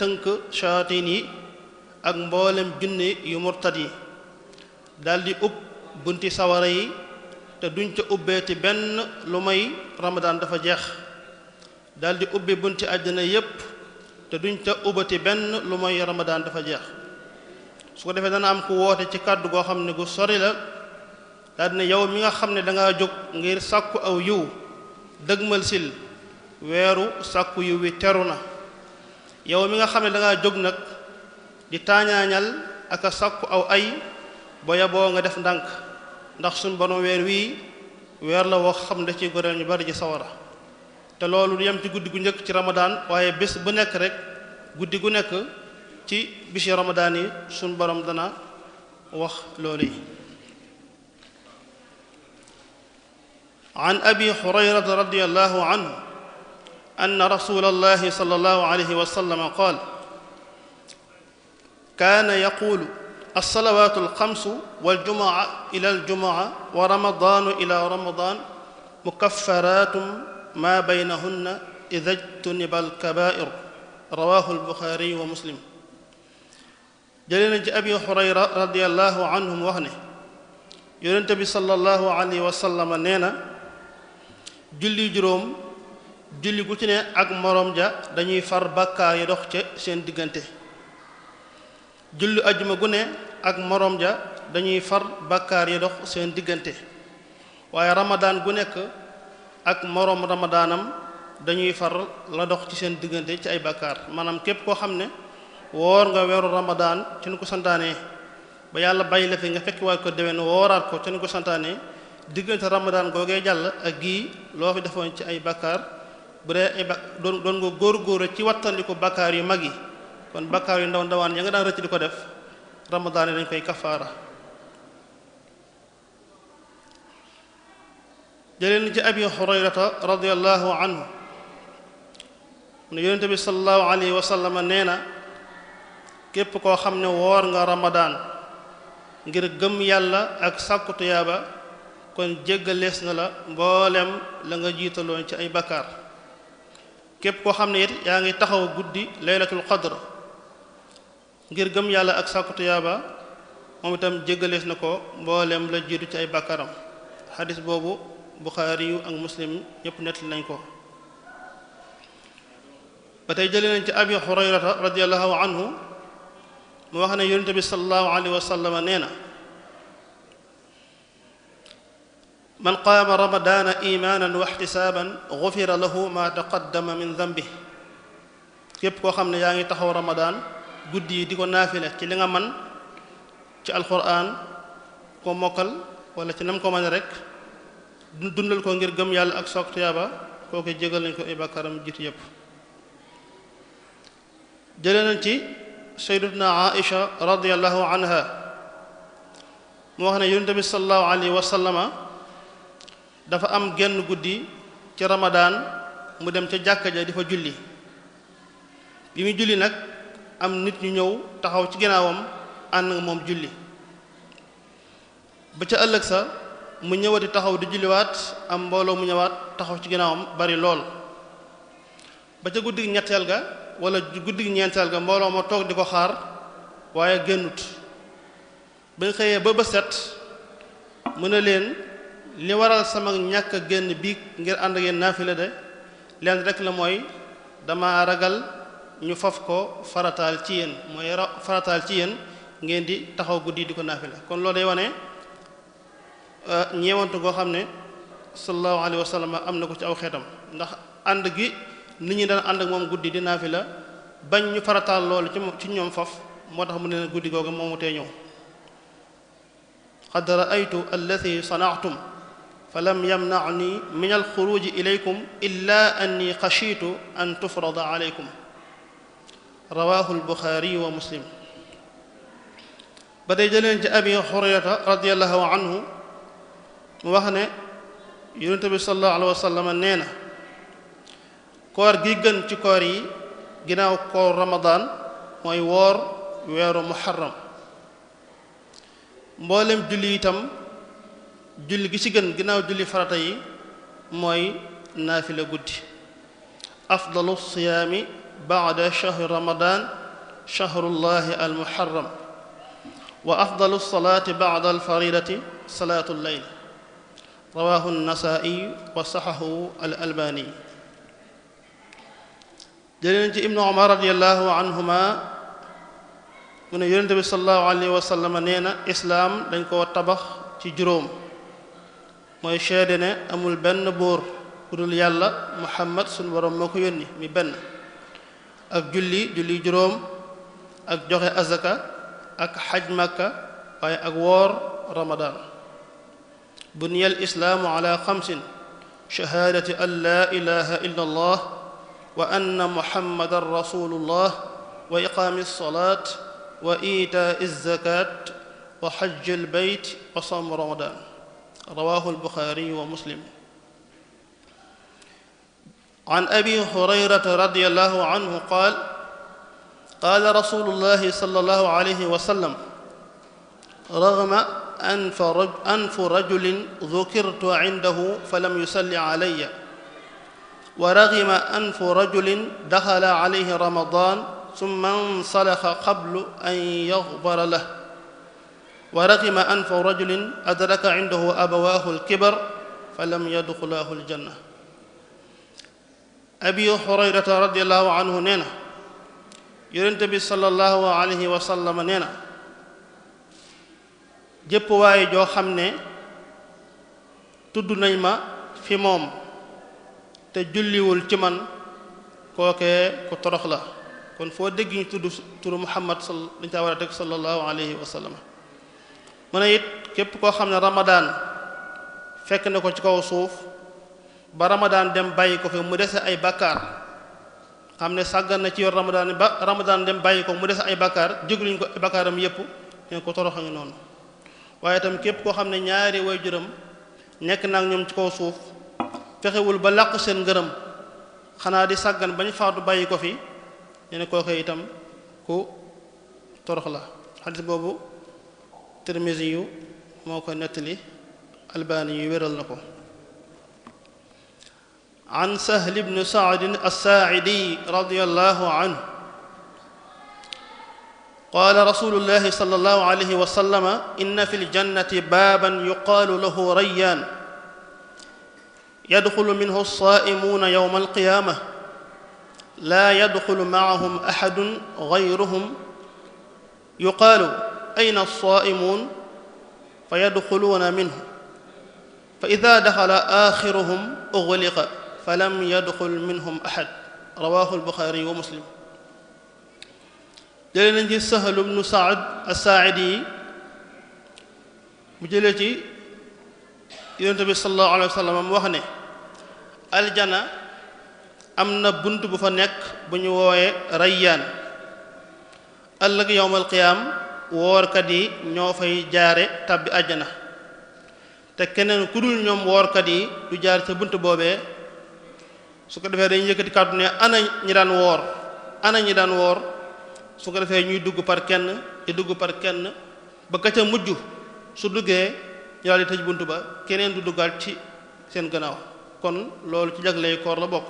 tënk shayatin yi ak mboolem jinne yu murtad yi daldi ub bunti sawara yi te duñ ca ubbeeti dafa jeex daldi ubbi bunti àjjana yépp te duñ ca ubbati benn lu may ramadaan dafa jeex su ko defee dana am ku woote ci kàddu goo xam ne gu sori la daldi yow mi nga xam ne danga jóg ngir sàkku aw yiw dëgmal sil weeru sàkku yiw wi teru na yow mi nga xam ne dangaa jóg nag di taañaañal ak a sàkku aw ay boya boo nga def ndànk ndax suñ borom weer wii weer la woo xam ne ci goreel ñu bari ci sawara te loolu du yem ci guddi gu njëkk ci ramadaan waaye bés bu nekk rek guddi gu nekk ci bisi ramadaan yi suñ borom dana wax loolu yi an abi hurayrata radiyallahu anhu ان رسول الله صلى الله عليه وسلم قال كان يقول الصلوات الخمس والجمعه الى الجمعه ورمضان الى رمضان مكفرات ما بينهن اذا اجتنب الكبائر رواه البخاري ومسلم jëlee nañ ci abi xurayra radiallahu anhum wax ne yonente bi sallallahu alayhi wa sallam nee na julli juróom julli gu ci ne ak moroom ja dañuy far bàkkaar yi dox ca seen diggante julli ajuma gu ne ak moroom ja dañuy far bàkkaar yi dox seen diggante waaye ramadaan gu nekk ak moroom ramadaanam dañuy far la dox ci seen diggante ci ay bàkkaar maanaam képp koo xam ne woor nga weeru ramadaan ci nu ko santaane ba yàlla bàyyi la fi nga fekk waat ko déwén wooraat ko ci nu ko santaane diggante ramadaan googee jàll ak gii loo fi defoon ci ay bàkkaar bu dee ay ba doon nga góor-góor ci wattandiku bakkaar yu mag yi kon bakkaar yu ndaw ndawaan ya nga daan rëcc di ko def ramadaan yi dañ koy kafaara jëleen ci abi hurayrata radiallahu anhu mu ne yonente bi salallahu alayhi wa nee na képp koo xam ne woor nga ramadaan ngir gëm yàlla ak sàkku tuyaaba kon jéggalees na la mboolem la nga jiitaloon ci ay bakkaar képp koo xam ne yaa ngi taxaw guddi laylatul qadr ngir gëm yàlla ak sàkku tuyaaba moom itam jéggalees na ko mboolem la jiitu ci ay bàkkaaram xadis boobu buxaari yu ak muslim ñépp nettali nañ ko ba tey jëlee nañ ci abi hurayrata radiallahu anhu mu wax ne yonente bi sallallahu alayhi wa nee na man qaama ramadaana imaanan wa ixtisaaban gufira lahu ma taqaddama min dambih képp koo xam ne yaa ngi taxaw ramadaan guddi yi di ko naafile ci li nga man ci alquran ko mokkal wala ci nam ko mën rek dundal ko ngir gëm yàlla ak soog tuyaaba kooku jégal nañ ko ay bàkkaaram jiit yépp ci sayyidatuna aisha radiyallahu anha mu wax ne yonent bi sallallahu alayhi wa dafa am genn guddi ci ramadaan mu dem ca jàkka ja di fa julli bi muy julli nag am nit ñu ñëw taxaw ci ginnaawam ànd nga moom julli ba ca ëllëg sa mu ñëwati taxaw di julliwaat am mbooloo mu ñëwaat taxaw ci ginnaawam bari lool ba ca guddi ñetteel ga wala guddi ñeenteel ga mbooloo ma toog di ko xaar waaye génnut ba nga xëyee ba ba set mu ne leen li waral sama ñàkk a génn biig ngir ànd ak yéen naafila de leen rek la mooy dama ragal ñu faf ko farataal ci yéen mooy farataal ci yéen ngeen di taxaw guddi di ko naafi la kon loolu day wane euh, ñeewantu goo xam ne sallallahu alayhi wa sallam am na ko ci aw xeetam ndax ànd gi nit ñi daan ànd ak moom guddi di la bañ ñu farataal loolu ci ci ñoom faf moo tax mu ne guddi googu moomu tee ñëw qad ra'aytu allati sana'tum falam yamna'ni min alxuruji ilaykum illa anni xashiitu an tufrada alaykum rawahu albuxaari wa muslim ba tey jëleen ci abi hurayrata radiallahu anhu mu wax ne yonente bi salallahu alayhi wa sallam nee na koor gi gën ci koor yi ginnaaw koor ramadaan mooy woor weeru muharram mboolem julli itam julli gi ci gën ginnaaw julli farata mooy naafila guddi afdalu siyaami baada shahri ramadan shahrullahi almuharram wa afdalu salaati baada alfaridati salaatu lleyl rawaahu al albaani jëleen ci ibnu omar radiallahu anhuma mu ne yonente bi salallahu alayhi wa sallam nee na islaam dañ koo tabax ci juróom mooy seede ne amul benn buur bu dul yàlla muhammad sunu borom moo ko mi benn ak julli julli juróom ak joxe azaka ak xaj makka ak woor ramadaan buniya al islaamu ala xamsin an laa ilaha illa allah wa muhammadan rasulullah wa iqaami alsalaat wa iitaa alzakaat wa xajj albayt wa sawm ramadaan رواه البخاري ومسلم عن أبي هريرة رضي الله عنه قال قال رسول الله صلى الله عليه وسلم رغم أنف, رج أنف رجل ذكرت عنده فلم يسل علي ورغم أنف رجل دخل عليه رمضان ثم انصلخ قبل أن يغفر له wa raxima anfa rajulin adraka indahu abawaahu alkibar fa lam yadxulaahu aljanna abi hurayrata radiallahu anhu nee na yonente bi salallahu alayhi wa waaye joo xam ne tudd nañ ma fi moom te julliwul ci man kookee ku torox kon foo dégg ñu tudd turu muhammad dañu taa war a teg salallahu alayhi wa mu ne it képp koo xam ne ramadaan fekk na ko ci kaw suuf ba ramadaan dem bàyyi ko fi mu dese ay bàkkaar xam ne sàggan na ci yor ramadaan ba ramadaan dem bàyyi ko mu dese ay bàkkaar jégluñ ko ay bàkkaaram yépp ñu ko toroxa ngi noonu waaye itam képp koo xam ne ñaari way juram nekk naag ñoom ci kaw suuf fexewul ba làq seen ngërëm xanaa di sàggan bañ faatu bàyyi ko fi ñu ne kooke itam ku torox la xadis boobu tirmisi yu moo ko nettali albaani yu wéral na ko an sahl bnu saadin alsaaidi radiallahu anhu qaala rasulullahi sallallahu alayhi wa sallama inna fi ljannati baaban yuqaalu lahu rayyaan yadxulu minhu alsaa'imuuna yowma alqiyaama laa yadxulu macahum axadun gayruhum yuqaalu ayna as-saa'imuun fa yadxuluuna minhu fa idaa daxala aaxiruhum uxliqa fa lam yadxul minhum axad rawaahu al-Buxaari wa Muslim jëlee nañ ci Sahl ibnu Saad as-Saa'idi mu jëlee ci Yonent bi sallallahu alayhi wa sallam mu wax ne aljana am na bunt bu fa nekk bu ñu woowe rayyaan ëllëg yowmal qiyaam woorkat yi ñoo fay jaare tàbbi àjjana te keneen ku dul ñoom woorkat yi du jaar sa bunt boobee su ko defee dañuy yëkkati kàddu ne ana ñi daan woor ana ñi daan woor su ko defee ñuy dugg par kenn di dugg par kenn ba ka mujj su duggee ñu daal di tëj bunt ba keneen du duggaat ci seen gannaaw kon loolu ci jagley koor la bokk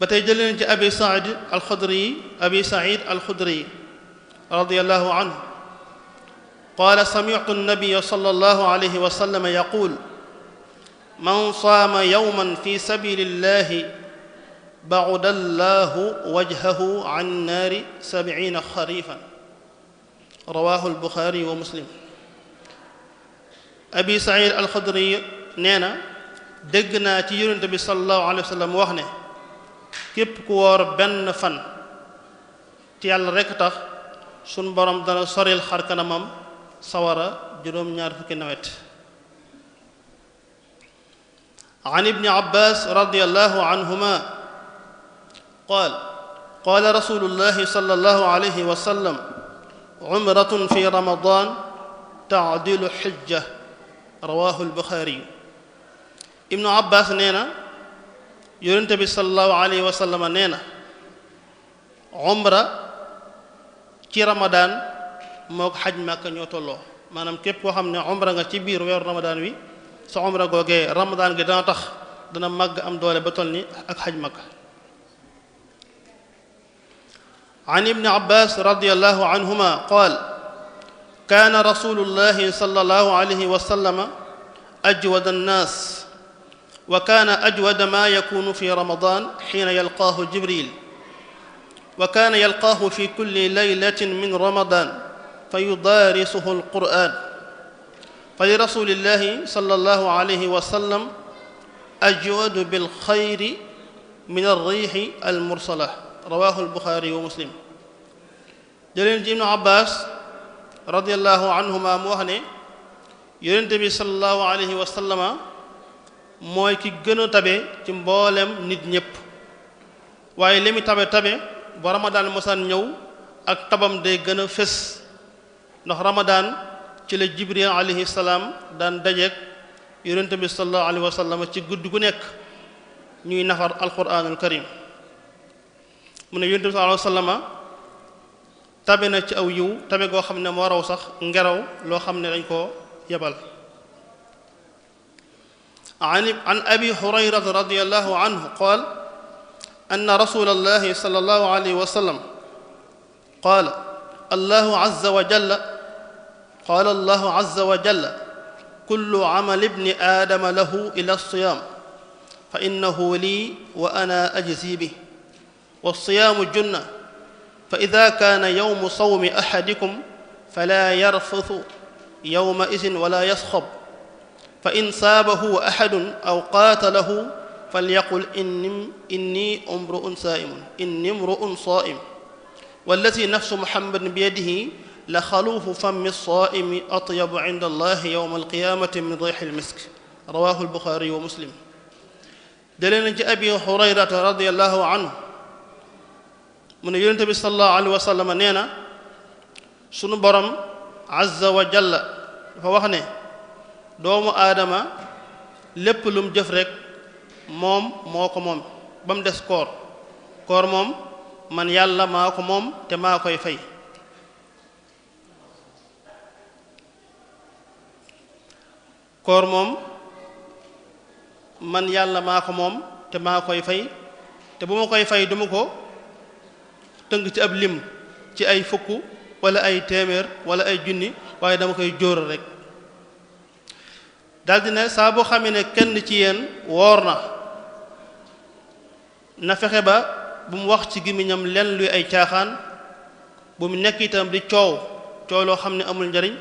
ba tey jëlee nañ ci abi said alxudri yi abi said alxudri yi radiallahu anhu qaala samitu annabia sal allahu alayhi wa sallam yaquul man saama yowman fi sabilillahi bauda allahu wajhahu an naari sabiina xarifan rawahu albuxaari wa muslim abi said alxudri nee na dégg naa ci yonent bi salallahu alayhi wa sallam wax ne képp ku woor benn fan ci yàlla rekk tax sunu borom dana soril xar kanamam sawara juróom-ñaar fukki nawet an ibni abbas radiallahu anhuma qaal qaala rasulullahi sallallahu alayhi wa sallam umratun fi ramadan taadilu xijja rawahu albuxaariyu ibnu abbas nee na yonente bi sallallahu alayhi wa sallam nee ci ramadaan mook xaj ñoo tolloo maanaam képp koo xam ne umra ci biir weeru ramadaan wi sa umra googee ramadaan gi dana tax dana màgg am doole ba toll ni ak xaj màkka an ibni abbas radiallahu anhuma qaal kaana rasulullahi sallallahu alayhi wa sallama ajwada annaas wa kaana ajwada maa yakunu fi ramadan xiina yalqaahu jibril wa kaana yalqaahu fi kulli laylatin min ramadan fa yudaarisuhu alquran fa li rasulillahi sallallahu alayhi wa sallam ajwadu bilxayri min arriixi almursala rawahu albuxaari wa muslim jëleen ci ibnu abbas radiallahu anhuma mu wax ne yonente bi sallallahu alayhi wa sallama mooy ki gën a tabe ci mbooleem nit ñépp waaye li tabe tabe bu ramadaan mosaan ñëw ak tabam day gën a ndox ndax ramadaan ci la jibril alayhi salaam daan dajeek yonent bi sallallahu alayhi wa ci guddi gu nekk ñuy nafar alquranul karim mu ne yonent bi sallallahu tabe na ci aw yiw tabe goo xam ne moo raw sax ngelaw loo xam ne dañ koo yebal عن أبي هريرة رضي الله عنه قال أن رسول الله صلى الله عليه وسلم قال الله عز وجل قال الله عز وجل كل عمل ابن آدم له إلى الصيام فإنه لي وأنا أجزي به والصيام جنة فإذا كان يوم صوم أحدكم فلا يرفث يومئذ ولا يصخب fa in saabahu ahadun aw qaatalahu falyaqul inni inni imru'un saa'imun inni imru'un saa'im wallati nafsu muhammadin biyadihi la xaluufu fammi saa'imi atyabu inda allahi yowma alqiyaamati min riixi almisk rawaahu albuxaari wa muslim jëlee na ci abi hurayrata radiallahu anhu mu ne yonente bi salallahu alayhi wa sallam nee na sunu borom azza wa jalla dafa wax ne doomu aadama lépp lum jëf rek moom moo ko moom ba mu des koor koor moom man yàlla maa ko moom te maa koy fay koor moom man yàlla maa ko moom te maa koy fay te bu ma koy fay duma ko tëng ci ab lim ci ay fukk walla ay téeméer wala ay junni waaye dama koy jóor rek daldi ne saa boo xamee ne kenn ci yéen woor na na fexe ba bu mu wax ci gémmiñam lenn luy ay caaxaan bu mu nekk itam di coow coow loo xam ne amul njariñ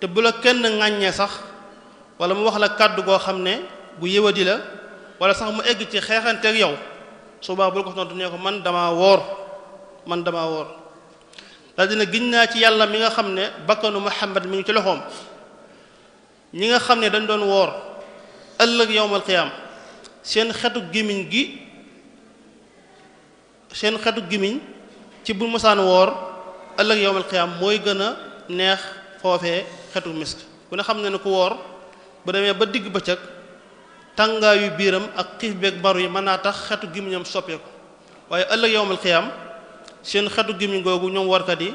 te bu la kenn ŋàññee sax wala mu wax la kàddu goo xam ne gu yëwadi la wala sax mu egg ci xeexanteeg yow suba bul ko du nee ko man dama woor man dama woor daldi ne giñ naa ci yàlla mi nga xam ne bakkanu Muhammad mi ngi ci loxoom ñi nga xam ne dañ doon woor ëllëg yowmal qiyaam seen xetu gémmiñ gi seen xetu gémmiñ ci bu mosaan woor ëllëg yowmal qiyaam mooy gën a neex foofee xetu misk ku ne xam ne ne ku woor bu demee ba digg bëccëg tàngaayu biiram ak xiif beeg baru yi mën naa tax xetu gémmiñam soppeeku waaye ëllëg yowmal qiyaam seen xetu gémmiñ googu ñoom warkat yi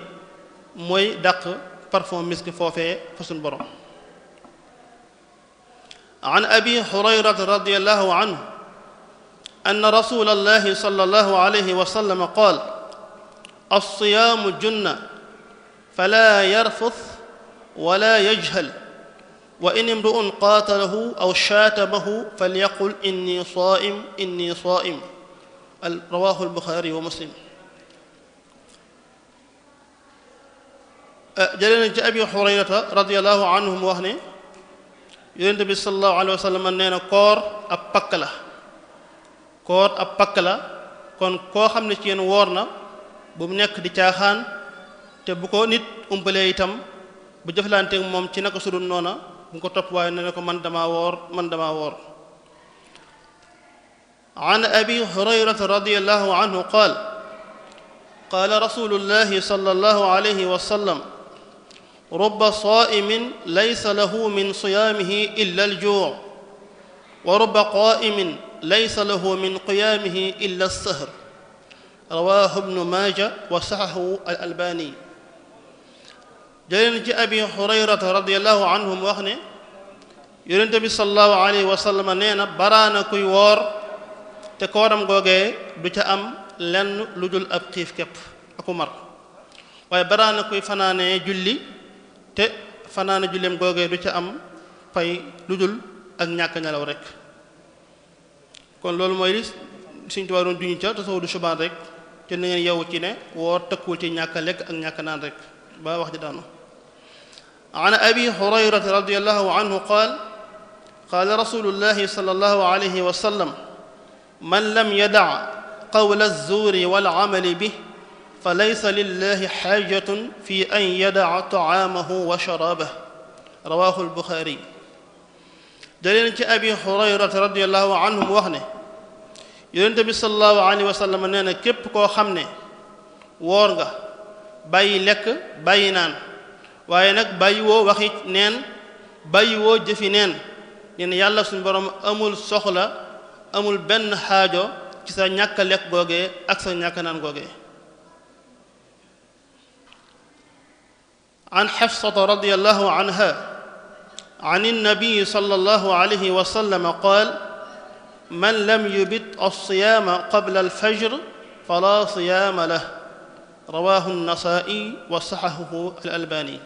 mooy dàq parfum misk foofee fa boroom عن أبي هريرة رضي الله عنه أن رسول الله صلى الله عليه وسلم قال الصيام جنة فلا يرفث ولا يجهل وإن امرؤ قاتله أو شاتمه فليقل إني صائم إني صائم رواه البخاري ومسلم jëlee nañ ci abi hurayrata radiallahu anhu mu wax ne yonente bi sallallahu alayhi nee na koor ab pakk la koor ab pakk la kon koo xam ne ci yéen woor na bu mu nekk di caaxaan te bu ko nit umpalee itam bu jëflanteeg moom ci naka sudul noona bu ko topp waaye ne ne ko man dama woor man dama woor an abi hurayrata radiallahu anhu qaal qaala rasulullahi sallallahu alayhi wa sallam ruba saaimin laysa lahu min siyaamihi illa aljuu wa ruba qaaimin laysa lahu min qiyaamihi illa alsahr rawahu ibnu maaja wa saxahu al albaani jëleen ci abi hurayrata radiallahu anhu mu wax ne yonente bi salallahu alayhi wa sallam nee na baraana kuy woor te kooram googee du ca am lenn lu dul ab xiif képp aku mar waaye baraana kuy fanaanee julli te fanaana julleem googee du ca am fay lu dul ak ñàkk nelaw rek kon loolu mooy li Sëriñ Tuubaa doon juñu ca tasawudu subaan rek te na ngeen yow ci ne woor tëkkuwul ci ñàkk lekk ak ñàkk naan rek ba wax ji daanu an abi hurayrata radiyallahu anhu qaal qaala rasulullahi sallallahu alayhi wa sallam man lam yada qawla az-zuuri wal amali bihi fa laysa lillahi xaajatun fi an yadaa taamahu wa sharaabahu rawaahu albuxaari jëleen ci abi hurayrata radiallahu anhu mu wax ne yonente bi salallahu alayhi wa sallam nee na képp koo xam ne woor nga bàyyi lekk bàyyi naan waaye nag bàyyi woo waxi neen bàyyi woo jëfi neen nee na yàlla suñu borom amul soxla amul benn xaajo ci sa ñàkk lekk googee ak sa naan googee عن حفصة رضي الله عنها عن النبي صلى الله عليه وسلم قال من لم يبت الصيام قبل الفجر فلا صيام له رواه النسائي وصححه الألباني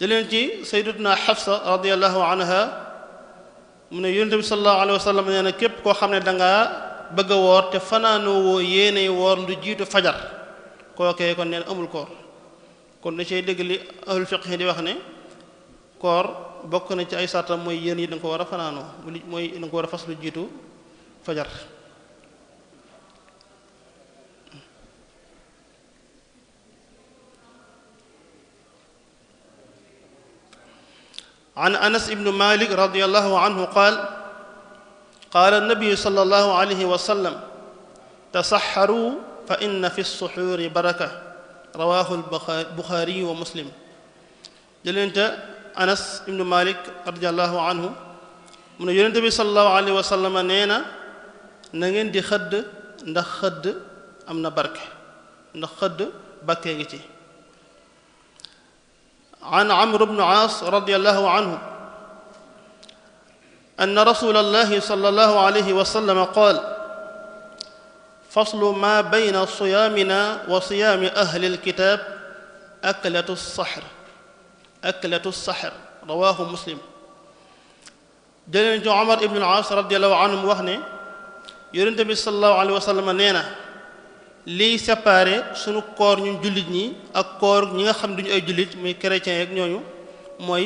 jëleen ci sayyidatuna Xafsa radiyallahu anha mu ne yonent bi sallallahu alayhi wa sallam nee na képp koo xam ne dangaa bëgg a woor te fanaanoo woo yéene woor lu jiitu fajar kookee kon nee na amul koor kon da cay dégg li ahlul fiqh di wax ne koor bokk na ci ay sàttam mooy yéen yi da ko war a fanaanoo mooy da nga ko war a jiitu fajar an anas ibnu malik radiallahu anhu qaal qaal annabiu sal allahu alayhi wa fi lsuxuuri baraka rawaahu albuxaari wa muslim jëleen te anas ibnu malik radiallahu anhu mu ne yonente bi salallahu alayhi wa sallama nee na na ngeen di xëdd ndax xëdd am na barke ndax xëdd bakkee ngi ci an amr bnu aas radiallahu anhu anna rasul allahi salallahu alayhi wa sallama qaal faslu ma bayna siyaamina wa siyaami ahli alkitaab aklatu saxr aklatu saxr rawaahu muslim jëleen ci omar ibnu al-aas radiallahu anhu wax ne yonente bi nee na liy séparé sunu koor ñun jullit ñi ak koor ñi nga xam duñu ay jullit muy chrétien yeeg ñooñu mooy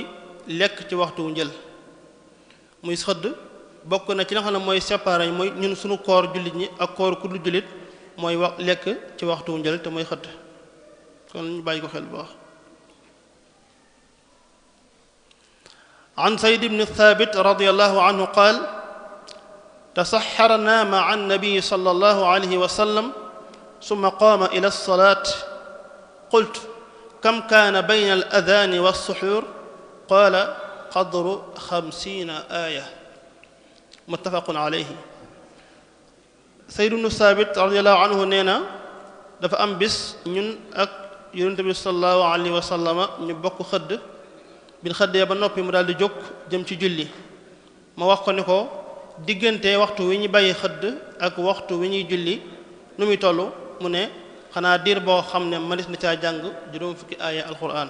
lekk ci waxtu njël muy xëdd bokk na ci nga xam ne mooy séparé mooy ñun suñu koor jullit ñi ak koor ku dul jullit mooy wax lekk ci waxtu njël te mooy xëtt kon ñu bàyyi ko xel bu baax an sayd ibn thabit radiallahu anhu qaal tasaxarna ma annabii sal allahu alayhi wa sallam summa qaama ila alsalaat qultu kam kaana bayna alaadaani walsuxuur qaala qadru xamsiina aaya muttafaqun alayhi sayd bnu saabit radiallahu anhu nee na dafa am bis ñun ak yonente bi salallahu alayhi wa sallama ñu bokk xëdd bin xëddee ba noppi mu daal di jóg jëm ci julli ma wax ko ni ko diggante waxtu wi ñu bàyyi xëdd ak waxtu wi ñuy julli nu muy toll mu ne xanaa diir boo xam ne manis na caa jàng juróom fukki aaya alquran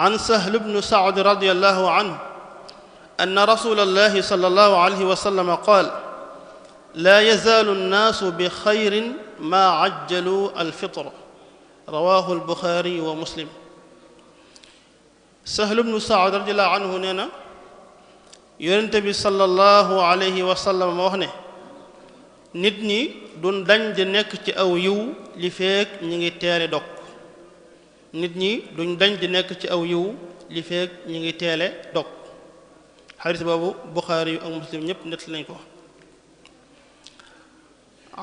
an sahl bnu saad radiallahu anhu anna rasula allahi sallallahu alayhi wa sallam qaal laa yazaalu nnaasu bi xayrin maa ajjaluu alfitra rawahu albuxaari wa muslim sahl bnu saad radiallahu anhu nee na yonente bi sallallahu alayhi wa sallam wax ne nit ñi duñ dañ di nekk ci aw yiw li feek ñi ngi teeri dog nit ñi duñ dañ di nekk ci aw yiw li feek ñi ngi teele dog xadis boobu buxaari yu ak muslim ñëpp nett lañ ko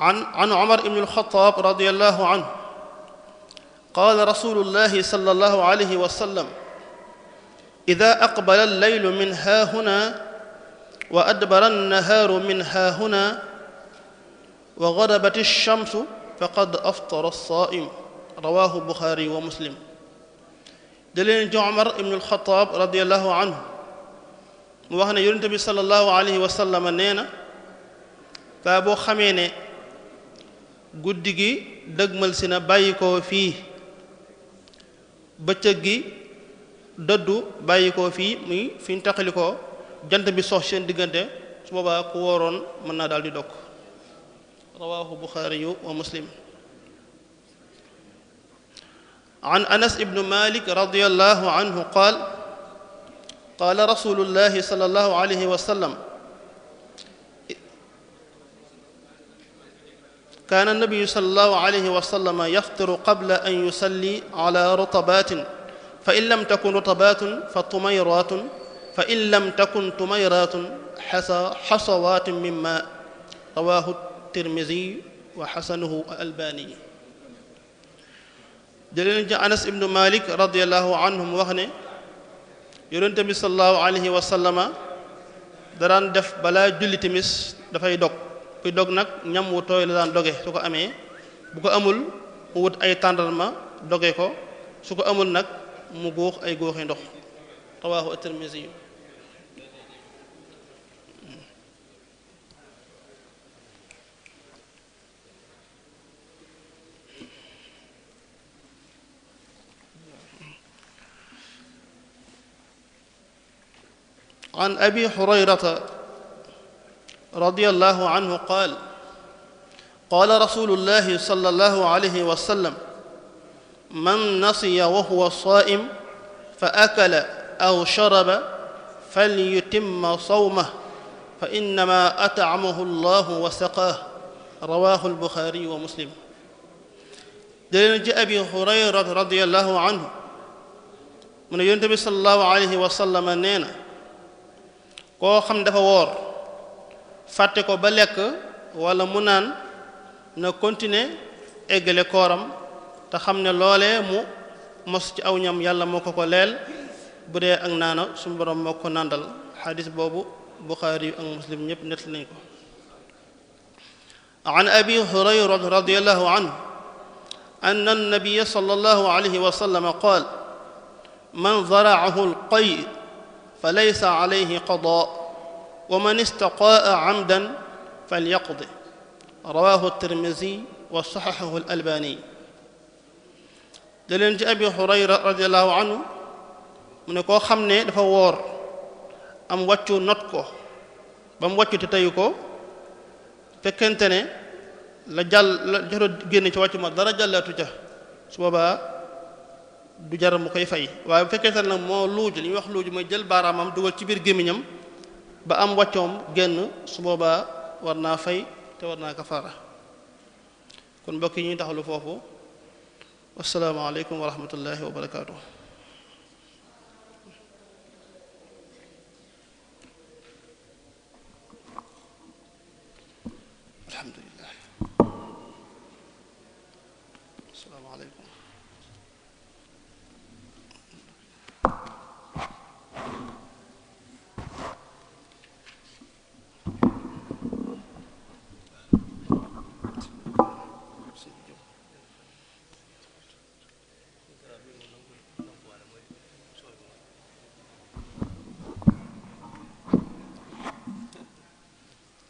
an an umar ibn alxataab radiallahu anhu qaala rasulullahi sallallahu alayhi wa sallam ida aqbala allaylu min ha huna wa adbara annahaaru min ha huna wa gadabat alchamsu faqad aftara alsaaim rawahu buxaari wa muslim jëleen ci Umar ibnul Xataab radiyallahu anhu mu wax ne yonente bi sallallahu alayhi wa sallam nee na saa boo xamee ne guddi gi dëgmal si na bàyyi koo fii bëccëg gi dëddu bàyyi koo fii muy fi ñu ko jant bi sox seen diggante su boobaa ku wooroon mën naa daal di dokk rawaahu Buxaari wa Muslim an anas ibnu malik radiallahu anhu qaal qaala rasulullahi sallallahu alayhi wa sallam kaana nabiyu sallallahu alayhi wa sallam yaftiru qabla an yusalli ala rutabatin fa in lam takun rutabatun fa tumayratun fa in lam takun tumayratun xasa xasawaatun min ma rawahu tirmidi wa xasanuhu albani jëleen ci anas ibnu malik radiallahu anhum wax ne yonente bi salallahu alayhi wa sallama daraan def balaa julli timis dafay dog kuy dog nag ñam wu tooy la daan doge su ko amee bu ko amul mu wut ay tàndarma doge ko su ko amul nag mu góox ay góoxi ndox rawaahu at-Tirmidhi عن أبي هريرة رضي الله عنه قال قال رسول الله صلى الله عليه وسلم من نسي وهو صائم فأكل أو شرب فليتم صومه فإنما أطعمه الله وسقاه رواه البخاري ومسلم jëleen ji abi hurayrata radiallahu anhu mu ne yonent bi sallallahu alayhi wa sallam nee na koo xam dafa woor fàtte ko ba lekk walla mu naan na continuer eggale kooram te xam ne loolee mu mos ci aw ñam yàlla moo ko ko leel bu dee ak naana suñu borom moo ko nàndal xadis boobu buxaari ak muslim ñépp nettali nañ ko an abi hurayra radiallahu anhu anna annabiyya sallallahu alayhi wa sallam qaal man zaraahu alqay falaysa alayhi qadaa wa man istaqaa amdan falyaqdi rawahu tirmisi wa saxaxahu albani jëleen ci abi hurayra radiallahu anhu mu ne koo xam ne dafa woor am wàccu not ko ba mu wàccu te teyu ko fekkente ne la jàll la jot génn ci wàccu ma dara jàllatu ca su boobaa du jaral mu koy fay waaye bu fekkente ne nag moo luuj li ñuy wax luuj mooy jël baaraamam dugal ci biir gémmiñam ba am waccoom génn su boobaa war naa fay te war naa kafaara kon mbokk yi ñuy taxalu foofu wasalaamaaleykum wa rahmatullahi wa barakaatu.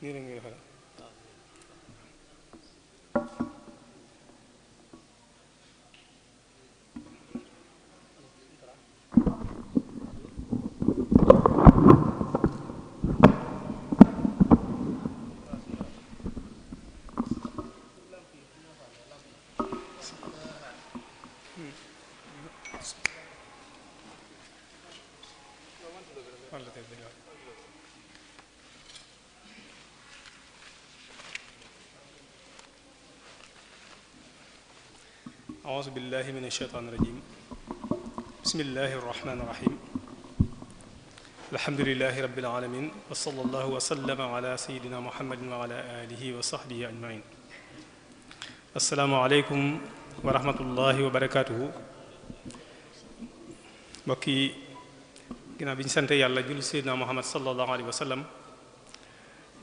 nii la ñuy defaree أعوذ بالله من الشيطان الرجيم بسم الله الرحمن الرحيم الحمد لله رب العالمين وصلى الله وسلم على سيدنا محمد وعلى آله وصحبه أجمعين السلام عليكم ورحمة الله وبركاته mbokki ginnaaw bi ñu sant yàlla julli seydina muhammad sallallahu alayhi wa sallam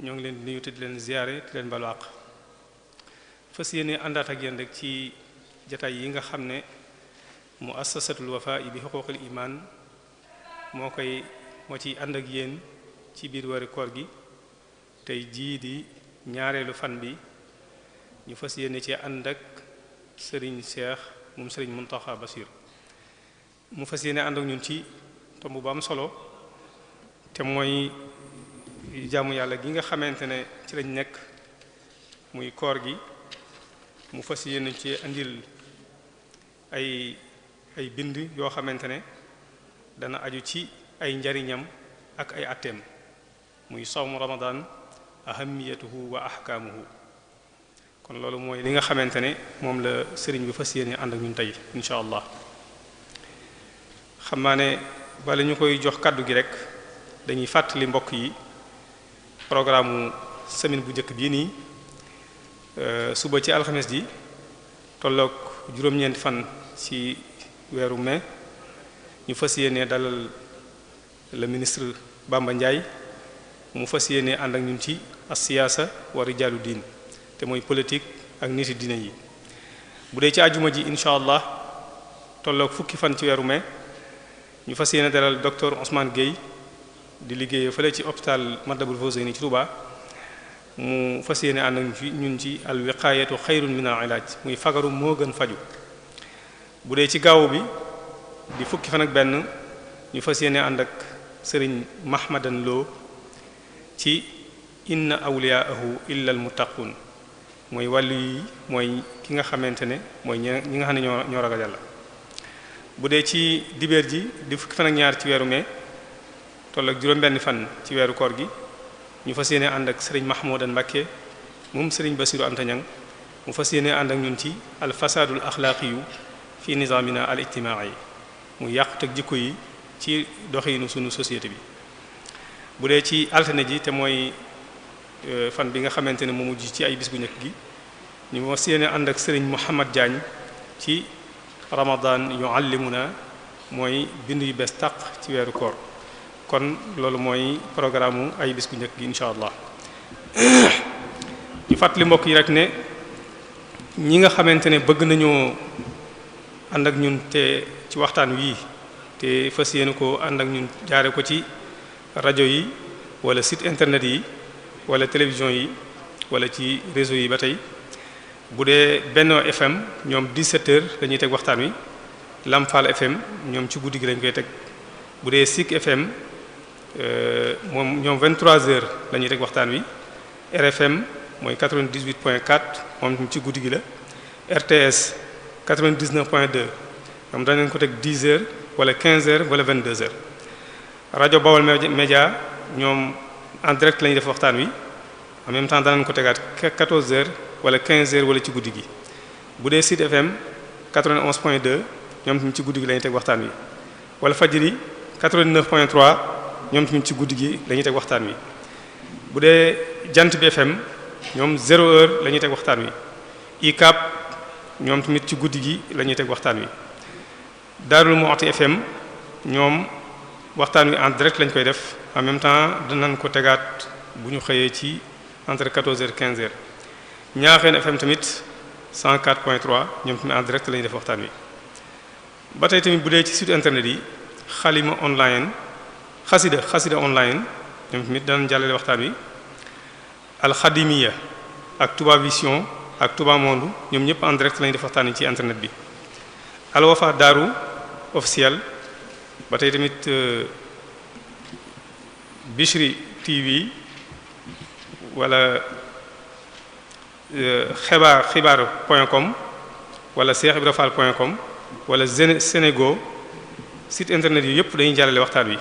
ñoo ngi leen di nuyu te di leen ziyaare te leen balu àq fas yéene àndaat ak yéen rek ci jataay yi nga xam ne mu assasatul wafa yi bi xuquqil iman moo koy moo ciy ànd ak yéen ci biir wari koor gi tey jii di ñaareelu fan bi ñu fas yéene ci ànd ak sëriñ Seex moom sëriñ Muntaxa Basiir mu fas yéene ànd ak ñun ci tomb bu am solo te mooy jaamu yàlla gi nga xamante ne ci lañ nekk muy koor gi mu fas yéene ci andil ay ay bind yoo xamante ne dana aju ci ay njariñam ak ay atteem muy sawmu ramadan ahamiyatuhu wa ahkaamuhu kon loolu mooy li nga xamante ne moom la sëriñ bi fas yéene ànd ak ñun tey incha allah xam naa ne bala ñu koy jox kàddu gi rek dañuy fàttali mbokk yi programme semaine bu njëkk bii nii euh, suba ci alxames ji tolloog juróom-ñeenti fan ci weeru mai ñu fas yéene dalal le ministre Bamba Ndiaye mu fas yéene ànd ak ñun ci asiyaasa wa rijaalu diin te mooy politique ak niti diine yi bu dee ci àjjuma ji incha allah tolloog fukki fan ci weeru mai ñu fas yéene dalal docteur Ousmane Gueye di liggéeyee fële ci hôpital Matlaboul Fawzayni ci Touba mu fas yéene ànd ak ñun ci al wiqaayatu xayrun min al ilaaj muy fagaru moo gën faju bu dee ci gaaw bi di fukki fan ak benn ñu fas yéene ànd ak sëriñ mahmadan loo ci inna awliyaahu illa al muttaqun mooy wàllu yi mooy ki nga xamante ne mooy ñi nga xam ne ñoo ñoo la bu dee ci dibeer ji di fukki fan ak ñaar ci weeru mai toll ak juróom-benn fan ci weeru koor gi ñu fas yéene ànd ak sëriñ Mahmoudan Mbakke moom sëriñ Basiru Anta mu fas yéene ànd ak ñun ci al fasadul axlaaqi fi nizaamina al yi mu yàq teg jikko yi ci doxinu sunu société bi bu dee ci altine ji te mooy euh, fan bi nga xamante ne mu mujj ci ay bis bu njëkk gi ñu ma séene ànd ak sëriñ Mouhamad Diagne ci ramadan yuallimuna mooy bind yu bees tàq ci weeru koor kon loolu mooy programme mu ay bis bu njëkk gi incha allah ñu fàttali mbokk yi rek ne ñi nga xamante ne bëgg nañoo ànd ak ñun te ci waxtaan wii te fas yéene ko ànd ak ñun jaare ko ci rajo yi wala site internet yi wala télévision yi wala ci réseau yi ba tey bu dee Benno FM ñoom 17h lañuy teg waxtaan wi lampal FM ñoom ci guddi gi lañ koy teg bu dee Sik FM euh, moom ñoom 23h la ñuy teg waxtaan wi RFM mooy 98.4 moom ci guddi gi la RTS. 99 point 2 am danañ ko teg 10 heures wala 15 heures wala 22 heures rajo Bawol Média ñoom en direct def waxtaan wi en même temps danañ ko tegaat 14 heures wala 15 heures wala ci guddi gi bu dee Sud FM 91 point 2 ñoom tamit ci guddi gi la teg waxtaan wi wala Fajiri 89 point ñoom tamit ci guddi gi la ñuy teg waxtaan wi bu dee Jant bi FM ñoom 0 heure la ñuy teg waxtaan wi ICAP. ñoom tamit ci guddi gi la ñuy teg waxtaan wi Darou Moukhty FM ñoom waxtaan wi en direct lañ koy def en même temps dinañ ko tegaat bu ñu xëyee ci entre 14h 15h Ñaaxeen FM tamit 104.3 ñoom tamit en direct la def waxtaan wi. ba tey tamit bu dee ci site internet yi xalima online xasida xasida online ñoom tamit danañ jàllale waxtaan wi alxadimiya ak tubaab Vision. ak Touba Monde ñoom ñëpp en direct lañu def waxtaan yi ci internet bi Al Daaru officiel ba tey tamit euh, Bichri TV wala euh, xibaar xibaar point com wala Cheikh Ibra Fall point com wala Senego site internet yi yëpp dañuy jàllale waxtaan wi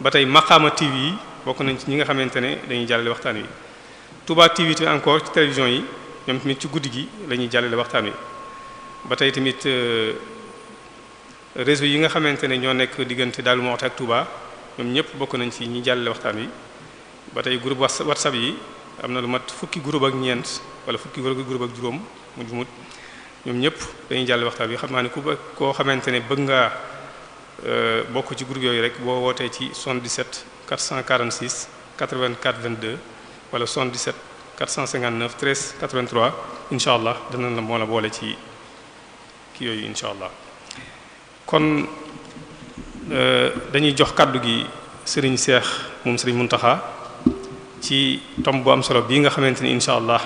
ba tey Maqaama TV yi bokk nañ ci ñi nga xamante ne dañuy jàllale waxtaan wi tubaa TV te encore ci télévision yi ñoom tamit ci guddi gi la ñuy jàllale waxtaan wi ba tey tamit euh, réseau yi nga xamante ne ñoo nekk diggante Darou Moukhty ak Touba ñoom ñëpp bokk nañ ci ñi jàllale waxtaan wi ba tey groupe WhatsApp yi am na lu mat fukki group ak ñeent wala fukki groupe ak juróom mu jumut ñoom ñëpp dañuy jàllale waxtaan wi xam naa ne ku ba koo xamante ne bëgg ngaa euh, bokk ci groupe yooyu rek boo wootee ci 77 446 84 22 wala 77. 459 13 83 incha allah danañ la moo la boole ci kii yooyu incha allah kon euh, dañuy jox kàddu gi sëriñ seex moom sëriñ Muntaxa ci tomb bu am solo bii nga xamante ni incha allah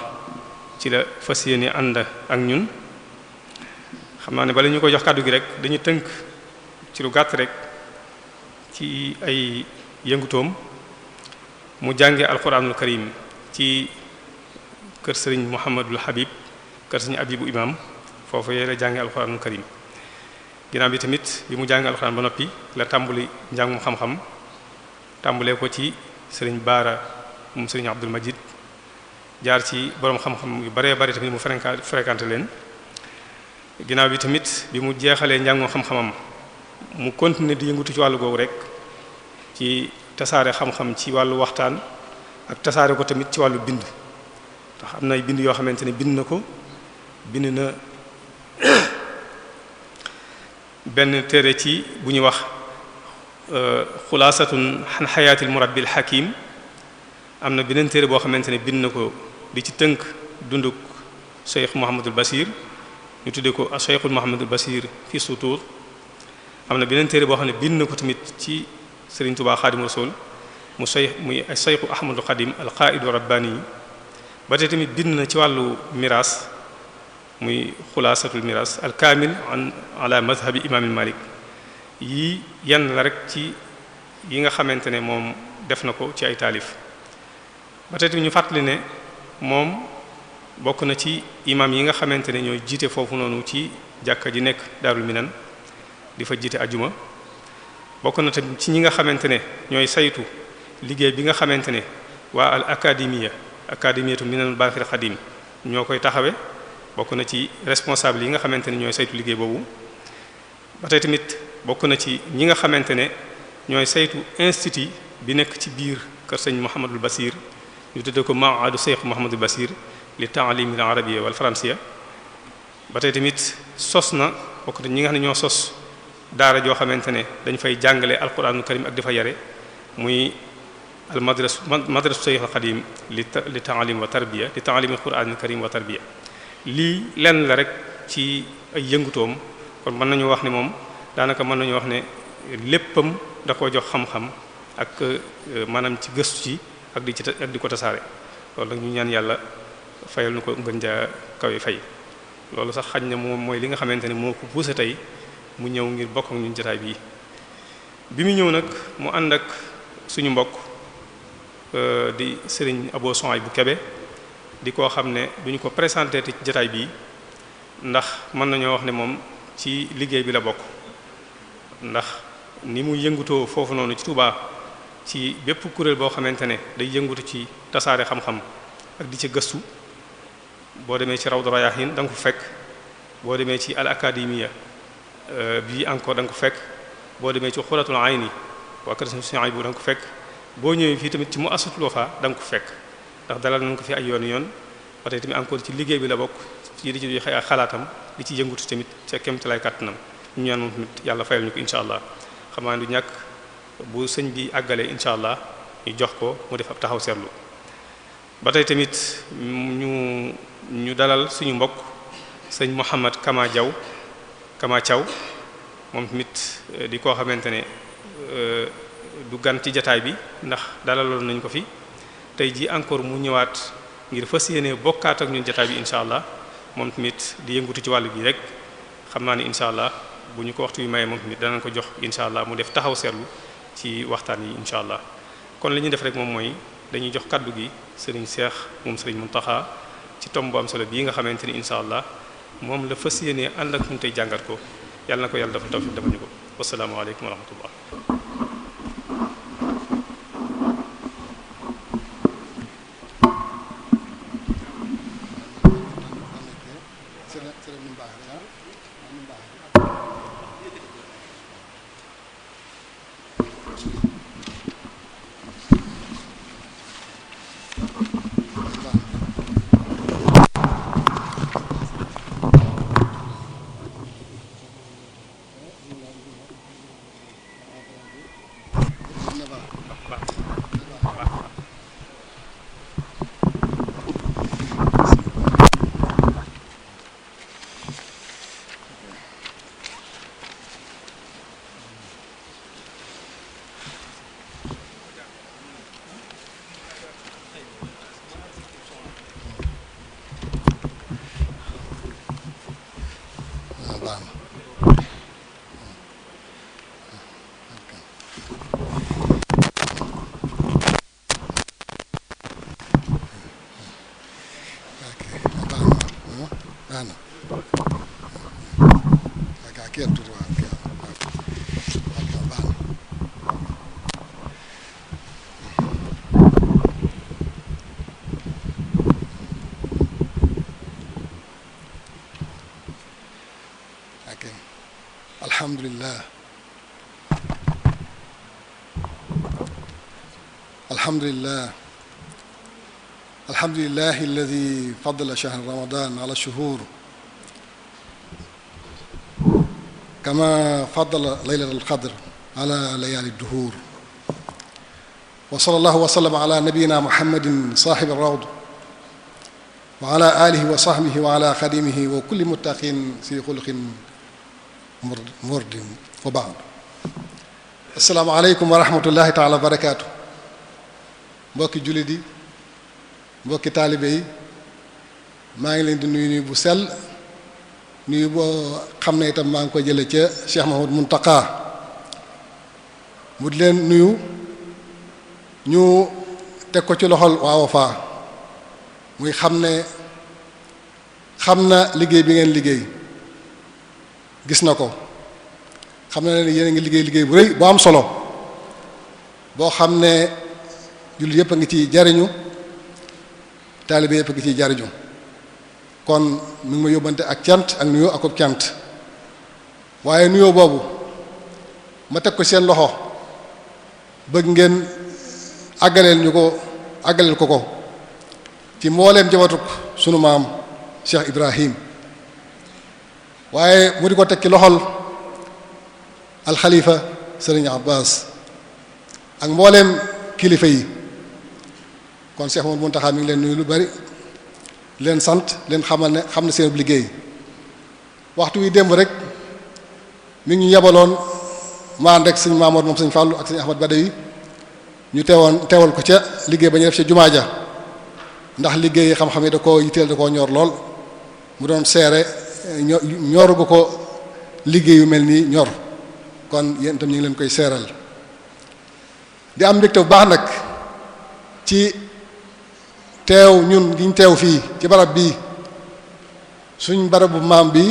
ci la fas yéene ànd ak ñun xam naa ne bala ñu ko jox kàddu gi rek dañuy tënk ci lu gàtt rek ci ay yëngutoom mu jànge alquranul karim ci kër sëriñ Mouhamadul Habib kër sëriñ Abibu Imaam foofu yee la jànge alxuraanul karim ginnaaw bi tamit bi mu jànge alxuraan ba noppi la tàmbuli njàngum xam-xam tàmbulee ko ci sëriñ Baara moom sëriñ Abdul Majid jaar ci boroom xam-xam yu baree bari tamit mu fréquenté leen ginaaw bi tamit bi mu jeexalee njàngum xam-xamam mu continuer di yëngutu ci wàllu googu rek ci tasaare xam-xam ci wàllu waxtaan ak tasaare ko tamit ci wàllu bind ndax am na ay bind yoo xamante ne bind na ko bind na benn téere ci bu ñu wax euh, xulaasatun xan xayaatil murabbil hakim am na beneen téere boo xamante ne bind na ko di ci tënk dunduk cheikh Mouhamadul Basir ñu tuddee ko cheikhul Mouhamadul Basir fi sutur am na beneen téere boo xam ne bind na ko tamit ci Serigne Touba Xaadimu Rasul mu cheikh muy cheikhu Ahmadul Xadim al qaaidu rabbani ba tey tamit bind na ci wàllu miraas muy xulaasatul miraas al kaamil an ala mazhabi imaamil malik yii yan la rek ci yi nga xamante ne moom def na ko ci ay taalif ba bi ñu fàttali ne moom bokk na ci imaam yi nga xamante ne ñooy jiite foofu noonu ci jàkka ji nekk daarul minan di fa jiite ajuma bokk na tamit ci ñi nga xamante ne ñooy saytu liggéey bi nga xamante ne waa al académia académiatu minal baaxir xadim ñoo koy taxawee bokk na ci responsable yi nga xamante ne ñooy saytu liggéey boobu ba tamit bokk na ci ñi nga xamante ne ñooy saytu institut bi nekk ci biir kër sëñ Mouhamadul Basir ñu tuddee ko maadu Cheikh Mouhamadul Basir li taalim al arabiyya wal faransiya ba tey tamit sos na bokk na ñi nga xam ne ñoo sos daara joo xamante ne dañ fay jàngale alquranul karim ak di fa yare muy al madrasa madrasa Seex al Xadiim li li taalim wa tarbiya li taalim al quraan al karim wa tarbiya lii lenn la rek ci ay yëngutoom kon mën nañu wax ni moom daanaka mën nañu wax ne léppam da koo jox xam-xam ak euh, maanaam ci gëstu ci ak di ci ak di ko tasaare loolu nag ñu ñaan yàlla fayal nu ko gën jaa kawe fay loolu sax xaj na moom mooy li nga xamante ne moo ko poussé tey mu ñëw ngir bokk ak ñun jotaay bii bi mu ñëw nag mu ànd ak suñu mbokk Euh, di sëriñ Abo Soy bu Kebe di koo xam ne duñu ko présenté ci jataay bii ndax mën nañoo wax ne moom ci liggéey bi la bokk ndax ni mu yëngutoo foofu noonu ci Touba ci bépp kuréel boo xamante ne day yëngutu ci tasaare xam-xam ak di ci gëstu boo demee ci Rawdu Rayaahin da danga ko fekk boo demee ci al académia euh, bii encore da nga ko fekk boo demee ci Xuratul Ayni waa kër bu da nga ko fekk boo ñëwee fii tamit ci mu asut Wafa da nga ko fekk ndax dalal nañ ko fi ay yoon yoon ba tey tamit encore ci liggéey bi la bokk ci di ci xalaatam di ci yëngutu tamit ca kéemtalaay kàttanam ñu ñaan moom tamit yàlla fayal ñu ko incha allah xamaa naa du ñàkk bu sëñ bi àggalee incha allah ñu jox ko mu def ab taxaw seetlu ba tey tamit ñu ñu dalal suñu mbokk sëñ Mouhamad Kama Diaw Kama Thiaw moom tamit di koo xamante ne. Euh, du gan ci jataay bi ndax lool nañ ko fi tey ji encore mu ñëwaat ngir fas yéene bokkaat ak ñun jataay bi incha allah moom tamit di yëngutu ci wàll bi rek xam naa ne incha allah bu ñu ko waxtu yu mayee moom tamit danañ ko jox incha allah mu def taxaw seetlu ci waxtaan yi incha allah kon li ñuy def rek moom mooy dañuy jox kaddu gi sëriñ Seex moom sëriñ Muntaxa ci tomb bu am solo bii nga xamante ni incha allah moom la fas yéene ànd ak ñun tey jàngat ko yàlla na ko yàlla dafa tawfiq dafa ñu ko wasalaamaaleykum wa rahmatullah Quietos, alhamdulillah الحمد لله الحمد لله الذي فضل شهر رمضان على الشهور kama fadala laylat alqadr ala layaali duhuur wa sala allahu wa sallam ala nabiyina muhammadin saaxibi rawd wa ala alihi wa sahbihi wa ala xadimihi wa kulli muttaqin si xuluqin murdin wa baad assalaamu aleykum wa rahmatullahi taala wa barakaatu mbokki jullit yi mbokki taalibe yi maa ngi leen di nuyu nuyu bu sell nuyu boo xam ne itam maa ngi ko jële ca Cheikh mun Muntaka mu di leen nuyu ñu teg ko ci loxol waa muy xam ne xam na liggéey bi ngeen liggéey gis na ko xam na leen yéen a ngi liggéey liggéey bu rëy bu am solo boo xam ne jullit yëpp a ngi ciy jariñu taalibe yëpp a ngi ciy jariñu kon mi ngi ma yóbbante ak cant ak nuyoo ak cant waaye nuyoo boobu ma teg ko seen loxo bëgg ngeen àggaleel ñu ko àggaleel ko ko ci mbooleem jabatuk sunu maam Cheikh Ibrahim waaye mu di ko teg ci loxol alxalifa sëriñ Abbas ak mbooleem kilifa yi kon Cheikh Mouhamadou Mountakha mi ngi leen nuyu lu bari leen sant leen xamal ne xam ne seen liggéey waxtu wi démb rek mi ñu yebaloon maan rek sëñ Maamoor moom sëñ Fàllu ak sëñ Ahmad Badawi ñu teewoon teewal ko ca liggéey ba ñu def ca jumaa ja ndax liggéey xam-xam yi da koo yitteel da koo ñor lool mu doon seere ñor gu ko liggéey yu mel nii ñor kon yéen itam ñu ngi leen koy seeral di am mbégte bu baax nag ci teew ñun giñ teew fii ci barab bii suñ barabu maam bi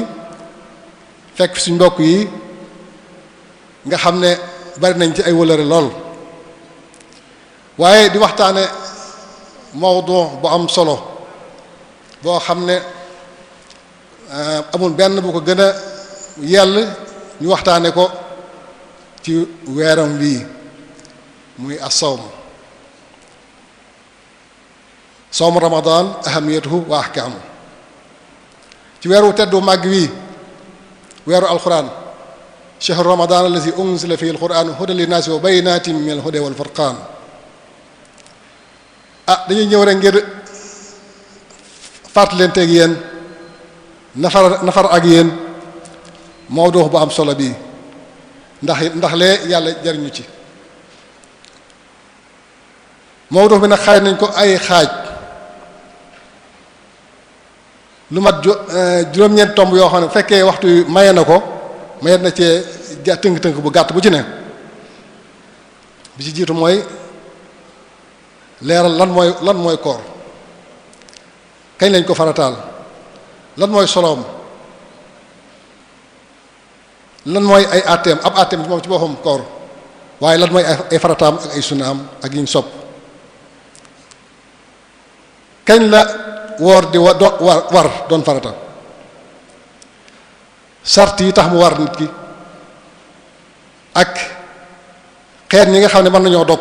fekk suñ mbokk yi nga xam ne bari nañ ci ay wëlëre lool waaye di waxtaane mawdu bu am solo boo xam ne eh, amul benn bu ko gën a yell ñu waxtaane ko ci weeram wii muy asawm sawm ramadan ahamiyatuhu wa ahkaamu ci weeru teddu màgg wii weeru alquran shahru ramadan allazi unzila fihi alquran hudan linnaasi wa bayyinatin min alhuda wal furqan ah dañuy ñëw rek ngir fàttalanteeg yéen nafar nafar ak yéen mawdu bu am solo bii ndax ndax lee yàlla jariñu ci mawdu bi nag xaaj nañ ko ay xaaj lu mat euh, juróom-ñeent tomb yoo xam ne bu fekkee waxtu maye na ko maye na cee tënk-tënk bu gàtt bu ci ne bi ci jiitu mooy leeral lan mooy lan mooy koor kañ lañ ko farataal lan mooy solom lan mooy ay atteem ab atteem moom ci boppam koor waaye lan mooy ay farataam ak ay sun am ak yiñ sopp kañ la woor di wa do war doon farata sart yi tax mu war nit ki ak xeet ñi nga xam ne mën nañoo dog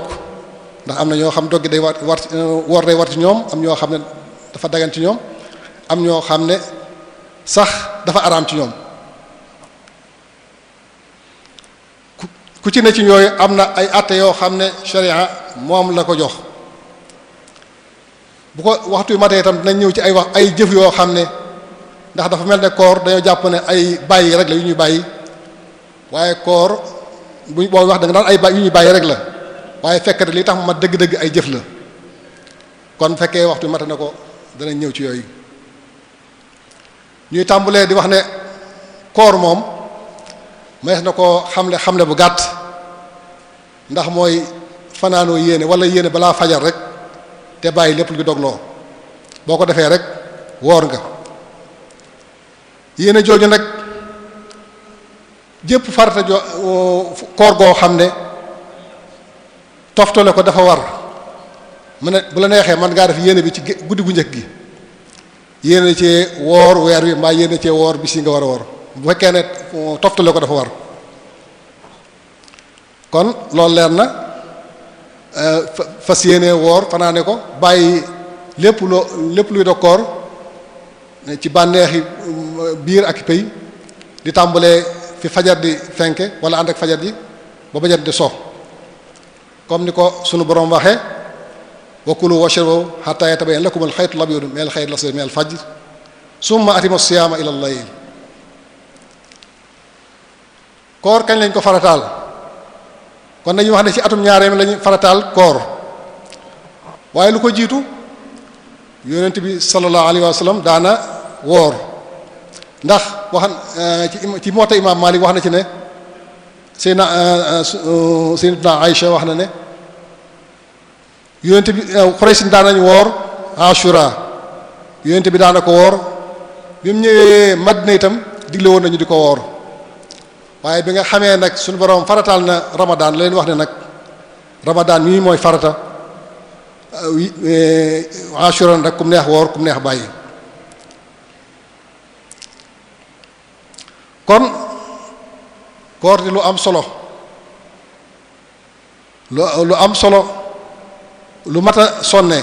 ndax am na ñoo xam doggi day war war woor war ci ñoom am ñoo xam ne dafa dagan ci ñoom am ñoo xam ne sax dafa araam ci ñoom ku ci ne ci ñooyu am na ay àtte yoo xam ne sharia moom la ko jox bu ko waxtu yu matee itam dinañ ñëw ci ay wax ay jëf yoo xam ne ndax dafa mel ne koor dañoo jàpp ne ay bàyyi rek la yu ñuy bàyyi waaye koor bu boo wax da nga daan ay bàyyi yu ñuy bàyyi rek la waaye fekkate li tax ma dëgg-dëgg ay jëf la kon fekkee waxtu mate ne ko dana ñëw ci yooyu ñuy tàmbulee di wax ne koor moom mayees na ko xamle xamle bu gàtt ndax mooy fanaanoo yéene wala yéene balaa fajar rek te bàyyi lépp lu dog loo boo ko defee rek woor nga yéene jooju nag jépp farata jo koor goo xam ne toftale ko dafa war mu ne bu la neexee man ngaa def yéene bi ci guddi gu njëkk gi yéene ci woor weer wi mbaa yéene cee woor bi si nga war a war bu fekkee ne toftale ko dafa war kon loolu leer na Euh, fas yéene woor fanaane ko bàyyi lépp loo lépp luy dog koor ci bànneexi euh, biir ak pay di tàmbalee fi fajar di fenke wala ànd ak fajar ji ba fajar di so comme ni ko sunu borom waxee wakulu washrabu hatta yatabayyana lakum al-khaytu al-abyadu min al-khayti al-aswadi min summa atimu as-siyama ila koor kañ lañ ko farataal kon dañuy wax ne ci atum ñaareem lañu farataal koor waaye lu ko jiitu yonent bi sallallahu alayhi wa sallam daana woor ndax waxan eh, ci ci moota imaam Maalik wax na ci ne seyna eh, eh, seydatuna Aïcha wax na ne yonent bi Quraysh daanañ woor Ashura yonent bi daana ko woor bi mu ñëwee Madina itam digle woon nañu di ko woor waaye bi nga xamee nag suñu borom farataal na ramadan la leen wax ne nag ramadan mii mooy farata e, ashuran rek kum neex woor kum neex bàyyi kon koor di lu am solo lu lu am solo lu mat a sonne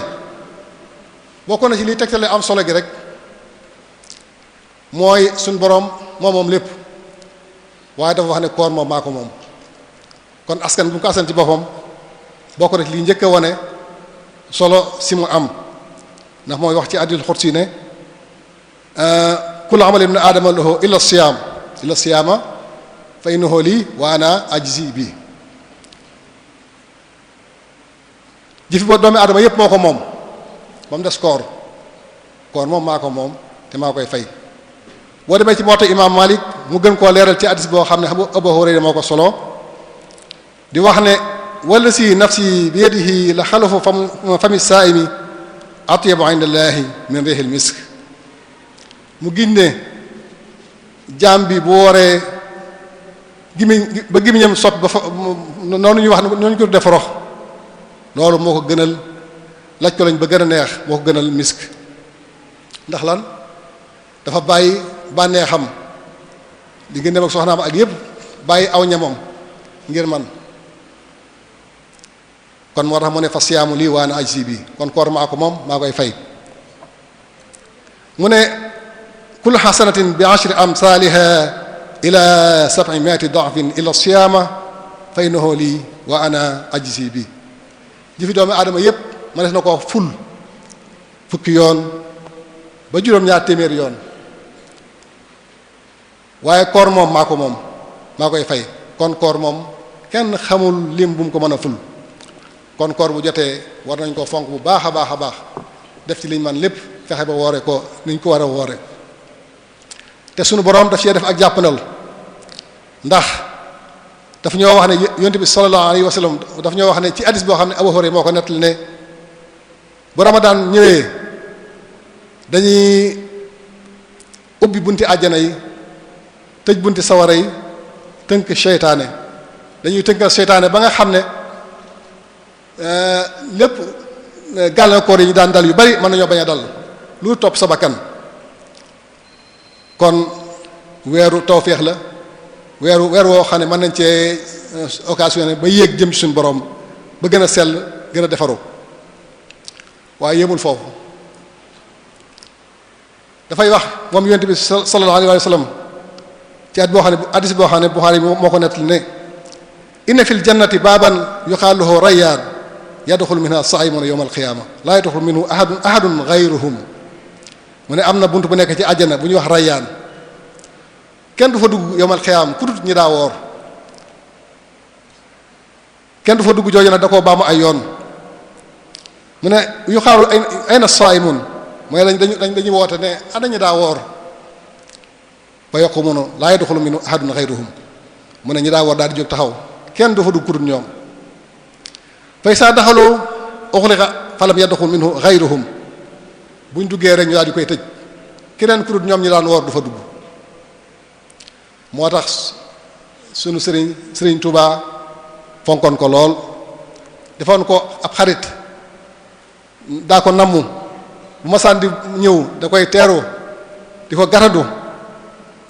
bokk na ci liy tegtale am solo gi rek mooy suñ borom moo moom lépp waaye dafa wax ne koor moom maa ko moom kon askan bu mu ko askan ci boppam boo ko rek li njëkk a wane solo si mu am ndax mooy wax ci addil xut si ne euh, kullu amali ibn aadama lahu illa siyaam illa siyaama fa innahu lii wa ana bi jëfi ba doomi aadama yépp moo ko moom ba mu des koor koor moom maa ko moom te maa koy fay boo demee ci moota imam malik mu gën koo leeral ci hadis boo xam ne Abu Hurayra moo ko solo di wax ne walla si nafsi bi yadihi la xalafu fam fami saimi atyabu indallahi min rihil misk mu ginne jaam bi bu waree gimiñ ba gimiñam sot ba fa noonu ñuy wax noonu ñu ko def rox loolu moo ko gënal laaj ko lañ ba gën a neex moo ko gënal misk ndax lan dafa bàyyi bànnee xam di gën dem ak soxnaam yëpp bàyyi aw ñamam ngir man kon moo tax mu ne fa siyaamu lii waa aj si bii kon koor maa ko moom maa koy fay mu ne kullu xasanatin bi ashri amsaaliha ila ila siyaama fa innahu lii wa ana bi jëfi aadama yëpp ma des na koo ful fukki yoon ba juróom-ñaar téeméer yoon waaye koor moom maa ko moom maa koy fay kon koor moom kenn xamul lim bu mu ko mën a ful kon koor bu jotee war nañ ko fonk bu baax a baax a baax def ci liñ man lépp fexe ba woore ko niñ ko war a woore te sunu borom daf cee def ak jàppandal ndax daf ñoo wax ne yonte bi sallallahu alayhi wa sallam daf ñoo wax ne ci hadis boo xam ne Abu Hurayra moo ko nettali ne bu Ramadan ñëwee dañuy ubbi bunti àjjana yi tëj bunti sawara yi tënk seytaane dañuy tënkal seytaane ba nga xam ne eh, lépp eh, gàllankoor yi ñu daan dal yu bari mën nañoo bañ a dal lu topp sa bakkan kon weeru tawféex la weeru weer woo xam ne mën nañ cee eh, occasion ba yéeg jëm ci suñu borom ba gën a sell gën a defaru waaye yëmul foofu dafay wax moom yonent bi sallallahu alayhi ci at boo xam ne bu addis boo xam ne Buxaari moo ko nettali ne inna fil jannati baaban yuqaalu lahu rayyaan yadxulu minha saa'imun yawmal qiyaama laa yadxulu minhu ahadun ahadun ghayruhum mu ne am na bunt bu nekk ci àjjana bu ñuy wax rayyaan kenn du fa dugg yawmal qiyaama ku dut ñi daa woor kenn du fa dugg jooju nag da koo ay yoon mu ne yuqaalu ayna saa'imun mooy dañ dañu woote ne ana ñi daa woor fa yaqumuna laa yadxulu min ahadun xayruhum mu ne ñi daa war daal di jóg taxaw kenn du fa dugg kurut ñoom fay saa daxaloo uxliqa falam yadxul minhu xayruhum buñ duggee rek ñu daal di koy tëj keneen kurut ñoom ñu daan woor du fa dugg moo tax sunu sëriñ sëriñ Touba fonkoon ko lool defoon ko ab xarit daa ko namm bu ma sànni ñëw da koy teeru di ko garadu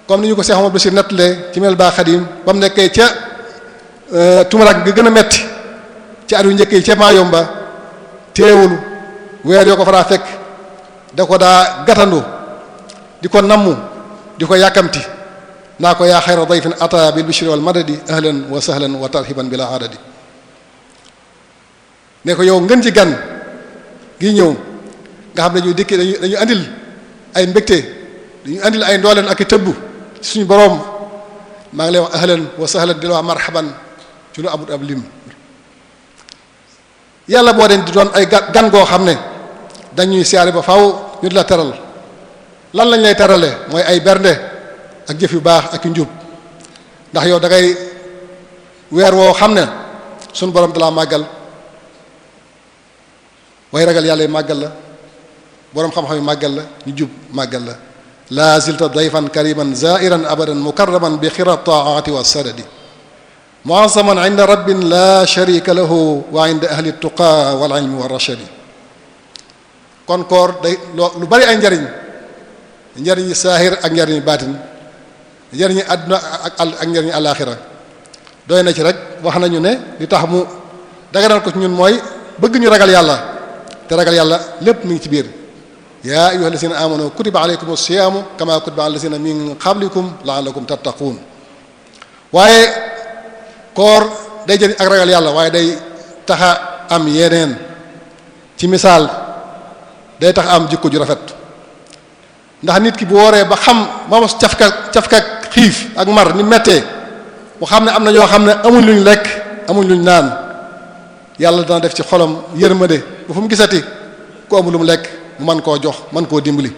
comme ni ñu ko Cheikh Ahmadou Bachir nettalee ci mel baax Xadim ba mu nekkee ca euh, tumuraak gi gën a metti ci at njëkk yi ca Maayomba téewul weer yoo ko faraa fekk da ko daa gatandu di ko namm di ko yàkkamti naa ko yaa xayra dayfin ata bil bishri wal madadi ahlan wa sahlan wa tarhiban bila adadi ne ko yow ngeen ci gan gi ñëw nga xam ne dañuy dikki dañu dañu andil ay mbégte dañu andil ay ndooleen ak i tëbb suñu boroom maa ngi lay wax ahlan wa sahlan di la wax marhaban ci lu amut ab lim yàlla boo leen di doon ay gan goo xam ne dañuy siyaare ba faw ñu di la teral lan lañ lay terale mooy ay bernde ak jëf yu baax ak njub ndax yow dangay weer woo xam ne suñu boroom dalaa màggal way ragal yàlla yi màggal la boroom xam-xam yi màggal la ñu jub màggal la la zilta dayfan kariman zairan abadan mukarraman bi xira taati wa sadadi muazaman inda rabbin wa inda ahli tuqa wal ilmi wa kon koor lu bari ay njariñ njariñi saahir ak njariñ baatin njariñi àdduna ak ak njariñi alaaxira doy na ci rek wax nañu ne li tax mu daganal ko ci ñun mooy bëgg ñu ragal yàlla te ragal yàlla lépp mi ngi ci biir yaa ayyuha alladina amanu kutiba alaykum asiyaamu kama kutiba ala alladina min qablikum la'allakum tattaqun waaye koor day jëriñ ak ragal yàlla waaye day taxa am yeneen ci misaal day tax am jikko ju rafet ndax nit ki bu wooree ba xam ba mos cafka cafka xiif ak mar ni mettee bu xam ne am na ñoo xam ne amuñ luñ lekk amuñ luñ naan yàlla dana def ci xolom yërmande bu fu mu gisati ku amul lu mu lekk mu man koo jox man koo dimbali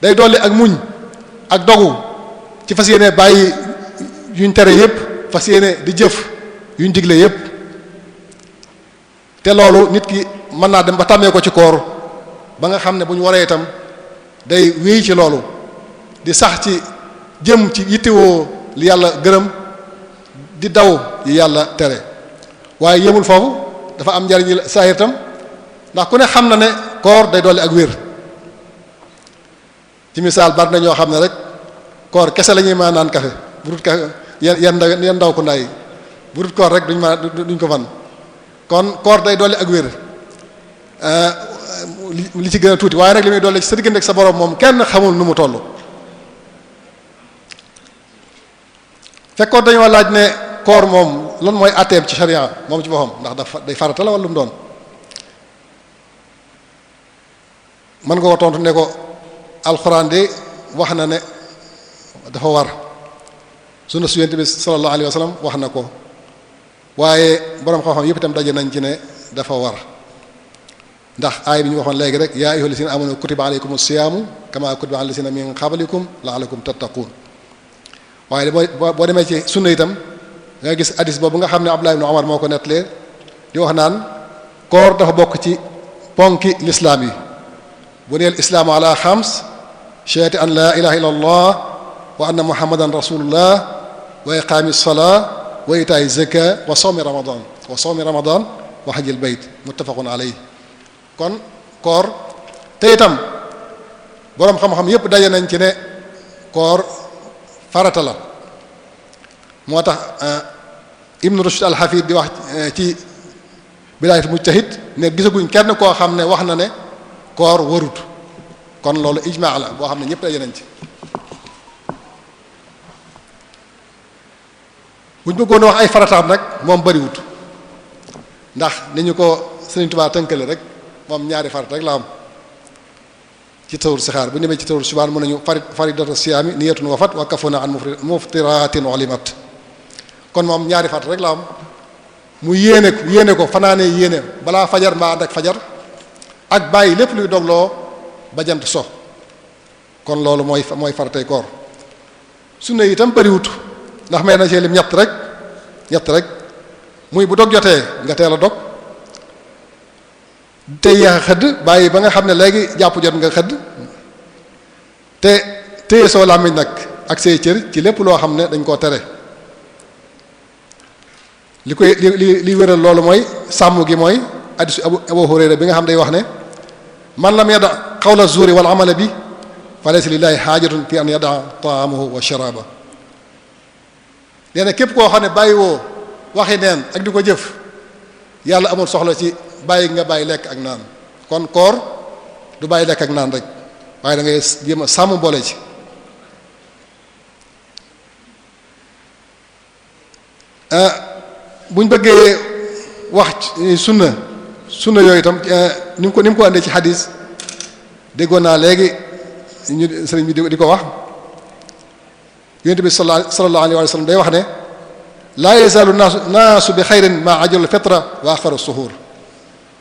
day dolli ak muñ ak dogu ci fas yéene bàyyi yuñ tere yépp fas yéene di jëf yuñ digle yépp te loolu nit ki mën naa dem ba tàmmee ko ci koor ba nga xam ne bu ñu waree itam day wéy ci loolu di sax ci jëm ci yittewoo li yàlla gërëm di daw yi yàlla tere waaye yemul foofu dafa am njariñ sahir itam ndax ku ne xam na ne koor day dolli ak wér ci misaal bari na ñoo xam ne rek koor kese lañuy ñuy naan kafe bu dul kafe yan ndaw yan ndaw ku ndaay bu koor rek duñ ma duñ ko man kon koor day dolli ak wér li ci gën a tuuti waaye rek li muy dolli ci sa diggante ak sa borom moom kenn xamul nu mu toll fekkoon dañoo laaj ne koor moom lan mooy atteem ci sharia moom ci boppam ndax dafa day faratal la wala doon mën nga ko tontu ne ko alxuraan de wax na ne dafa war sunna su yonent bi sallallahu alayhi wa sallam wax na ko waaye borom xam-xam yëpp itam daje nañ ci ne dafa war ndax aay bi ñu waxoon léegi rek yaa ayyuhal lazina amanu kutiba alaykumus siyaamu kama kutiba alal lazina min qablikum la'allakum tattaqun waaye boo boo demee ci sunna itam nga gis hadis boobu nga xam ne laay Abdullah ibn Umar moo ko nettalee di wax naan koor dafa bokk ci ponki lislaam yi buniyal islaamu ala xams shahadati an laa ilaha illa allah wa anna muhammadan rasulullah wa iqaami salaa wa itaayi zaka wa sawmi ramadan wa sawmi ramadan wa hajjil kon koor te itam boroom xam-xam yépp daje nañ ci ne koor farata la moo tax eh, ibnu rushd al eh, ci bidaayat mujtahid ne gisaguñ kenn koo xam ne wax na ne koor warut kon loolu ijmaa la boo xam ne ñëpp daje nañ ci bu ñu wax ay farataam nag moom bariwut ndax ni ñu ko Sëriñ Tuubaa tënkale rek moom ñaari farat rek la am ci tawul sixaar bu ñu demee ci tawul subaan mën nañu farid faridatu siyaami niyatun wafat wa kafuna an muftiratin walimat kon moom ñaari farat rek la am mu yéene yéene ko fanaanee yéene balaa fajar mbaa ànd ak fajar ak bàyyi lépp luy dogloo ba jant so kon loolu mooy mooy faratay koor su ne itam bëriwut ndax may na see lim ñett rek ñett rek muy bu dog jotee nga teel a dog te yéex a xëdd bàyyi ba nga xam ne léegi jàpp jot nga xëdd te téye soo làmmiñ nag ak say cër ci lépp loo xam ne dañ koo tere li koy li li wéral loolu mooy sàmm gi mooy hadiisu Abu Hurayra bi nga xam day wax ne man lam yada qawla zuuri wal amala bi fa laysa lillahi xaajatun fi an yada taamahu wa sharaaba nee képp koo xam ne bàyyiwoo waxi neen ak di ko jëf yàlla amul soxla ci bàyyi nga bàyyi lekk ak naan kon koor du bàyyi lekk ak naan rek waaye da ngay jéem sàmm boole ci eh, buñ bëggee wax sunna su sunna yooyu itam eh, ni mu ko ni mu ko àndee ci xadis déggoon naa léegi ñu sëriñ bi di ko wax yonent bi sallallahu alayhi wa sallam day wax ne laa yazaalu naasu naasu bi xayrin maa ajal fitra wa axara suhur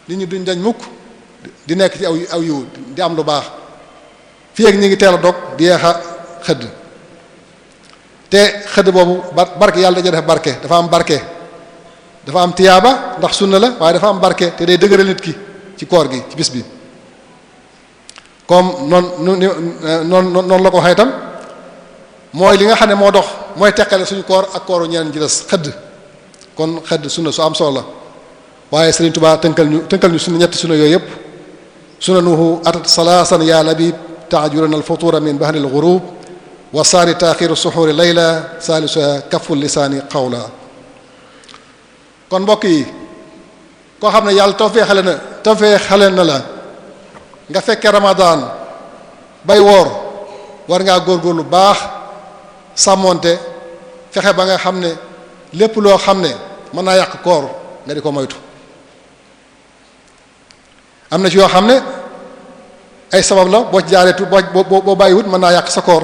nit ñi duñ dañ mukk di nekk ci aw aw yiw di am lu baax fii ak ñu ngi teel a dog di yeex xëdd te xëdd boobu barke yàlla dañoo def barke dafa am barke dafa am tiyaaba ndax sunna la waaye dafa am barke te day dëgëral nit ki ci koor gi ci bis bi comme noon euh, noon noonu la ko waxee itam mooy li nga xam ne moo dox mooy teqale suñu koor ak kooru ñeneen ji xëdd kon xëdd sunna su am solo la waaye Sëriñ Tuubaa tënkal ñu tënkal ñu sunna ñett sunna yooyu yëpp sunanuhu atat salaasan yaa labib taajuran alfutura min bahril ghurub wa saani taaxiru suxuuri layla saalisaha kaful lisaani qawla kon mbokk yi koo xam ne yàlla tawfeexale na xale na la nga fekke ramadaan bay woor war ngaa góor góor lu baax sàmmoonte fexe ba nga xam ne lépp loo xam ne mën naa yàq koor nga di ko moytu am na ci yoo xam ne ay sabab la boo ci jaareetu boo boo bàyyiwut mën naa yàq sa koor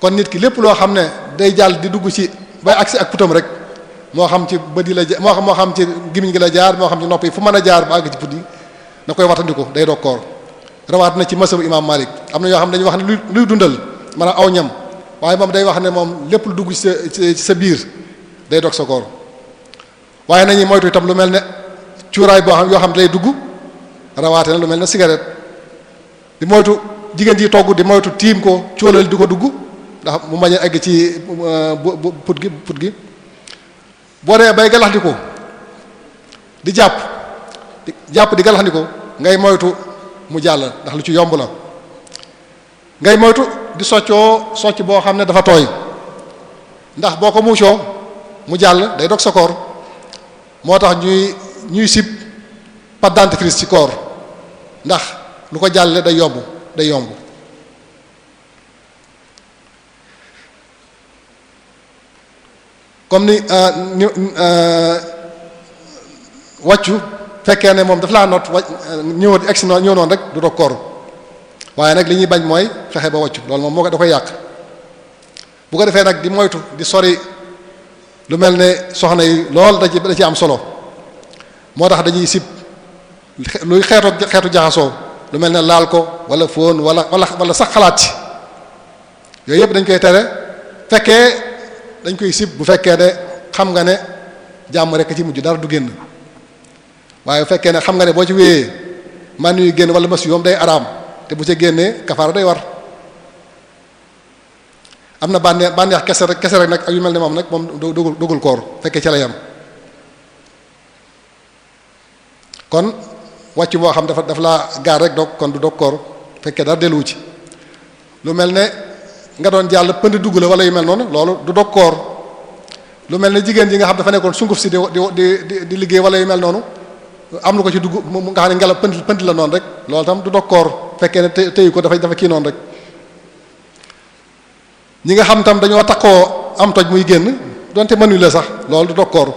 kon nit ki lépp loo xam ne day jàll di dugg ci bay agsi ak putam rek moo xam ci bët yi la moo xam moo xam ci gimiñ gi la jaar moo xam ci nopp yi fu mën a jaar ba àgg ci put yi na koy watandiku day dog koor rawaat na ci masabu imam malik am na yoo xam ne dañuy wax ne luy luy dundal a aw ñam waaye moom day wax ne moom lépp dugg ci sa sa biir day dog sa koor waaye nañuy moytu tam lu mel ne cuuraay boo xam yoo xam day dugg rawaate na lu mel ne cigarette di moytu jigéen ji togg di moytu tiim ko cóolal di ko dugg ndax mu mañ a egg ci euh, put gi put gi boo demee bay galaxndiko di jàpp jàpp di galaxndiko ngay moytu mu jàll ndax lu ci yomb la ngay moytu di soccoo socc boo xam ne dafa tooy ndax boo ko muucoo mu jàll day dog sa koor moo tax ñuy ñuy sib pâte dentifrice ci koor ndax lu ko jàlle day yomb day yomb comme ni ñu euh, euh, wàccu fekkee ne moom daf laa noot wa euh, ñëwaat egsi noonu ñëw noonu rek du doog waaye nag li ñuy bañ mooy fexe ba wàccu loolu moom moo ko da koy yàq bu ko defee nag di moytu di sori lu mel ne soxna yi lool da ci ci am solo moo tax dañuy sib luy xeetu xeetu jaxasoo lu mel ne laal ko wala fóon wala wala wala sax xalaat ci yooyu yëpp dañ koy tere fekkee. dañ koy sib bu fekkee ne xam nga ne jàmm rekk ci mujj dara du génn waaye bu fekkee ne xam nga ne boo ci wéyee man yuy génn wala mas yoom day araam te bu ca génnee kafaara day war am na bànneex bànneex kese rek kese rek nag ak yu mel ne moom nag moom dogul dogul koor fekkee ca la yam kon wàcc boo xam dafa daf laa gar rek dog kon du dog koor fekkee dara delluwu ci lu mel ne nga doon jàll pënd dugg la wala yu mel noonu loolu du dog lu mel ne jigéen ji nga xam dafa nekkoon sunguf si di di di liggéey wala yu mel noonu am lu ko ci dugg mu nga xam ne ngelaw pënd pënd la noonu rek loolu tam du dog koor fekkee ne tey ko dafa dafa kii noonu rek ñi nga xam tam dañoo takkoo am toj muy génn donte mënuñ la sax loolu du dog koor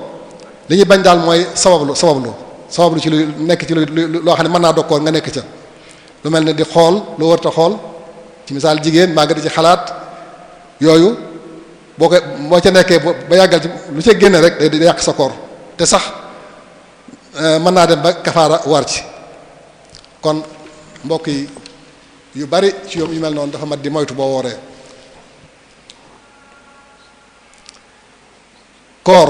li ñuy bañ daal mooy sabablu sabablu sabablu ci lu nekk ci lu loo xam ne mën naa dog koor nga nekk ca lu mel ne di xool lu xool ci misaal jigéen maa nga di ci xalaat yooyu boo ko boo ca nekkee ba yàggal ci lu ca génne rek day yàq sa koor te sax euh, mën naa dem ba kafaara war ci kon mbokk yi yu bari ci yoom yu mel noonu dafa mat di moytu boo wooree koor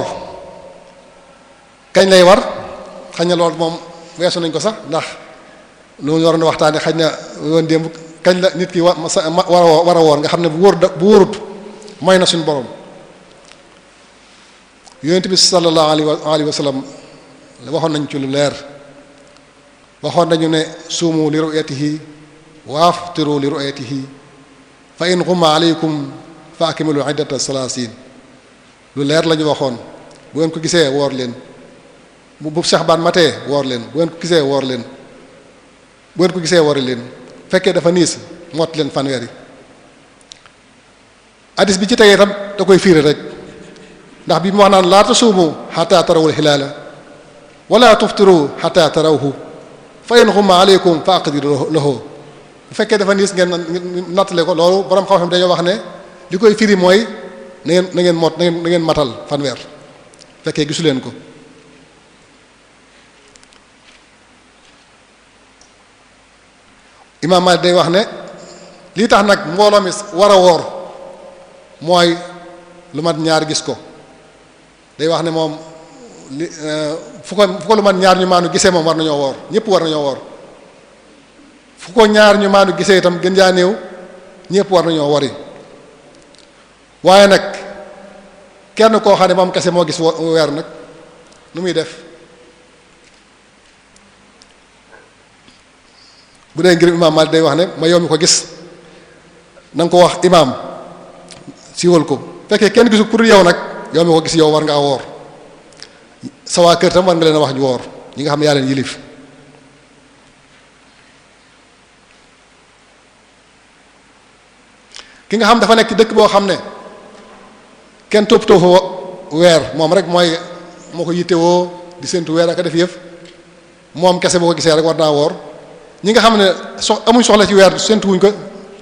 kañ lay war xañ na loolu moom weesu nañ ko sax ndax lu ñu waroon waxtaane xañ na woon démb kañ la nit ki war a war a woor nga xam ne bu wóor bu wóorut mooy na suñu borom yonent bi sallallahu alayhi wa sallam waxoon nañ ci lu leer waxoon nañu ne suumu li ru'yatihi wa aftiru li ru'yatihi fa in ghumma alaykum fa akmilu iddata salaasin lu leer la waxoon bu ngeen ko gisee woor leen bu bu saxbaan matee woor leen bu ngeen ko gisee woor leen bu ngeen ko gisee woor leen fekkee dafa niis moot leen fanweer yi addis bi ci tegee tam da koy fiire rek ndax bi mu wax naan laa tasuumu xata tarawul xilaala wala tuftiru xata tarawhu fa in xumma aleykum fa aqdiru lahu bu fekkee dafa niis ngeen nattale ko loolu borom xam-xam dañoo wax ne li koy firi mooy na ngeen na ngeen mot na ngeen ngeen matal fanweer fekkee gisu leen ko imaam Maalik day wax ne lii tax nag mbooloo mi war a woor mooy lu mat ñaar gis ko day wax ne moom li eh, fu ko fu ko lu mat ñaar ñu maanu gisee moom war nañoo woor ñëpp war nañoo woor fu ko ñaar ñu maanu gisee itam gën jaa néew ñëpp war nañoo wori waaye nag kenn koo xam moom kese moo gis weer nag nu muy def bu dee ngir imaam Maalik day wax ne ma yow mi ko gis na ko wax imaam siiwal ko fekkee kenn gisu ku dul yow nag yow mi ko gis yow war ngaa woor sa waa kër tam war nga leen wax ñu woor ñi nga xam ne yaa leen yilif ki nga xam dafa nekk dëkk boo xam ne kenn toppatoo fa weer moom rek mooy moo ko yittewoo di séntu weer ak a def yëf moom kese boo ko gisee rek war naa woor ñi nga xam ne so amuñ soxla ci weer séntu wuñ ko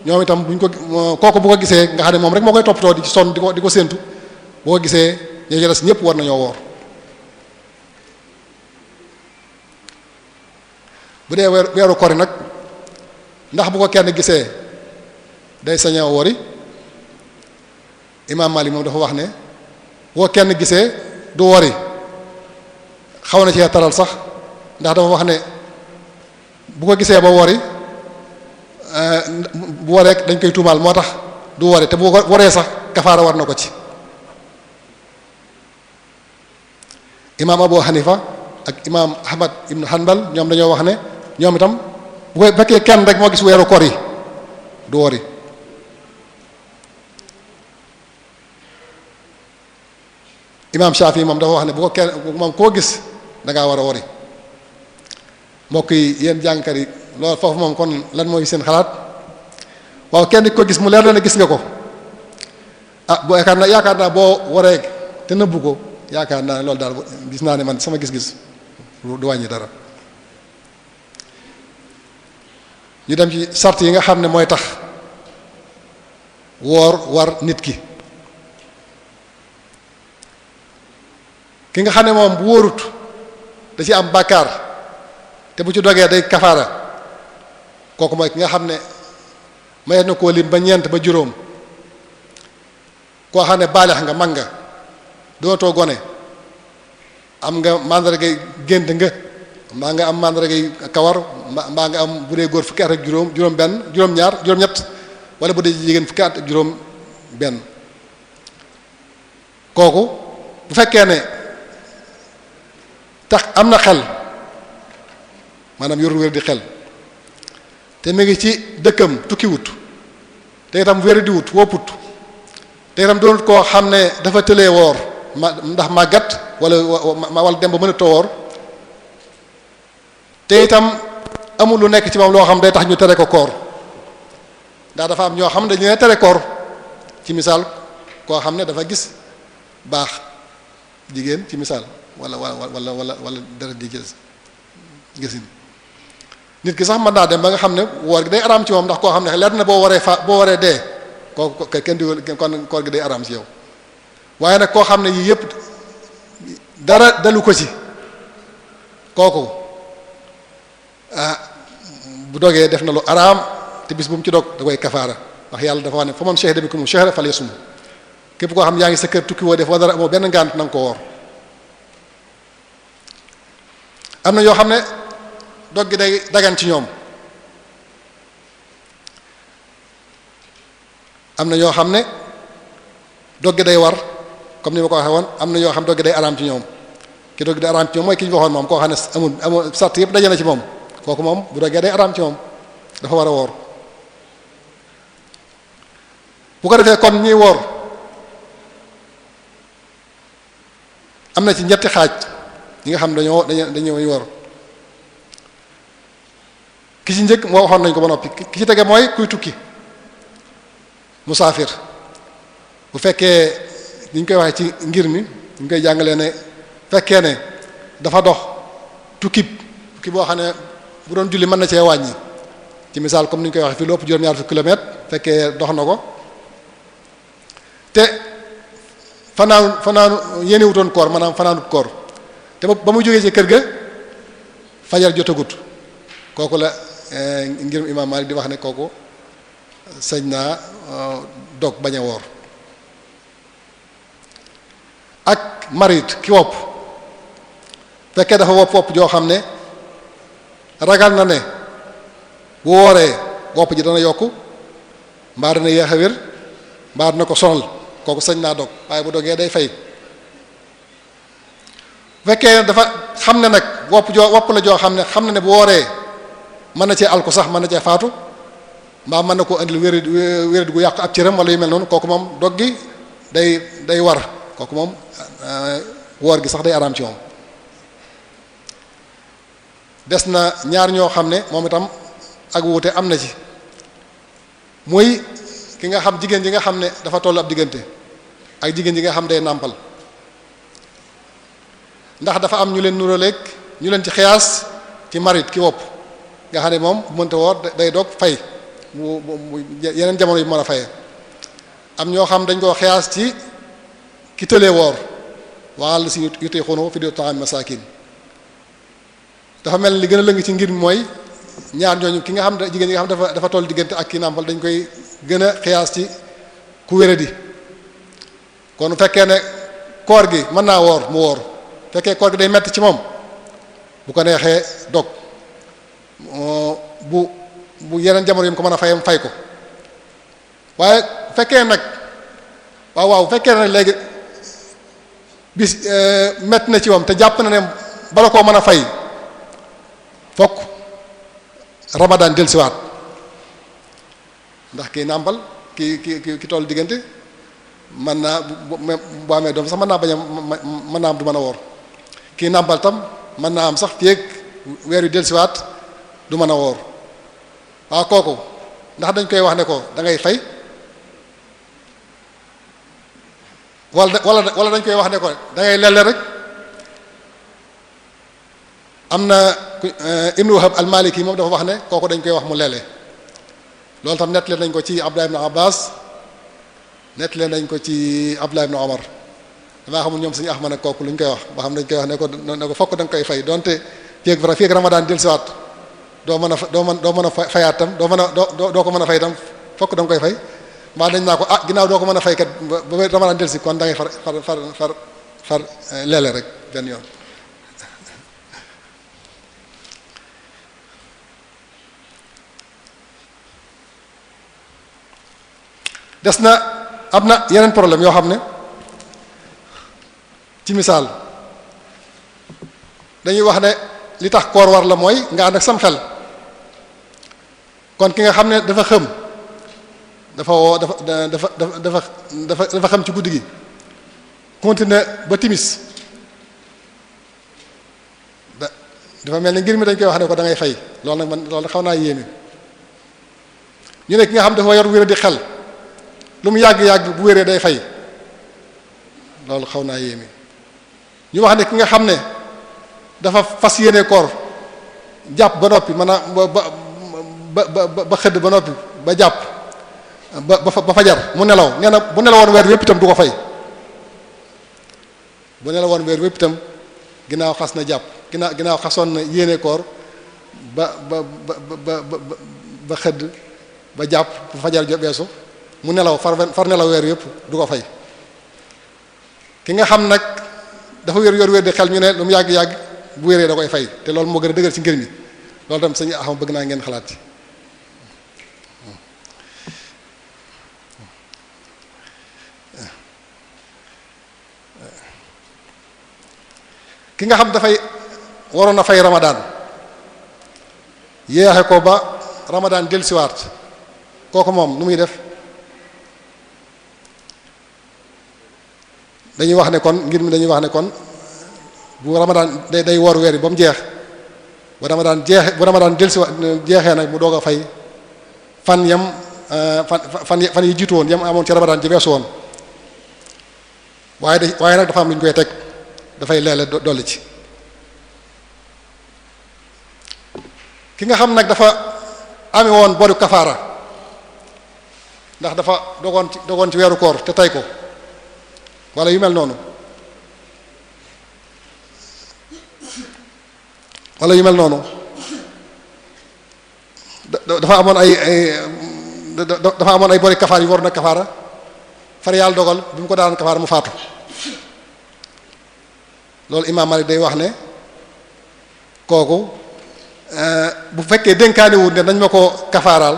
ñoom itam buñ ko kooku bu ko gisee nga xam ne moom rek moo koy toppatoo di sonn di ko di ko séntu bu ko gisee ña ca des ñëpp war nañoo woor bu dee weeru kori nag ndax bu ko kenn gisee day saña woori imaam Maalik dafa wax ne bu kenn gisee du woori xaw na cee sax ndax dafa wax ne bu ko gisee ba wori eh, bu woree dañ koy tuumaal moo tax du wori te bu woree sax kafaara war na ko ci imaam Abu Hanifa ak imaam Ahmad ibn Hanbal ñoom dañoo wax ne ñoom itam bu ko fekkee kenn rek moo gis weeru kor yi du wori imaam Shafi moom dafa wax ne bu ko kenn moom koo gis dangaa war a wori mbokk yi yéen jàngkat yi loolu foofu moom kon lan mooy seen xalaat waaw kenn ko gis mu leer na ne gis nga ko ah boo yaakaar naa yaakaar naa boo waree te nëbbu ko yaakaar naa ne loolu daal gis naa ne man sama gis-gis du wàññi dara ñu dem ci sart yi nga xam ne mooy tax woor war nit ki ki nga xam ne moom bu wóorut da ci am bàkkaar te bu ci dogee day kafaara kooku mooy ki nga xam ne mayet na koo lim ba ñeent ba juróom koo xam ne baaleex nga mag nga dootoo gone am nga màndargay gént nga mbaa nga am màndargay kawar mbaa nga am bu dee góor fukki at ak juróom juróom benn juróom ñaar juróom ñett wala bu dee jigéen fukki at ak juróom benn kooku bu fekkee ne tax am na xel maanaam yorul wér di xel te mu ngi ci dëkkam tukki wut te itam wér di wut wopput te itam doonut koo xam ne dafa tëlee woor ma ndax màggat wala wala dem ba mën a towoor te itam amul lu nekk ci moom loo xam day tax ñu tere ko koor ndax dafa am ñoo xam ne dañu leen tere koor ci misaal koo xam ne dafa gis baax jigéen ci misaal wala wala walla wala dara di gis gisin nit ki sax mën naa dem ba nga xam ne woor gi day araam ci moom ndax koo xam ne leer na boo waree fa boo waree dee kooku kenn du kon koor gi day araam ci yow waaye nag koo xam ne yii yëpp dara dalu ko ci kooku ah bu dogee def na lu araam te bis bu mu ci dog da koy kafaara ndax yàlla dafa wax ne fa man shahida bikum shahra falyasum képp koo xam yaa ngi sa kër tukki woo def wa dara amoo benn ngànt na nga ko woor am na yoo xam ne dog day dagan ci ñoom am na ñoo xam ne dog day war comme ni ma ko waxee woon am na ñoo xam dog day araam ci ñoom ki dog gi day araam ci ñoom mooy ki ñu waxoon moom koo xam ne amul amul sart yëpp daje na ci moom kooku moom bu doggee day araam ci moom dafa war a woor bu ko defee kon ñuy woor am na ci ñetti xaaj ñi nga xam dañoo dañoo dañoo woor ki ci njëkk moo waxoon nañ ko ba noppi ki ci tege mooy kuy tukki musaafir bu fekkee ni koy waxee ci ngir mi ñu koy jàngalee ne fekkee ne dafa dox tukki tukki boo xam ne bu doon julli mën na cee wàññi ci misaal comme niñ ñu koy waxee fii lu juróom-ñaar fi kilomètre fekkee dox na ko te fanaanu fanaanu yéene wutoon koor maanaam fanaanut koor te ba mu jógee ci kër ga fajar jotagut kooku la Eh, ngirum imam Malik di wax ne kooku eh, sañ naa eh, dog bañ a woor ak marit ki wopp fekkee dafa wopp wopp joo xam ne ragal na ne bu wooree wopp ji dana yokk mbaa dana yeex a wér mbaa dana ko sonal kooku sañ naa dog waaye bu dogee day fay fekkee dafa xam ne nag wopp joo wopp la joo xam ne xam na ne bu wooree mën na cee alku sax mën na cee faatu mbaa mën na koo indil wérid wérid gu yàq ab cëram wala yu mel noonu kooku moom dog gi day day war kooku moom euh, woor gi sax day araam ci moom des na ñaar ñoo xam ne moom itam ak wuute am na ci muy ki nga xam jigéen ji nga xam ne dafa toll ab diggante ak jigéen ji nga xam day nàmpal ndax dafa am ñu leen nuróoleeg ñu leen ci xiyaas ci marit ki wopp nga xam ne moom mënta woor day doog fay mu yeneen jamono yi man a fayee am ñoo xam dañ koo xiyaas ci ki tële woor waxal si yutee xonoo fi di taam masakin dafa mel li gën a lëng ci ngir mooy ñaar ñooñu ki nga xam ne jigéen ñi nga dafa dafa toll diggante ak ki nàmpal dañ koy gën a xiyaas ci ku wéradi kon fekkee ne koor gi mën naa woor mu woor fekkee koor gi day metti ci moom bu ko neexee dog bu bu yeneen jamono yi ko mën a fayam fay ko waaye fekkee nag waaw waaw fekkee nag léegi bis eh, mett na ci moom te jàpp na ne bala koo mën a fay fokk ramadan del siwaat ndax kii nàmbal ki ki ki toll diggante mën naa bu amee doom sax mën naa bañ mën naa am du mën a woor kii nàmpal tam mën naa am sax fii ak weer yu del du mën a woor waaw kooku ndax dañ koy wax ne ko da ngay fay wala wala wala dañ koy wax ne ko da ngay lelle rek am na eh, Ibn Wahab al-Maliki moom dafa wax ne kooku dañ koy wax mu lele loolu tam nettali nañ ko ci Abdullah ibn Abbas nettali nañ ko ci Abdullah ibn Omar damaa xamul ñoom suñu Ahmad ak kooku lu ñu koy wax ba xam dañ koy wax ne ko ko fokk da nga koy fay donte jéeg fii ak Ramadan dellusiwaat doo mën a doo mën doo mën a fayaat tam doo mën a doo doo ko mën a fay tam fokk da koy fay mbaa dañ naa ko ah ginnaaw doo ko mën a fay kat ba dama daan delsi kon da ngay far far far far far eh, leele rek benn yoon des na am na yeneen problème yoo xam ne ci misaal dañuy wax ne li tax koor war la mooy nga ànd ak sam xel kon ki nga xam ne dafa xëm dafa woo dafa dafa dafa dafa dafa xam ci guddi gi continuer ba timis da dafa mel ni ngir mi dañ koy wax ne ko dangay ngay fay loolu nag man loolu xaw naa yéeme ñu ki nga xam dafa yor wér di xel lu mu yàgg-yàgg bu wéree day fay loolu xaw naa yéeme ñu wax ne ki nga xam ne dafa fas yéene koor jàpp ba noppi maanaam ba ba ba ba xëdd ba noppi ba jàpp ba ba fajar mu nelaw nee na bu nelawoon weer wépp itam du ko fay bu nelawoon weer wépp itam ginnaaw xas na jàpp ginnaaw ginnaaw xasoon na yéene koor ba ba ba ba ba xëdd ba jàpp bu fajar jot beesu mu nelaw far far nelaw weer yépp du ko fay ki nga xam nag dafa wér yor wér di xel ñu ne lu mu yàgg-yàgg bu wéree da koy fay te loolu moo gën a dëgër ci ngir mi loolu tam sëñ axam bëgg naa ngeen xalaat ci ki nga xam dafay waroon a fay ramadaan yeexe ko ba ramadaan del siwaat kooku moom nu muy def dañuy wax ne kon ngir mi dañuy wax ne kon bu ramadaan day day woor weer yi ba mu jeex bu ramadaan jeex bu ramadaan del siwaat jeexee nag mu doog a fay fan yam euh, fan fan fan yi jiitu woon yam amoon ci ramadaan ji su woon waaye da waaye nag dafa am lu ñu koy teg dafay leele dolli ci ki nga xam nag dafa ame woon boru kafaara ndax dafa dogoon ci dogoon ci weeru koor te tey ko wala yu mel noonu wala yu mel noonu dafa amoon ay ay dafa amoon ay bori kafaar yu war na kafaara far yàlla dogal bi mu ko daan kafaara mu faatu loolu imaam Malik day wax ne kooku euh, bu fekkee dénkaane wu ne nañ ma ko kafaaraal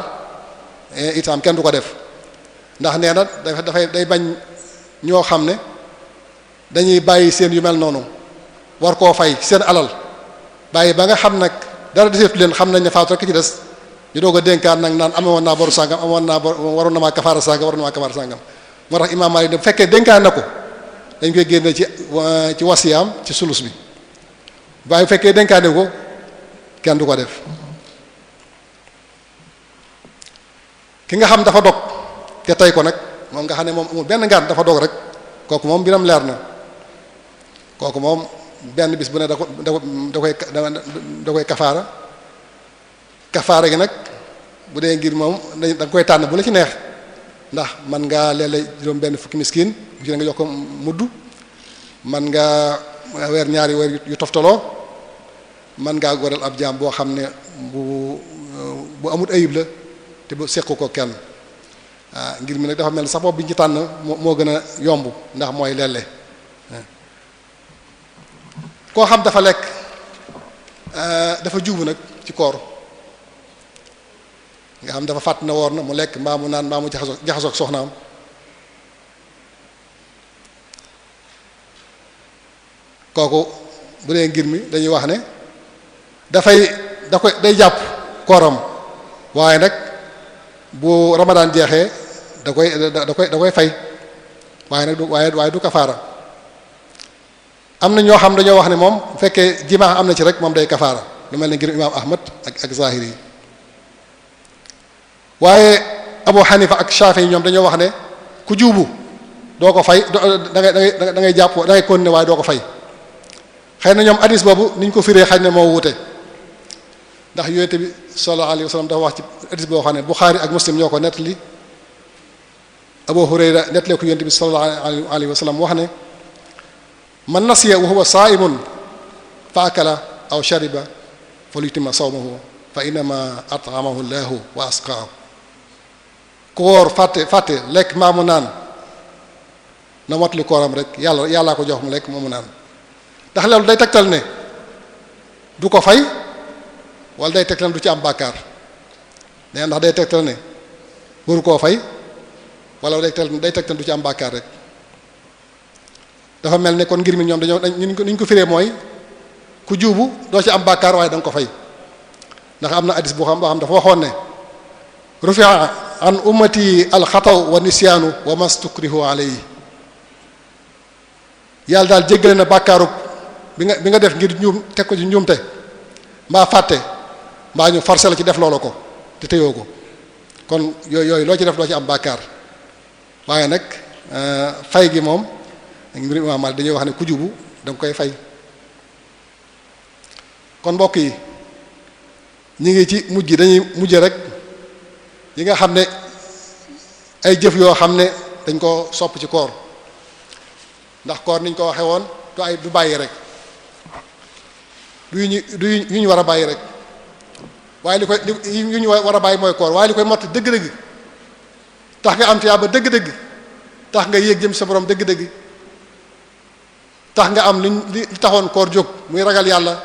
eh, itam kenn du ko def ndax nee na dafay day bañ ñoo xam ne dañuy bàyyi seen yu mel noonu war koo fay seen alal bàyyi ba nga xam nag dara deseetu leen xam nañ ne faatu rek ci des ñu doog a dénkaan nag naan amoon naa boru sàngam amoon naa bor waroon na maa kafaara sàngam waroon na maa kafaara sàngam moo tax imaam Malik bu fekkee dénkaan na ko dañ koy génne ci ci wasiyaam ci sulus bi waaye bu fekkee denkaane ko kenn du ko def ki nga xam dafa dog te tey ko nag moom nga xam ne moom amul benn ngaan dafa dog rek kooku moom mbiram leer na kooku moom benn bis bu ne da ko da koy da koy kafaara kafaara gi nag bu dee ngir moom da nga koy tànn bu la ci neex ndax man ngaa léeg-léeg juróom benn fukki miskin bu ci nga jox ko mudd man nga weer ñaari weer yu toftaloo man ngaa goreel ab jaam boo xam ne bu bu amut ayib la te bu sequ ko kenn ah ngir mi nag dafa mel sax bopp bi ñu tànn moo gën a yomb ndax mooy léeg ah. koo xam dafa lekk ah, dafa juubu nag ci koor nga xam dafa fàtt na woor na mu lekk mbaa mu naan mbaa mu jaxasoo jaxasoo ak soxnaam kooku bu dee ngir mi dañuy wax ne dafay dakoy day jàpp kooram waaye nag bu ramadaan jeexee da koy da koy da koy fay waaye nag du waaye waaye du kafaara am na ñoo xam dañoo wax ne moom bu fekkee jimaa am na ci rek moom day kafaara lu mel ne ngir imaam Ahmad ak ak yi waaye Abu Hanifa ak Shafi'i ñoom dañoo wax ne ku juubu doo ko fay da ngay da ngay da ngay jàpp da ngay continuer waaye doo ko fay xëy na ñoom hadis boobu niñ ko firee xëy na moo wuute ndax yonent bi sallallahu alayhi wasallam dafa wax ci hadis boo xam ne Bukhari ak Muslim ñoo ko nettali Abu Hurayra nettali ko yonent bi sallallahu alayhi wasallam wax ne man nasiya wa huwa sa'imun fa akala aw shariba falyutimma sawmahu fa innama at'amahu Allahu wa asqaahu ku wóor fàtte fàtte lekk maamu naan na mottali kooram rek yàlla yàllaa ko jox mu lekk moomu naan ndax loolu day tegtal ne du ko fay wala day tegtal ne du ci am bàkkaar nee ndax day tegtal ne waru koo fay wala day day tegtal du ci am bàkkaar rek dafa mel ne kon ngir mi ñoom dañoo dañ ñu ko firee mooy ku juubu doo ci am bàkkaar waaye da ko fay ndax am na hadis boo xam boo xam dafa waxoon ne rufia an ummati alxataw wa nisyaanu wa mastukrihu alayhi yàlla daal jéggale na bàkkaarub bi nga bi nga def ngir njuum teg ko ci njuumte mbaa fàtte mbaa ñu forcé la ci def loolu ko te téyoo ko kon yooyu yooyu loo ci def loo ci am bàkkaar waaye nag euh, fay gi moom mbir imaam Maalik dañuy wax ne ku jubu da koy fay kon mbokk yi ñu ngi ci mujj dañuy mujj rek yi nga xam ne ay jëf yoo xam ne dañ koo sopp ci koor ndax koor niñ ko waxee woon du du bàyyi rek du yu ñu du yu ñu war a bàyyi rek waaye li koy yu ñu war a bàyyi mooy koor waaye li koy mott dëgg-dëgg tax nga am tiyaaba dëgg-dëgg tax nga yéeg jëm sa borom dëgg-dëgg tax nga am li li taxoon koor jóg muy ragal yàlla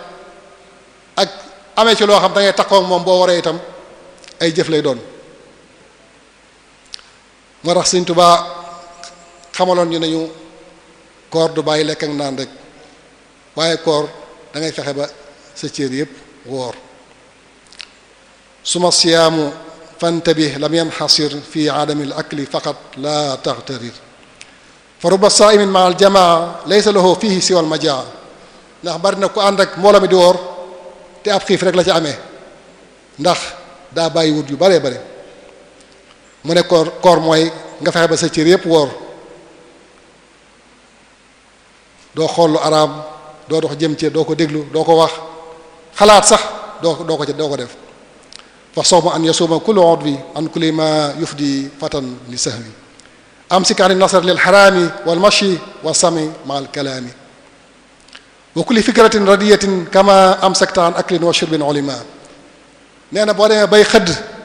ak amee ci loo xam dangay ngay takkoo moom boo waree itam ay jëf lay doon moo tax sëñ tubaa xamaloon ñu nañu ñu koor du bàyyi lekk ak naan rek waaye koor dangay ngay fexe ba sa cër yépp woor suma siyaamu fantabih lam yanxasir fi aadami l akli faqat la taxtarir fa ruba saaimin ma aljamaa laysa lahu fihi siwa almajaa ndax bari na ku ànd ak mbooloo mi di woor te ab xiif rek la ci amee ndax daa bàyyi wut yu baree bare mu ne koor koor mooy nga fexe ba sa cër yépp woor doo xool lu araam doo dox jëm ci doo ko déglu doo ko wax xalaat sax doo doo ko doo ko def fa sawma an yasuma kullu udwi an kulli ma yufdi fatan li sahwi amsik an nasar lil harami wal mashi wa sami ma al kalami wa kulli fikratin radiyatin kama amsakta an wa shurbin ulima nee na boo demee bay xëdd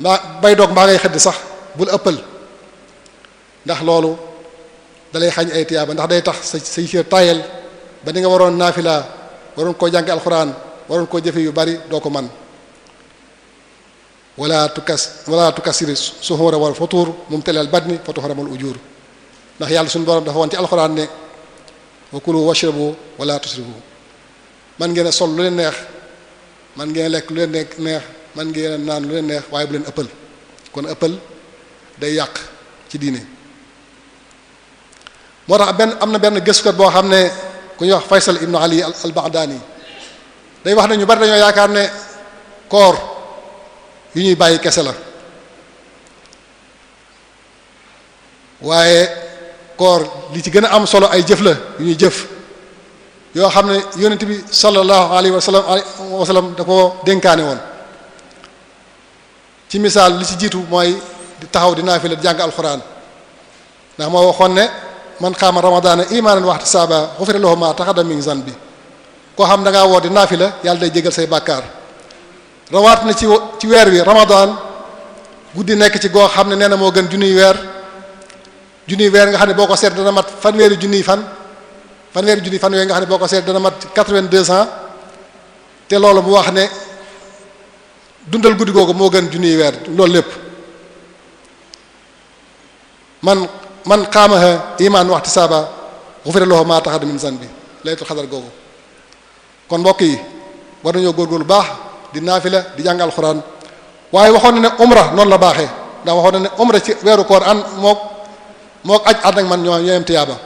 mbaa bay doog mbaa ngay xëdd sax bul ëppal ndax loolu dalay xañ ay tiyaaba ndax day tax sa say cër tayel ba ni nga waroon naafilaa waroon koo jàng alxuraan waroon koo jëfe yu bari doo ko man wala tukas wala tukasir suhuura wal futuur mumtalal badni fa tuhramul ujur ndax yàlla suñu borom dafa woon ci alxuraan ne wa kulu washrabu wala tusrifu man ngeen a sol lu leen neex man ngeen lekk lu leen neex man ngeen a naan lu leen neex waaye bu leen ëppal kon ëppal day yàq ci diine moo tax benn am na benn gëstukat boo xam ne ku ñuy wax Faysal ibnu Ali al Baghdani day wax nañu ñu dañoo yaakaar ne koor yu ñuy bàyyi kese la waaye koor li ci gën a am solo ay jëf la yu ñuy jëf yoo xam ne yonent bi sallallahu alayhi wa sallam wa ko dénkaane woon ci misaal li ci jiitu mooy di taxaw di naafila jàng alxuraan ndax moo waxoon ne man xaama ramadaana imaanan waxti saaba xufira lahu ma taxadda san bi koo xam da ngaa woo di la yàlla day jégal say bàkkaar rawaat na ci ci weer wi ramadaan guddi nekk ci goo xam ne nee na moo gën junniy weer junniy weer nga xam ne boo ko seet dana mat fanweeri junni fan fanweeri junniy fan yooyu nga xam ne boo ko seet dana mat quatre-vingt-deux ans te loolu bu wax ne dundal guddi googu moo gën junniy weer loolu lépp man man wax iman waxti saaba xufira lahu maa taqaddama min zanbi laytul xadar googu kon mbokk yi war nañoo góorgóorlu baax di naafila di jàng alxuraan waaye waxoon na ne umra noonu la baaxee ndax waxoon na ne umra ci weeru koor an mook mook aj ànd ak man ñoo ñooyam tiyaaba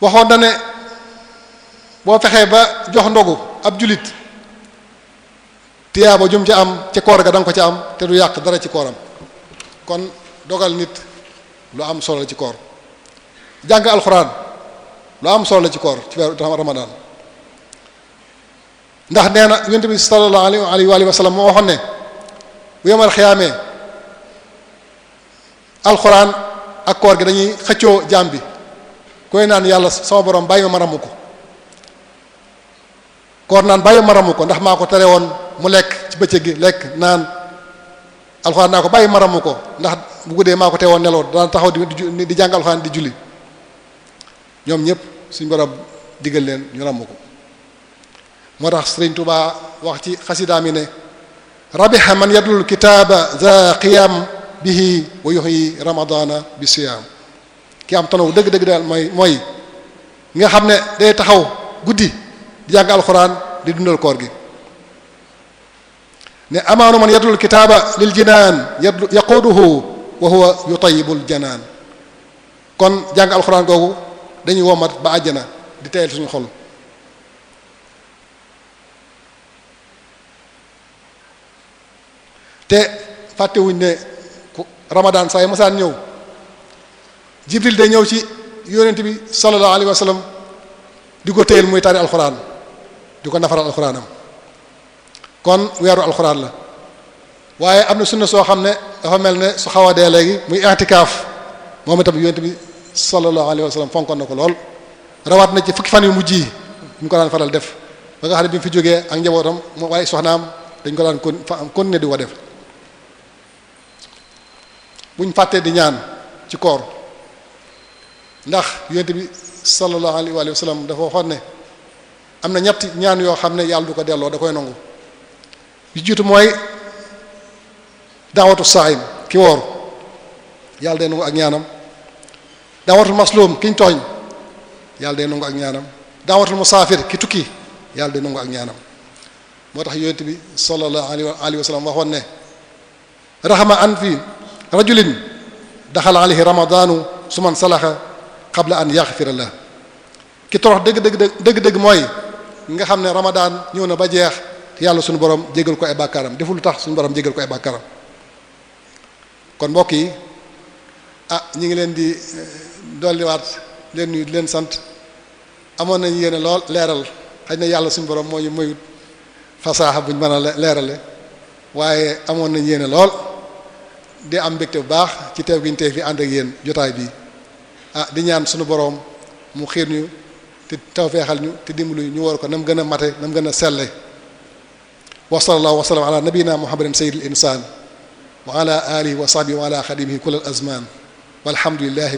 waxoon na ne boo fexee ba jox ndogu ab julit tiyaaba jum ca am ca koor ga da nga ko ca am te du yàq dara ci kooram kon dogal nit lu am solo la ci koor jàng alxuraan lu am solo la ci koor ci weeru ramadaan ndax nee na yonent bi sallallahu alayhi wa alihi wa sallam moo waxoon ne bu yemal xiyaamee alxuraan ak koor gi dañuy xëccoo jaam bi koy naan yàlla sama borom bàyyi ma ma ramm ko koor naan bàyyi ma ramu ko ndax maa ko tere woon mu lekk ci bëccëg gi lekk naan alxuraan naa ko bàyyi ma ramu ko ndax bu guddee maa ko tere woon nelaw daan taxaw di di jàng alxuraan di julli ñoom ñëpp suñ borom digal leen ñu ramu ko moo tax Sëriñ Tuubaa wax ci xasidaa mi ne rabiha man yadlul kitaaba za qiyam bihi wa yuhyi ramadana bi siyaam ki am tanaw dëgg-dëgg daal mooy mooy nga xam ne day taxaw guddi di jàng alxuraan di dundal koor gi ne amaanu man yatlul kitaaba lil jinaan yaquuduhu wa huwa yutayibul janaan kon jàng alxuraan googu dañuy womat ba àjjana di teyal suñu xol te fàttewuñ ne ramadan sax yi masaan ñëw jibril day ñëw ci yonent bi sallallahu alayhi wa di ko téyel muy tari alxuraan di ko nefaral alxuraanam kon weeru alxuraan la waaye am na sunna soo xam ne dafa mel ne su xaw a dee léegi muy i'tikaaf moom itam yonent bi sallallahu alayhi wa sallam fonkoon na ko lool rawaat na ci fukki fan yu mujj yi mu ko daan faral def ba nga ne bi fi jógee ak njabootam soxnaam dañ ko daan kon continuer di ko def fàttee di ñaan ci koor ndax yonent bi sallallahu alayhi wa sallam dafa waxoon ne am na ñetti ñaan yoo xam ne yàlla du ko delloo da koy nangu bi jiitu mooy daawatu saayim ki woor yàlla day nangu ak ñaanam daawatul maslum kiñ tooñ yàlla day nangu ak ñaanam daawatul musaafir ki tukki yàlla day nangu ak ñaanam moo tax yonent bi sallallahu alayhi wa sallam waxoon ne rahama an fi rajulin daxala alayhi ramadanu suman salaxa qabla an yaxfira la ki torox dëgg dëgg dëgg dëgg mooy nga xam ne ramadaan ñëw na ba jeex yàlla suñu boroom jégal ko ay bàkkaaram deful lu tax suñu borom jégal ko ay bàkkaaram kon mbokk yi ah ñu ngi leen di eh, dolliwaat leen nuyu leen sant amoon nañu yéene lool leeral xëy na yàlla suñu borom moo ñu mayut fasaaxa buñ mën a leerale waaye amoon nañu yéene lool di am mbégte bu baax ci teew gi ñu tey fi ànd ak yéen jotaay bi ah di ñaan suñu boroom mu xiir ñu te tawfeexal ñu te dimbalu ñu war ko nam gën a mate nam gën a selle wa sallallahu wa sallam ala nabiyina muhammadin sayyidil insaan wa ala alihi wa sahbihi wa ala xadimihi kullal azmaan walhamdulillahi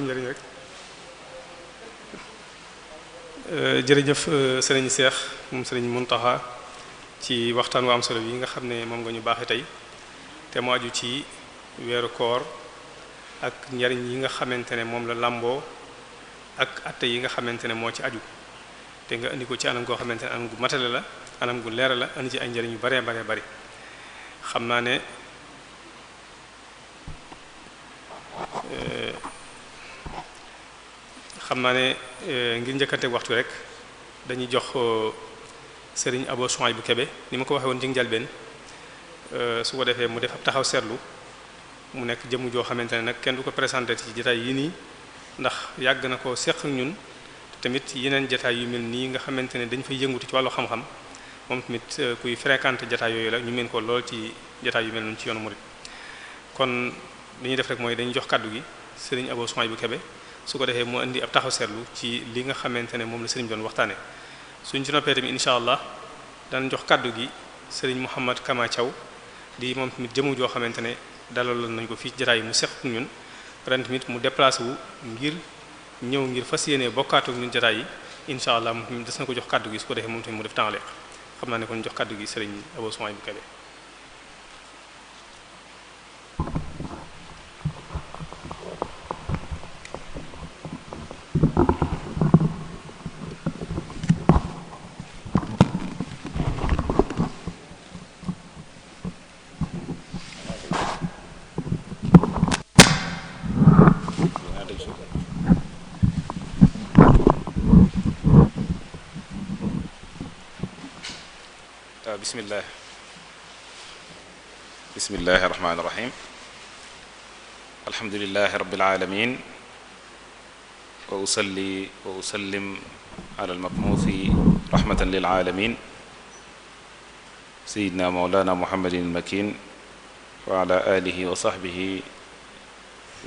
am njëriñ rek euh, jërëjëf sëriñ euh, Seex moom sëriñ Muntaxa ci waxtaan wu am solo yi nga xam ne moom nga ñu baax baaxe tey te mu aju ci weeru koor ak njariñ yi nga xamante ne moom la làmboo ak atte yi nga xamante ne moo ci aju te nga indi ko ci anam koo xamante ne anam gu matale la anam gu leera la indi ci ay njariñ yu baree baree bari xam naa ne xam naa ne euh, ngir njëkkanteeg waxtu rek dañuy jox euh, sëriñ aboo Souaï bu Kebe ni ma ko waxee woon ci njëlbeen euh, su ko defee mu def ab taxaw seetlu mu nekk jëmm joo xamante ne nag kenn du ko présenté ci jotaay yi nii ndax yàgg na ko seq ñun tamit yeneen jotaay yu mel nii nga xamante ne dañ fay yëngutu ci wàllu xam-xam moom tamit kuy fréquenté jotaay yooyu la ñu mel ko lool ci jotaay yu mel noonu ci yoonu murid kon li ñuy def rek mooy dañuy jox kàddu gi sëriñ Abo bu Kebe su ko defee moo indi ab taxaw seetlu ci li nga xamante ne moom la sëriñ doon waxtaane suñ ci noppee tamit incha allah daan jox kàddu gi sëriñ Mouhamad Kama Thiaw di moom tamit jëmu joo xamante ne dalaloon nañ ko fii jaraay mu seq ñun ren tamit mu déplacé wu ngir ñëw ngir fas yéenee bokkaatu ñun jaraay yi incha allah moom des na ko jox kàddu gi su ko defee moom tamit mu def temps xam naa ne kon jox kàddu gi sëriñ Abou Soumaï bu Kébé bismillah bismillahi irrahmani irrahim alhamdulilahi rabilalamin wa usalli wa usallim ala almabmuuthi rahmatan lilaalamin sayidna maulana muhammadin almakin wa ala alihi wa sahbihi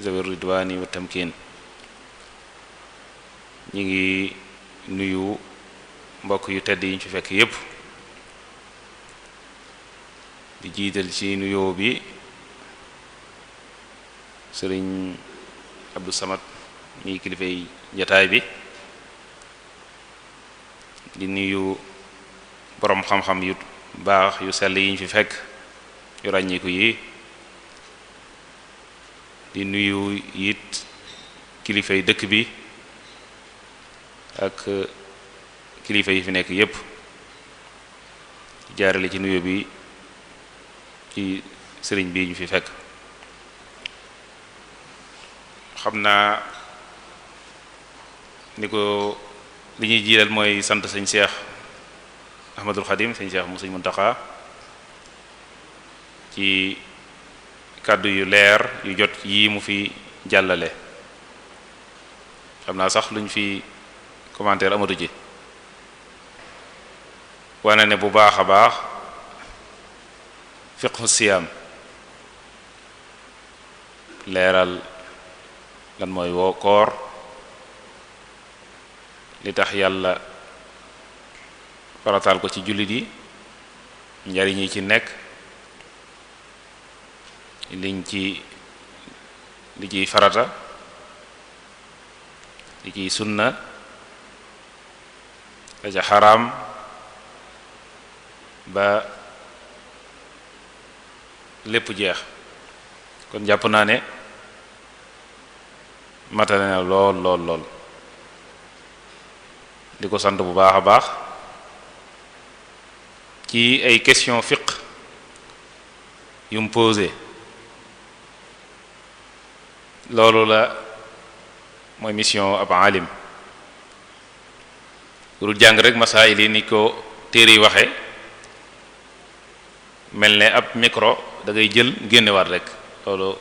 zawi ridwani wa tamkin ñi ngi nuyu mbokk yu tedd yi ñu fekk yépp di jiital ci nuyoo bi sëriñ Abdou Samad mi kilifay jataay bi di nuyu boroom xam-xam yu baax yu sell yiñ fi fekk yu ràññiku yi di nuyu yit kilifay dëkk bi ak kilifa yi fi nekk yépp jaarale ci nuyu bi ci sëriñ bii ñu fi fekk xam naa ni ko li ñuy jiiral mooy sant sëñ Seex Ahmadul Xadim sëñ Seex mu sëñ Muntaxa ci kàddu yu leer yu jot yii mu fi jàllale xam naa sax luñ fi commentaire amatu ci wane ne bu baax baax fiqhu siyaam leeral lan mooy woo koor li tax yàlla farataal ko ci jullit yi njariñ yi ci nekk liñ ci li ciy farata li ciy sunna la ca xaraam ba lépp jeex kon jàpp naa ne matale na lool lool lool di ko sant bu baax a baax ci ay question fiq yu mu loolu la mooy mission ab alim lu jàng rek masaayil yi ni ko téere yi waxe mel ne ab micro da ngay jël génnewaat rek loolu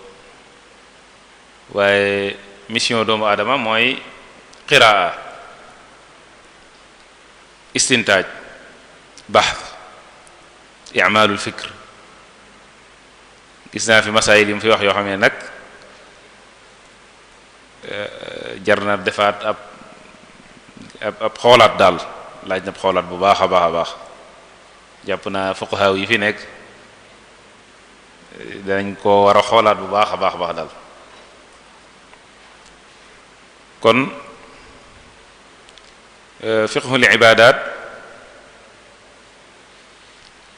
waaye mission doomu adama mooy qiraa istintaaj bax i'malul fikr gis naa fi masaayil yi mu fi wax yoo xam ne nag eh, jar na defaat ab ab ab xoolaat daal laaj na xoolaat bu baax a baax a baax jàpp naa fuqaha yi fi nekk danañ ko war a xoolaat bu baax a baax baax daal kon euh, fiqhul ibaadaat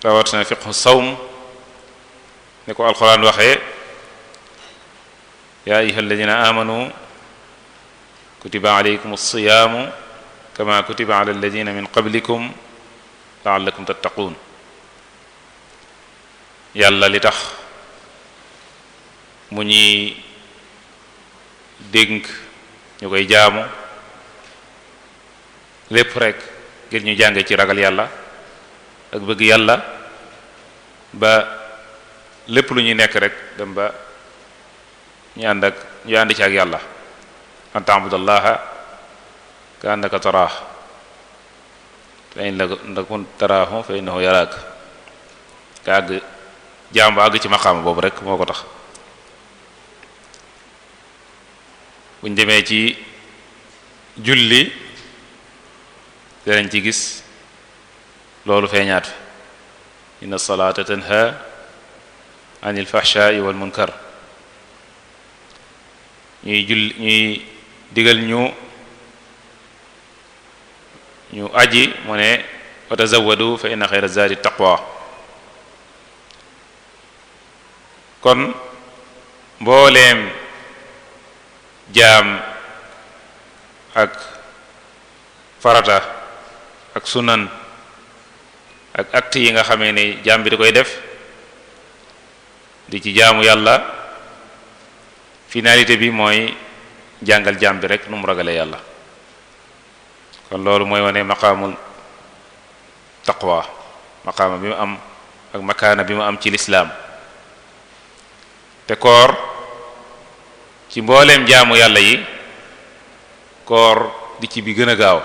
rawatina fiqhu sawm ni ko alquran waxee yaa ayyuha alladina amanu kutiba alaykum alsiyaamu kama kutiba ala alladina min qablikum laallakum tattaquun yàlla li tax mu ñuy dénk ñu koy jaamu lépp rek ngir ñu jànge ci ragal yàlla ak bëgg yàlla ba lépp lu ñuy nekk rek dem ba ñu ànd ak ñu ànd ci ak yàlla an ta'budallaha ka annaka taraah fa in takun taraahu fa innahu yaraak ka àgg jaam ba àgg ci maqaama boobu rekk moo ko tax buñ demee ci julli danañ ci gis loolu feeñaat fi inna salaata tanha anil fahshaai wal munkar ñuy julli ñuy digal ñu ñu aji mu ne wa tazawwadu fa inna xayra zaadi taqwa kon mbooleem jaam ak farata ak sunan ak acte yi nga xamee ni jaam bi di koy def di ci jaamu yàlla finalité bi mooy jàngal jaam bi rek nu mu ragale yàlla kon loolu mooy wane maqaamul taqwa maqaama bi am ak makaana bi mu am ci lislaam te koor ci mbooleem jaamu yàlla yi koor di ci bi gën a gaaw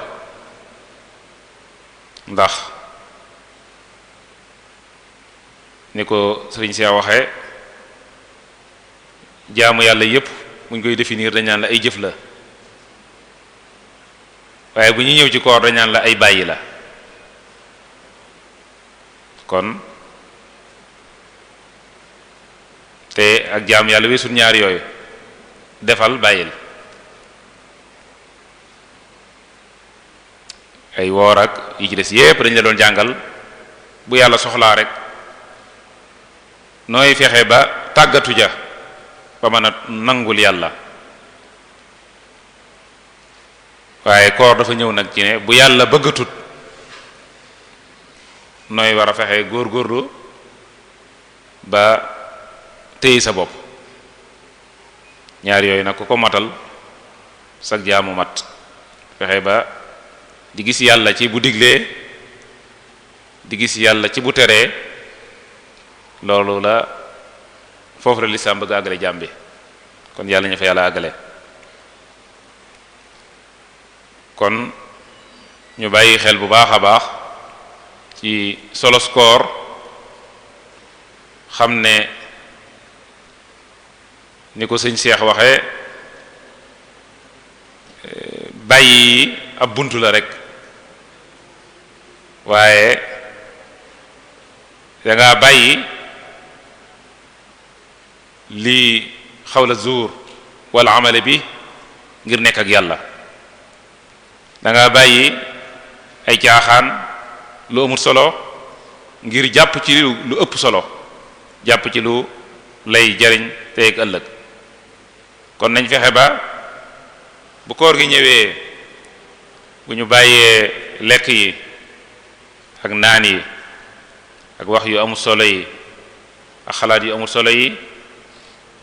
ndax ni ko sëriñ Seex waxee jaamu yàlla yépp buñ koy définir dañ naan la ay jëf la waaye bu ñu ñëw ci koor dañ naan la ay bàyyi la kon te ak jaamu yàlla weesul ñaar yooyu defal bàyyil ay woor yi ci des yépp dañ la doon jàngal bu yàlla soxlaa rek nooy fexe ba tàggatu ja ba mën a nangul yàlla waaye koor dafa ñëw nag ci ne bu yàlla bëggatut nooy war a fexe góor góorlu ba téye sa bopp ñaar yooyu nag ku ko matal sag jaamu mat fexe ba di gis yàlla ci bu diglee di gis yàlla ci bu teree loolu la foofu la lislaam bëgg àggale jaam bi kon yàlla ñu fa yàlla àggale kon ñu bàyyi xel bu baax a baax ci solos koor xam ne ni ko sëñ Cheikh waxee eh, bàyyi ab bunt la rek waaye dangaa ngaa bàyyi lii xawla zuur walla amale bi ngir nekk ak yàlla da bàyyi ay jaaxaan lu amul solo ngir jàpp ci lu ëpp solo jàpp ci lu lay jariñ tey ak ëllëg kon nañ fexe ba bu koor gi ñëwee bu ñu bàyyee lekk yi ak naan yi ak wax yu amul solo yi ak xalaat yu amul solo yi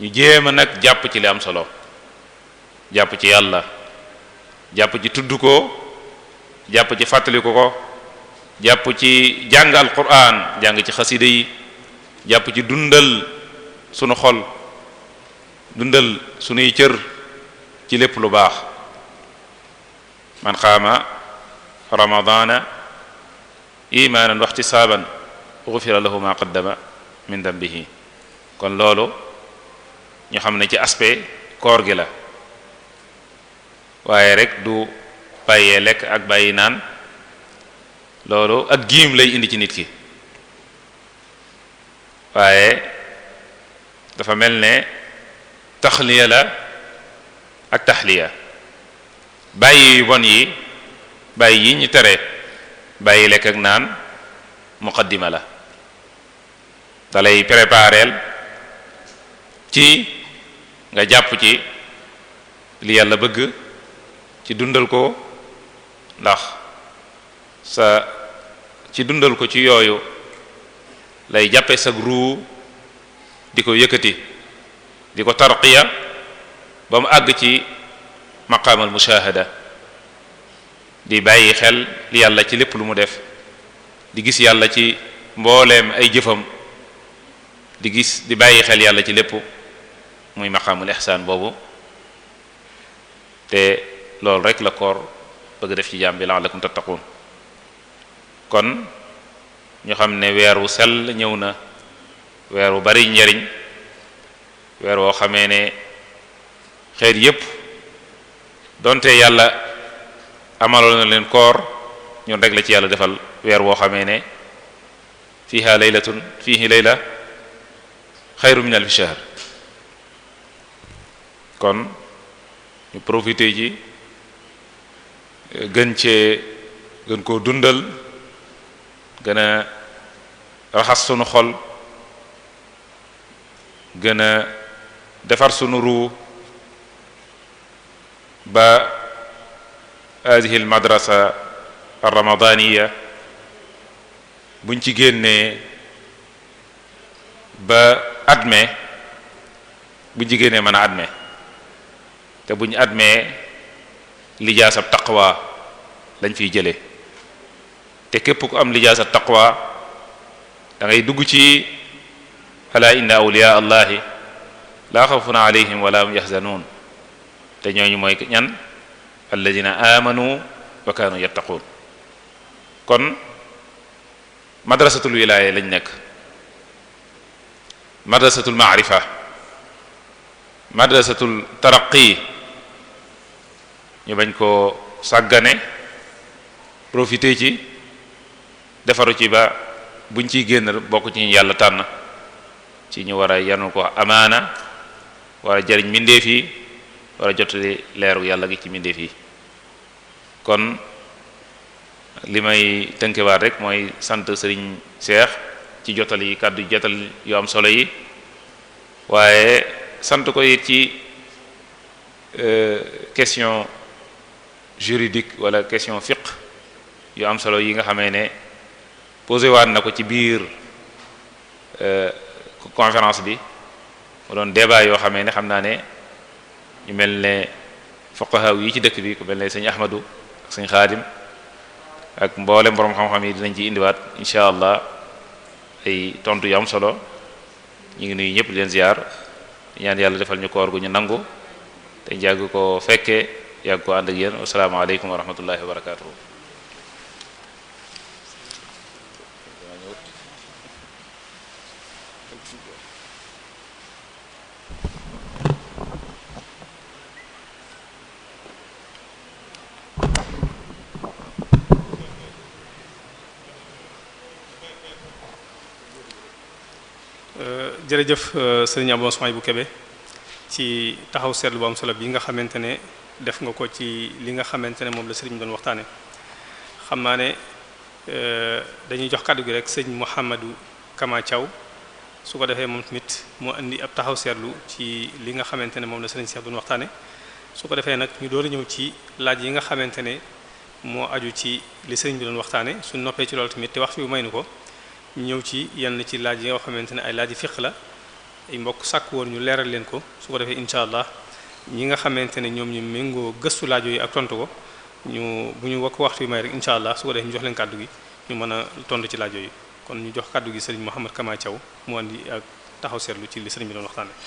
ñu jéem a nag jàpp ci li am solo jàpp ci yàlla jàpp ci tudd ko jàpp ci fàttaliku ko jàpp ci jàng alquran jàng ci xasida yi jàpp ci dundal sunu xol dundal sunuy cër ci lépp lu baax man xaama ramadana imaanan waxti saaban gufira lahu ma qaddama min dambihi kon loolu ñu xam ne ci aspect koor gi la waaye rek du bàyyee lekk ak bàyyi naan loolu ak giim lay indi ci nit ki waaye dafa mel ne taxliya la ak taxliya bàyyi yu bon yi bàyyi yi ñu tere bàyyi lekk ak naan muqaddima la da lay prépareel ci nga jàpp ci li yàlla bëgg ci dundal ko ndax sa ci dundal ko ci yooyu lay jàppe sag ruu di ko yëkkati di ko tarqiya ba mu àgg ci maqaamal mushahada di bàyyi xel yàlla ci lépp lu mu def di gis yàlla ci mbooleem ay jëfam di gis di bàyyi xel yàlla ci lépp muy maqaamul ihsaan boobu te loolu rek la koor bëgg def ci jaam bi la'allakum tattaqun kon ñu xam ne weer wu sell ñëw na weer wu bari njariñ weer woo xamee ne xeet yépp donte yàlla amaloon na leen koor ñun rek la ci yàlla defal weer woo xamee ne fiha laylatun fihi layla xayru min alfi shahr kon ñu profité ji gën cee gën koo dundal gën raxas sunu xol gën defar sunu ruu ba hadihi almadrasa alramadaniya buñ ci génnee ba admee bu ci génnee mën a admee te buñ admee lijaasab taqwa lañ fiy jëlee te képp ku am lijaasab taqwa da dugg ci ala inna awliya allahi laa xawfun alayhim wala hum yaxzanuun te ñooñu mooy ñan alladina amanu wa kaanu yattaquun kon madrasatul wilaaya lañ nekk madrasatul maarifa madrasatul taraqi ñu bañ koo sàggane profité ci defaru ci ba buñ ciy génn bokk ci ñu yàlla tànn ci ñu war a amaana war a jariñ mbindeef yi war a jotali leeru yàlla gi ci mbindeef yi kon li may tënkewaat rek mooy sant sëriñ Seex ci jotal yi kàddu jotal yu am solo yi waaye sant ko it ci e, question juridique wala question fiqh yu am solo yi nga xamee ne posé waat na ko ci biir e, conférence bi mu doon débat yoo xamee ne xam naa ne ñu mel ne fuqaha yi ci dëkk bi ku mel ne sëñ Ahmadu ak sëñ Xaadim ak mboolem borom xam-xam yi dinañ ci indiwaat incha allah ay tontu yu am solo ñu ngi nuyu ñëpp leen ziar ñaan yàlla defal ñu koor gu ñu nangu te jàgg ko fekkee yàgg ko ànd ak yéen wasalaamaaleykum wa rahmatullahi wa barakatuhu jërëjëf sëriñ Abou bu Kébé ci taxaw seetlu bu am solo bi nga xamante ne def nga ko ci li nga xamante ne moom la sëriñ doon waxtaane xam naa ne euh, dañuy jox kàddu gi rek sëñ Mouhamadou Kama Thiaw su ko defee moom tamit mu indi ab taxaw seetlu ci li nga xamante ne moom la sëriñ Cheikh doon waxtaane su ko defee nag ñu door ñëw ci laaj yi nga xamante ne moo aju ci li sëriñ bi doon waxtaane suñ noppee ci loolu tamit te wax fi may nu ko ñëw ci yenn ci laaj yi nga xamante ne ay laaj fiq la ay mbokk sàkk woon ñu leeral leen ko su ko defee incha allah ñi nga xamante ne ñoom ñu méngoo gëstu laajo yi ak tontu ko ñu bu ñu wakk waxtu bi may rek incha allah su ko defee ñu jox leen kàddu gi ñu mën a tontu ci laaj yi kon ñu jox kàddu gi sëriñ Mouhamed Kama Thiaw mu andi ak taxaw seetlu ci li sëriñ bi doon waxtaanee.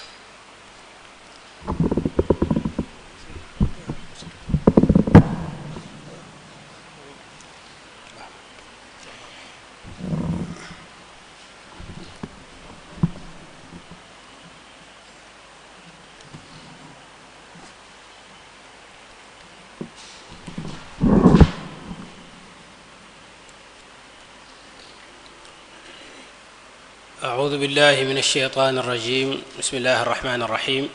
بالله من الشيطان الرجيم بسم الله الرحمن الرحيم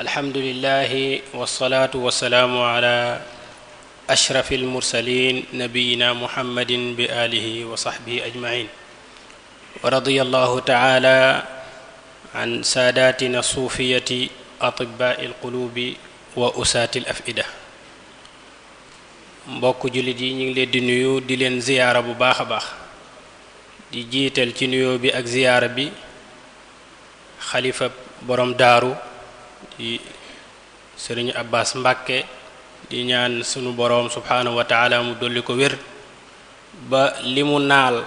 الحمد لله والصلاة والسلام على أشرف المرسلين نبينا محمد بآله وصحبه أجمعين ورضي الله تعالى عن ساداتنا الصوفية أطباء القلوب وأساة الأفئدة mbokk jullit yi ñu ngi leen di nuyu di leen ziyaara bu baax a baax di jiital ci nuyoo bi ak ziyaara bi xalifa boroom daaru di sëriñ Abbas Mbàkke di ñaan sunu boroom subhaanahu wa taala mu dolli ko wér ba li mu naal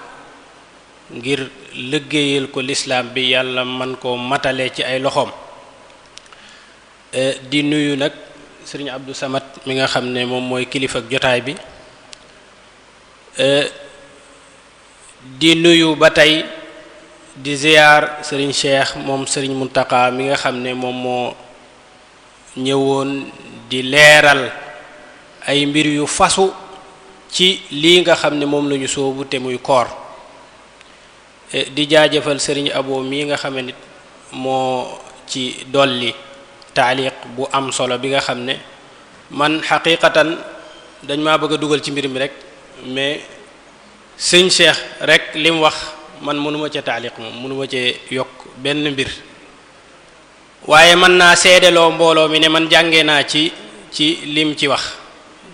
ngir liggéeyal ko lislaam bi yàlla man koo matale ci ay loxoom e, di nuyu nag sëriñ Abdou Samad mi nga xam ne moom mooy kilifa ak jotaay bi e, di nuyu ba tey di ziyaar sëriñ Cheikh moom sëriñ Muntaka mi nga xam ne moom moo ñëwoon di leeral ay mbir yu fasu ci lii nga xam ne moom lañu soobu te muy koor eh, di jaajëfal sëriñ Abo mi nga xam nit moo ci dolli taaliq bu am solo bi nga xam ne man xaqiqatan dañ maa bëgg dugal ci mbir mi rekk mais sëñ Cheikh rek li wax man mënuma ca taaliq moom mënuma cee yokk benn mbir waaye mën naa seedeloo mbooloo mi ne man jànge naa ci ci lim ci wax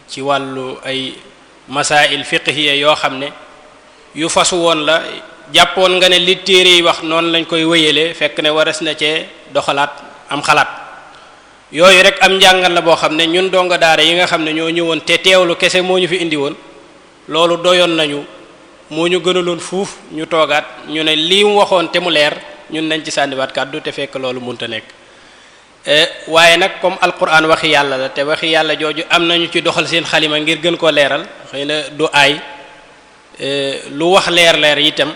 ci wàllu ay masail fiqhiya yoo xam ne yu fasu woon la jàppoon nga ne li téere yi wax noonu lañ koy wéyale fekk ne waras na cee doxalaat am xalaat yooyu rek am njàngal la boo xam ne ñun donga daara yi nga xam ne ñoo ñëwoon te teewlu kese moo ñu fi indi woon loolu doyoon nañu moo ñu gënaloon fuuf ñu toogaat ñu ne lii mu waxoon te mu leer ñun nañ ci sànniwaat kàddu te fekk loolu munta nekk eh, waaye nag comme alquran waxi yàlla la te waxi yàlla jooju am nañu ci doxal seen xalima ngir gën koo leeral xëy na du aay eh, lu wax leer leer itam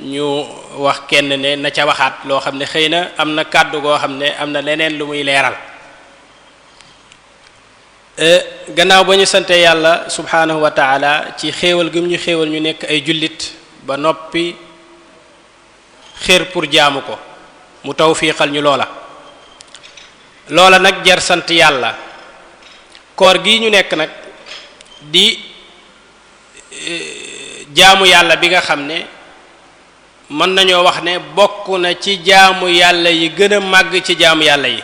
ñu wax kenn ne na ca waxaat loo xam ne xëy na am na kàddu goo xam ne am na leneen lu muy leeral Euh, gannaaw ba ñu sante yàlla subhaanahu wa taala ci xéewal gim ñu xéewal ñu nekk ay jullit ba noppi xéer pour jaamu ko mu tawfiixal ñu loola loola nag jar sant yàlla koor gi ñu nekk nag di euh, jaamu yàlla bi nga xam ne mën nañoo wax ne bokk na ci jaamu yàlla yi gën a màgg ci jaamu yàlla yi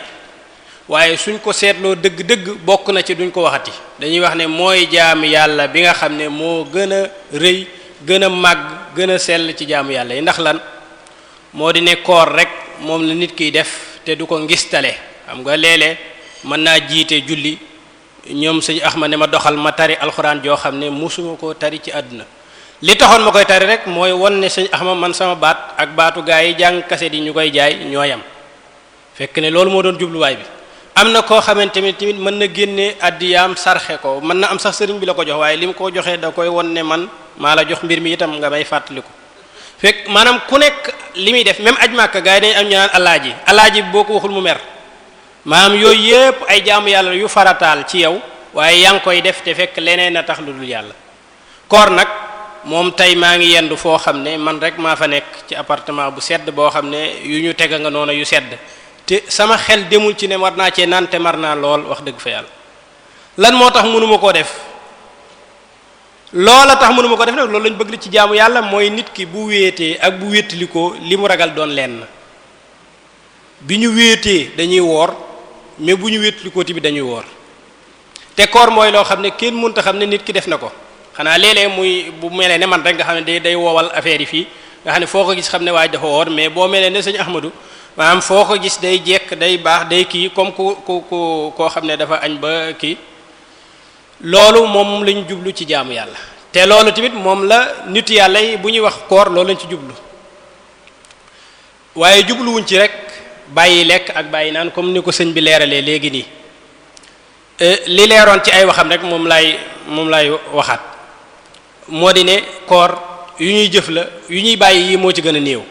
waaye suñ ko seetloo dëgg-dëgg bokk na ci duñ ko waxati dañuy wax ne mooy jaam yàlla bi nga xam ne moo gën a rëy gën a màgg gën a sell ci jaamu yàlla yi ndax lan moo di ne koor rek moom la nit kiy def te du ko ngistale xam nga léeg mën naa jiite julli ñoom sëñ Axma ne ma doxal ma tari alxuraan joo xam ne mosuma ko tari ci àdduna li taxoon ma koy tari rek mooy won ne sëñ Axma man sama baat ak baatu gaa yi jàng kaset yi ñu koy jaay ñooyam fekk ne loolu moo doon jubluwaay bi am na koo xamante ni tamit mën na génne addiyaam sarxe ko mën na am sax sëriñ bi la ko jox waaye li mu ko joxee da koy won ne man maa la jox mbir mi itam nga may fàttali ko fekk maanaam ku nekk li muy def même aj màkka gars yi dañu am ñu naan alaaji alaaji boo ko waxul mu mer maanaam yooyu yépp ay jaamu yàlla yu farataal ci yow waaye yaa ngi koy def te fekk leneen a tax lu dul yàlla koor nag moom tey maa ngi yendu foo xam ne man rek maa fa nekk ci appartement bu sedd boo xam ne yu ñu teg nga noonu yu sedd te sama xel demul ci ne war naa cee naan te mar naa lool wax dëgg fa yàlla lan moo tax mënuma koo def lool a tax mënuma ko def nag loolu lañ bëgg ci jaamu yàlla mooy nit ki bu wéetee ak bu wéetali ko li mu ragal doon leen na bi ñu wéetee dañuy woor mais bu ñu wéetali ko tamit dañuy woor te koor mooy loo xam ne kenn mënta xam ne nit ki def na ko xanaa léeg-léeg muy bu melee ne man rek nga xam ne day day woowal affaire yi fii nga xam ne foo ko gis xam ne waaj dafa woor mais boo melee ne sëñ Ahmadou maanaam foo ko gis day jekk day baax day kii comme ku ku ku koo xam ne dafa añ ba kii loolu moom lañ jublu ci jaamu yàlla te loolu tamit moom la nit yàlla yi bu ñuy wax koor loolu lañ ci jublu waaye jubluwuñ ci rek bàyyi lekk ak bàyyi naan comme ni ko sëñ bi leeralee léegi nii e, li leeroon ci ay waxam rek moom lay moom lay waxaat moo di ne koor yu ñuy jëf la yu ñuy bàyyi yi moo ci gën a néew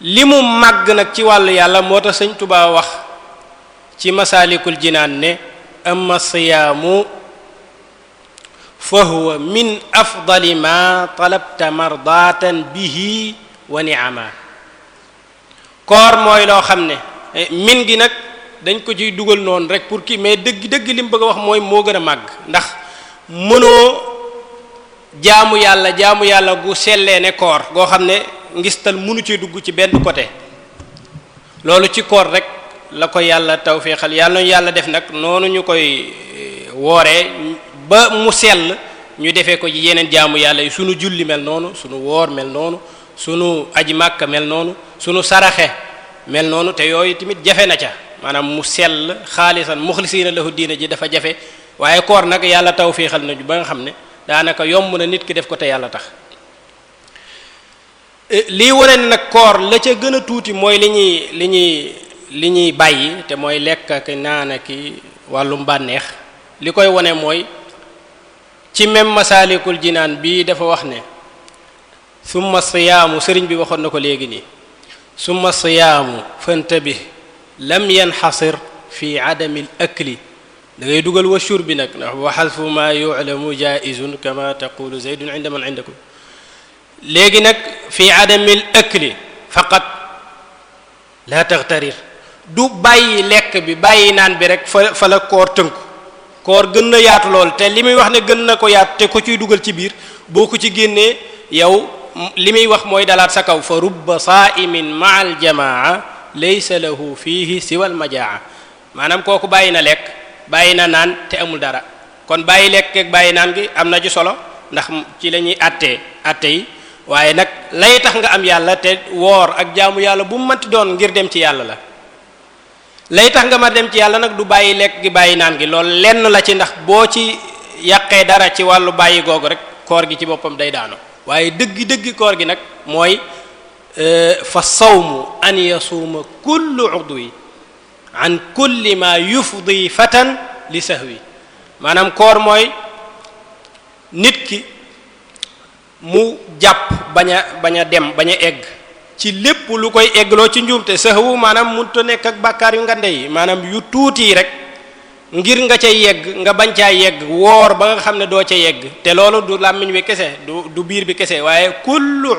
li mu màgg nag ci wàllu yàlla moo tax sëñ Tuubaa wax ci masaalikul jinaan ne amma siyaamu fa huwa min afdali ma talabta mardaatan bihi wa niama koor mooy loo xam ne eh, min gi nag dañ ko ciy dugal noonu rek pour kii mais dëgg dëgg li mu bëgg a wax mooy moo gën a màgg ndax mënoo jaamu yàlla jaamu yàlla gu sellee ne koor goo xam ne ngistal munu ci dugg ci benn côté loolu ci koor rek la ko yàlla tawféexal yàlla ñu yàlla def nag noonu ñu koy eh, wooree ba mu sell ñu defee ko ci yeneen jaamu yàlla yi sunu julli mel noonu sunu woor mel noonu sunu aji màkk mel noonu sunu saraxe mel noonu te yooyu tamit jafe na ca maanaam mu sell xaalisan muxlisiina lahu diina ji dafa jafe waaye koor nag yàlla tawféexal nañu ba nga xam ne daanaka yomb na nit ki def ko te yàlla tax Eh, lii wane ne koor la ca gën a tuuti mooy li ñuy li ñuy li ñuy bàyyi te mooy lekk ak naan ak wàllum bànneex li koy wane mooy ci même masaalikul jinaan bii dafa wax ne summa siyaamu sëriñ bi waxoon na ko léegi nii summa siyaamu fantabih lam yanxasir fi adami l akli da ngay dugal wa bi nag ndax wa xasfu ma yulamu jaizun kama taqulu zaydun inda man indakum léegi nag fi li akli faqat tax taxtarir du bàyyi lekk bi bàyyi naan bi rek fa fa la koor tënku koor gën na yaatu lool te li muy wax ne gën na ko yaat te ko ciy dugal ci biir boo ko ci génnee yow li muy wax mooy dalaat sa kaw fa rubba saa'imin maa aljamaa laysa lahu fiihi siwa almajaa maanaam kooku bàyyi na lekk bàyyi na naan te amul dara kon bàyyi lekk ak bàyyi naan gi am na ci solo ndax ci lañuy ñuy attee yi waaye nag lay tax nga am yàlla te woor ak jaamu yàlla bu mu doon ngir dem ci yàlla la lay tax nga ma dem ci yàlla nag du bàyyi lekk bàyyi naan gi loolu lenn la ci ndax boo ci yàqee dara ci wàllu bàyyi googu rek koor gi ci boppam day daanu waaye dëgg dëgg koor gi nag mooy euh, fa sawmu an yasuuma kullu udwi an kulli ma yufdi fatan li sahwi maanaam koor mooy nit ki mu jàpp bañ a bañ a dem bañ egg ci lépp lu koy eggloo ci njuumte sahwu maanaam munta nekk ak bàkkaar yu ngande yi maanaam yu tuuti rek ngir nga ca yegg nga bañ caa yegg woor ba nga xam ne doo ca yegg te loolu du làmmiñ bi kese du du biir bi kese waaye kullu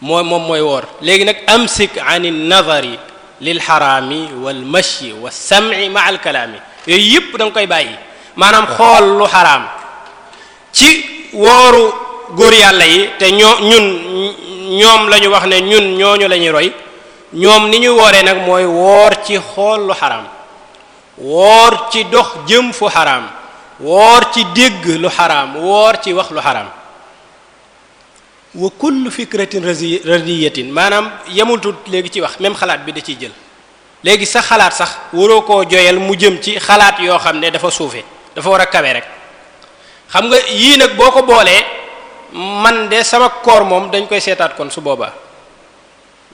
mooy moom mooy woor léegi nag amsik an nazari lil xaraami wal mashi wa sam'i ma al kalaami yooyu yëpp da nga koy bàyyi maanaam xool lu xaraam ci wooru góor yàlla yi te ñoo ñun ñoom lañu wax ne ñun ñooñu la roy ñoom ni ñuy wooree nag mooy woor ci xool lu xaraam woor ci dox jëm fu xaraam woor ci dégg lu xaraam woor ci wax lu xaraam wa kullu fikratin radiyatin maanaam yemultut léegi ci wax même xalaat bi da ciy jël léegi sa xalaat sax wuroo ko joyal mu jëm ci xalaat yoo xam ne dafa suufe dafa war a kawe rek xam nga yii nag boo ko boolee man de sama koor moom dañ koy seetaat kon su boobaa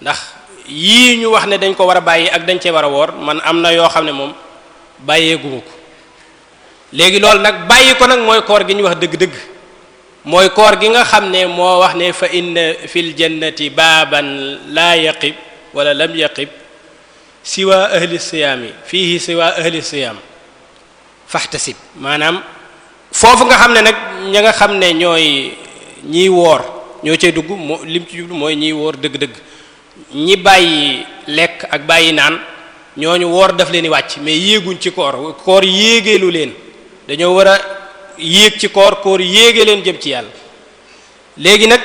ndax yii ñu wax ne dañ ko war a bàyyi ak dañ cee war a woor man am na yoo xam ne moom bàyyee guma ko léegi loolu nag bàyyi ko nag mooy koor gi ñu wax dëgg-dëgg mooy koor gi nga xam ne moo wax ne fa inna fil jannati baaban laa yaqib wala lam yaqib siwa ahli siyaam yi fii siwa ahli siyaam faxtasib maanaam foofu nga xam ne nag ña nga xam ne ñooy ñiy woor ñoo cay dugg moo lim ci jublu mooy ñiy woor dëgg-dëgg ñi bàyyi lekk ak bàyyi naan ñoo ñu woor daf leen di wàcc mais yéeguñ ci koor koor yéegeelu leen dañoo war a yéeg ci koor koor yéege leen jëm ci yàlla léegi nag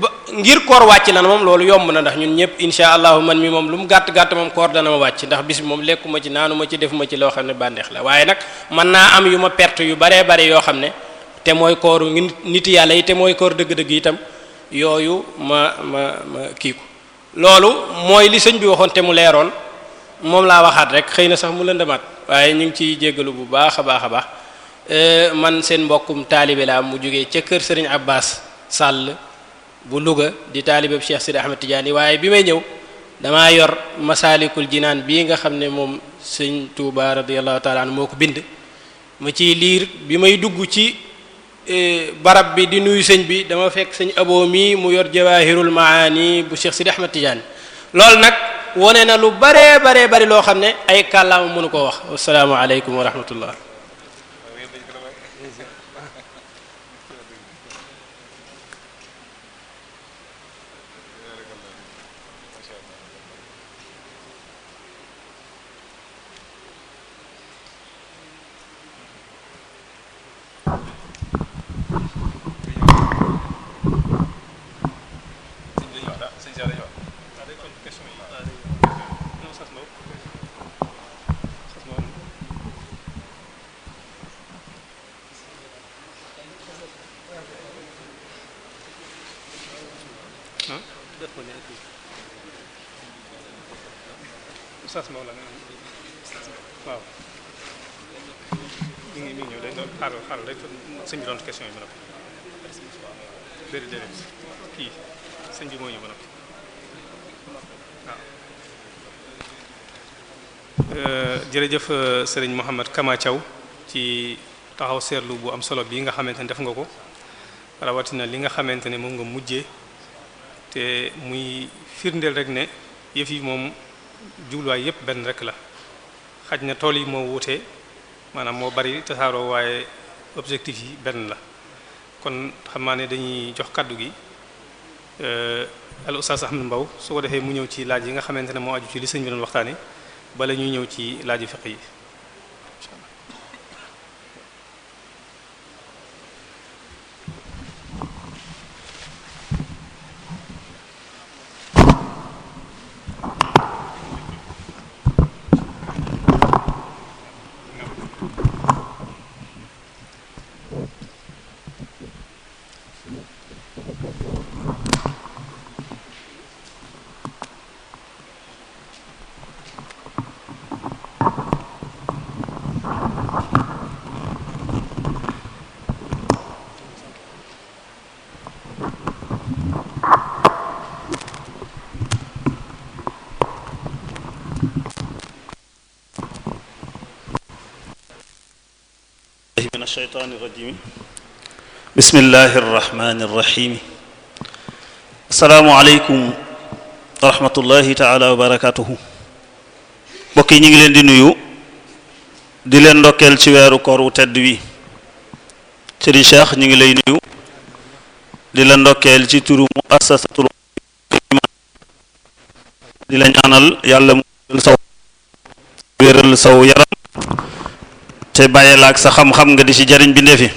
ba ngir koor wàcc lan moom loolu yomb na ndax ñun ñëpp insha allah man mi moom lu mu gàtt gàtt moom koor dana ma wàcc ndax bis moom lekkuma ci naanuma ci defuma ci loo xam ne bànneex la waaye nag mën naa am yu ma perte yu baree bare yoo xam ne te mooy kooru nit yàlla yi te mooy koor dëgg-dëgg tam yooyu ma ma ma kii ko loolu mooy li sëñ bi waxoon te mu leeroon moom laa waxaat rek xëy na sax mu lëndamaat waaye ñu ngi ciy jéggalu bu baax a baax a baax euh, man seen mbokkum taalibe laa mu jóge ca kër sëriñ Abbas Sall bu Louga di taalibe Cheikh Sidi Ahmed Tidiane waaye bi may ñëw damaa yor masaalikul jinaan bii nga xam ne moom sëñ Touba radiyallahu taala anu moo ko bind ma ciy liir bi may dugg Eh, barab bi di nuyu sëñ bi dama fekk sëñ aboo mi mu yor jawahirul maani bu Cheikh Sidi Ahmed Tidiane loolu nag wone na lu baree baree bari loo xam ne ay kàllaama mënu koo wax wasalaamualeykum wa rahmatullah jërëjëf euh, sëriñ Mouhamed Kama Thiaw ci taxaw seetlu bu am solo bii nga xamante ne def nga ko rawatina li nga xamante ne moom nga mujjee te muy firndeel rek ne yëf yi moom jubluwaay yëpp benn rek la xaj na tool yi moo wuute maanaam moo bari tasaaroo waaye objectif yi benn la kon xam naa ne dañuy jox kaddu gi euh, al oustaz Ahmed Mbaw su ko defee mu ñëw ci laaj yi nga xamante ne moo aju ci li sëñ bi doon bala ñuy ñëw ci laaju fiq yi الشيطان الرجيم بسم الله الرحمن الرحيم السلام عليكم yi ñu ngi leen di nuyu di leen ndokkeel ci weeru koor wu tedd wi Serigne Cheikh ñu ngi lay nuyu di la ndokkeel ci turu mu assasatul di la ñaanal yàlla mu wéral saw yaram te bàyyi la ak sa xam-xam nga di ci jariñ bindee fi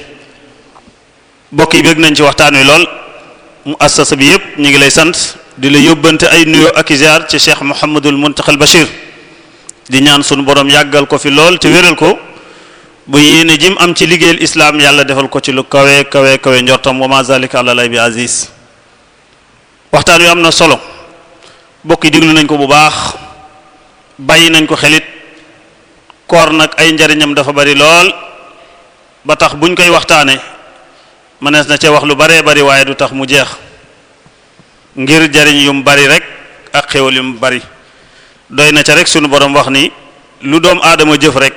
mbokk yi bëgg nañ ci waxtaan wi lool mu assasa bi yëpp ñu ngi lay sant di la yóbbante ay nuyoo ak ziar ci cheikh Mouhamadul Muntaxal Bachir di ñaan sunu borom yàggal ko fi lool te wéral ko bu yéene jim am ci liggéeyal islaam yàlla defal ko ci lu kawe kawe kawe njortam wa ma zalika lay bi aziz waxtaan wi am na solo mbokk yi déglu ko bu baax bàyyi nañ ko xelit koor nag ay njariñam dafa bari lool ba tax buñ koy waxtaanee mënees na cee wax lu baree bari waaye du tax mu jeex ngir jariñ mu bari rek ak xéwal yum bari doy na ca rek sunu boroom wax ni lu doom aadama jëf rek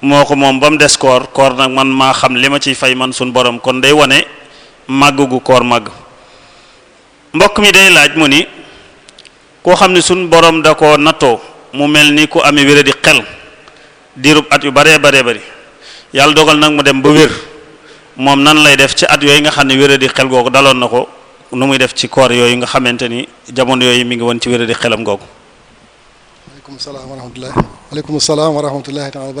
moo ko moom ba mu des koor koor nag man maa xam li ma ciy fay man sunu boroom kon day wane màgg gu koor màgg mbokk mi day laaj mu ni koo xam ne sunu borom da koo nattoo mu mel ni ku amee wéradi xel diirub at yu baree baree bari yàlla dogal nag mu dem ba wér moom nan lay def ci at yooyu nga xam ne wéra di xel googu daloon na ko nu muy def ci koor yooyu nga xamante ni jamono yooyu mi ngi woon ci wéra di xelam googu aleykum salaam wa rahmatullahi aleykum salaam wa rahmatullahi taala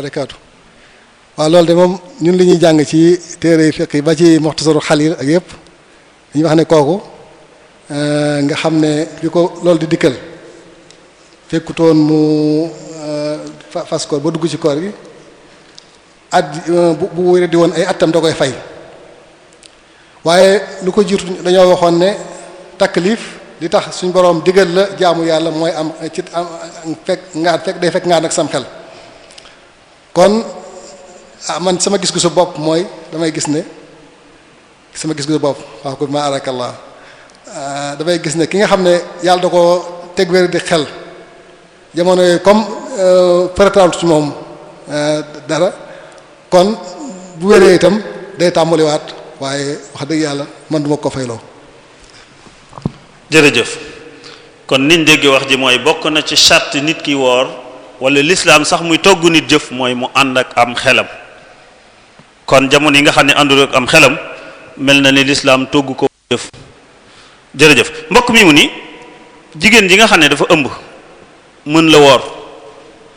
waaw loolu de moom ñun li ñuy jàng ci téere yi fekk ba ci moxtasaru xalil ak yëpp dañuy wax ne kooku euh, nga xam ne bi ko loolu di dikkal fekkutoon mu euh, fas koor ba dugg ci koor gi at euh, bu bu wéré woon ay attam da koy fay waaye lu ko jiitu dañoo waxoon ne taklif li tax suñ boroom digal la jaamu yàlla mooy am ci am fekk ngaar fekk day fekk ngaar nag sam xel kon ah, man sama gis-gisu bopp mooy damay gis ne sama gis-gisu bopp waaw ko ma arakallah ah, damay gis ne ki nga xam ne yàlla da ko teg wér xel jamono yooyu comme farataalu euh, ci moom euh, dara kon bu wéree itam day tàmbaliwaat waaye wax dëgg yàlla man duma ko fayloo jërëjëf kon niñ dégg wax ji mooy bokk na ci charte nit ki woor wala lislaam sax muy togg nit jëf mooy mu ànd ak am xelam kon jamono yi nga xam ne àndul ak am xelam mel na ni lislaam togg ko jëf jërëjëf mbokk mi mu ni jigéen ji nga xam ne dafa ëmb mën la woor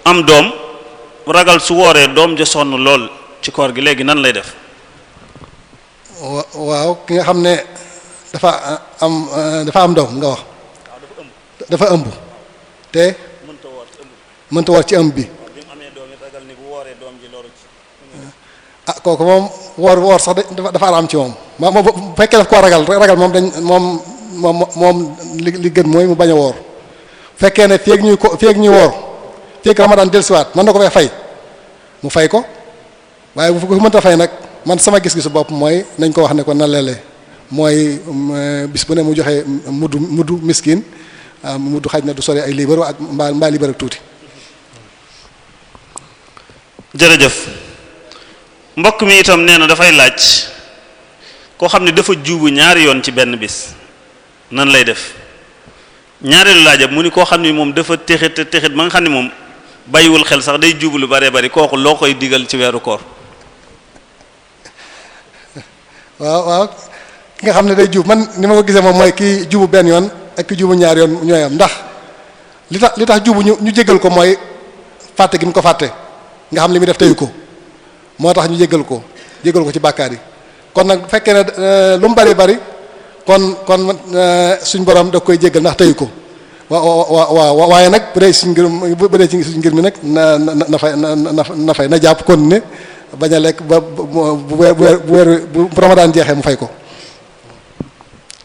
am doom ragal su wooree doom ja sonn lool ci koor gi léegi nan lay def waaw ki nga xam ne dafa am dafa am doom nga wax dafa ëmb te mënta woor ci ëmb bi ah kooku moom woor woor sax dafa am ci moom ma bu fekkee daf koo ragal ragal moom dañ moom moom moom li li gën mooy mu bañ a woor fekkee ne feeg ñuy ko feeg ñuy woor fekk ramadaan dellusiwaat man na ko fay fay mu fay ko waaye bu ko mënta fay nag man sama gis-gisu bopp mooy nañ ko wax ne ko na leele mooy mm, eh, bis bu ne mu joxe muddu muddu miskin ah, muddu xaj na du sore ak liibaru ak mbaa mbaa liibar ak tuuti jërëjëf mbokk mi itam nee na dafay laaj koo xam ne dafa juubu ñaari yoon ci benn bis nan lay def ñaareelu laajam mu ni koo xam ne moom dafa téxit téxit ba xam ne moom bàyyiwul xel sax day lu bare bari kooku loo koy digal ci weeru koor waaw waaw ki nga xam ne day jub man ni ma ko gisee moom mooy ki jubu benn yoon ak ki jubu ñaar yoon ñooyam ndax li tax li tax jubu ñu ñu jégal ko mooy fàtte gi mu ko fàtte nga xam li muy def teyu ko moo tax ñu jégal ko jégal ko ci bàkkaar yi kon nag bu fekkee ne euh, lu mu bari bari kon kon euh, suñ borom da koy jégal ndax teyu ko wa waaye nag bu dee suñ ngir bu dee ci suñ ngir mi nag na na na fay na na fay na jàpp kon ne bañ a lekk ba bu weer bu weer bu ramadaan jeexee mu fay ko.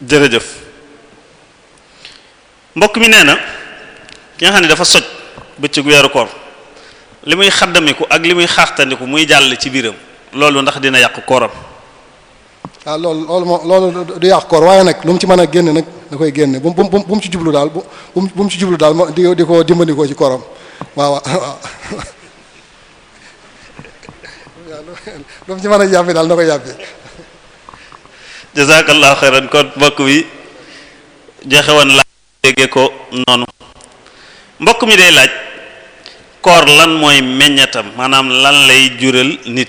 jërëjëf mbokk mi nee na ki nga xam ne dafa soj bëccëgu weeru koor li muy xaddamiku ak li muy xaaxtandiku muy jàll ci biiram loolu ndax dina yàq kooram. ah loolu loolu moom loolu du yàq koor waaye nag lu mu ci mën a génne nag da koy génne bu mu bu mu ci jublu daal bu bu mu ci jublu daal di di ko dimbandikoo ci kooram waaw waaw lu mu ci mën a yàbbi daal na ko yàbbi. jazakallah xayran kon mbokk bi joxe woon laaj déggee ko mi day laaj koor lan mooy meññatam maanaam lan lay jural nit.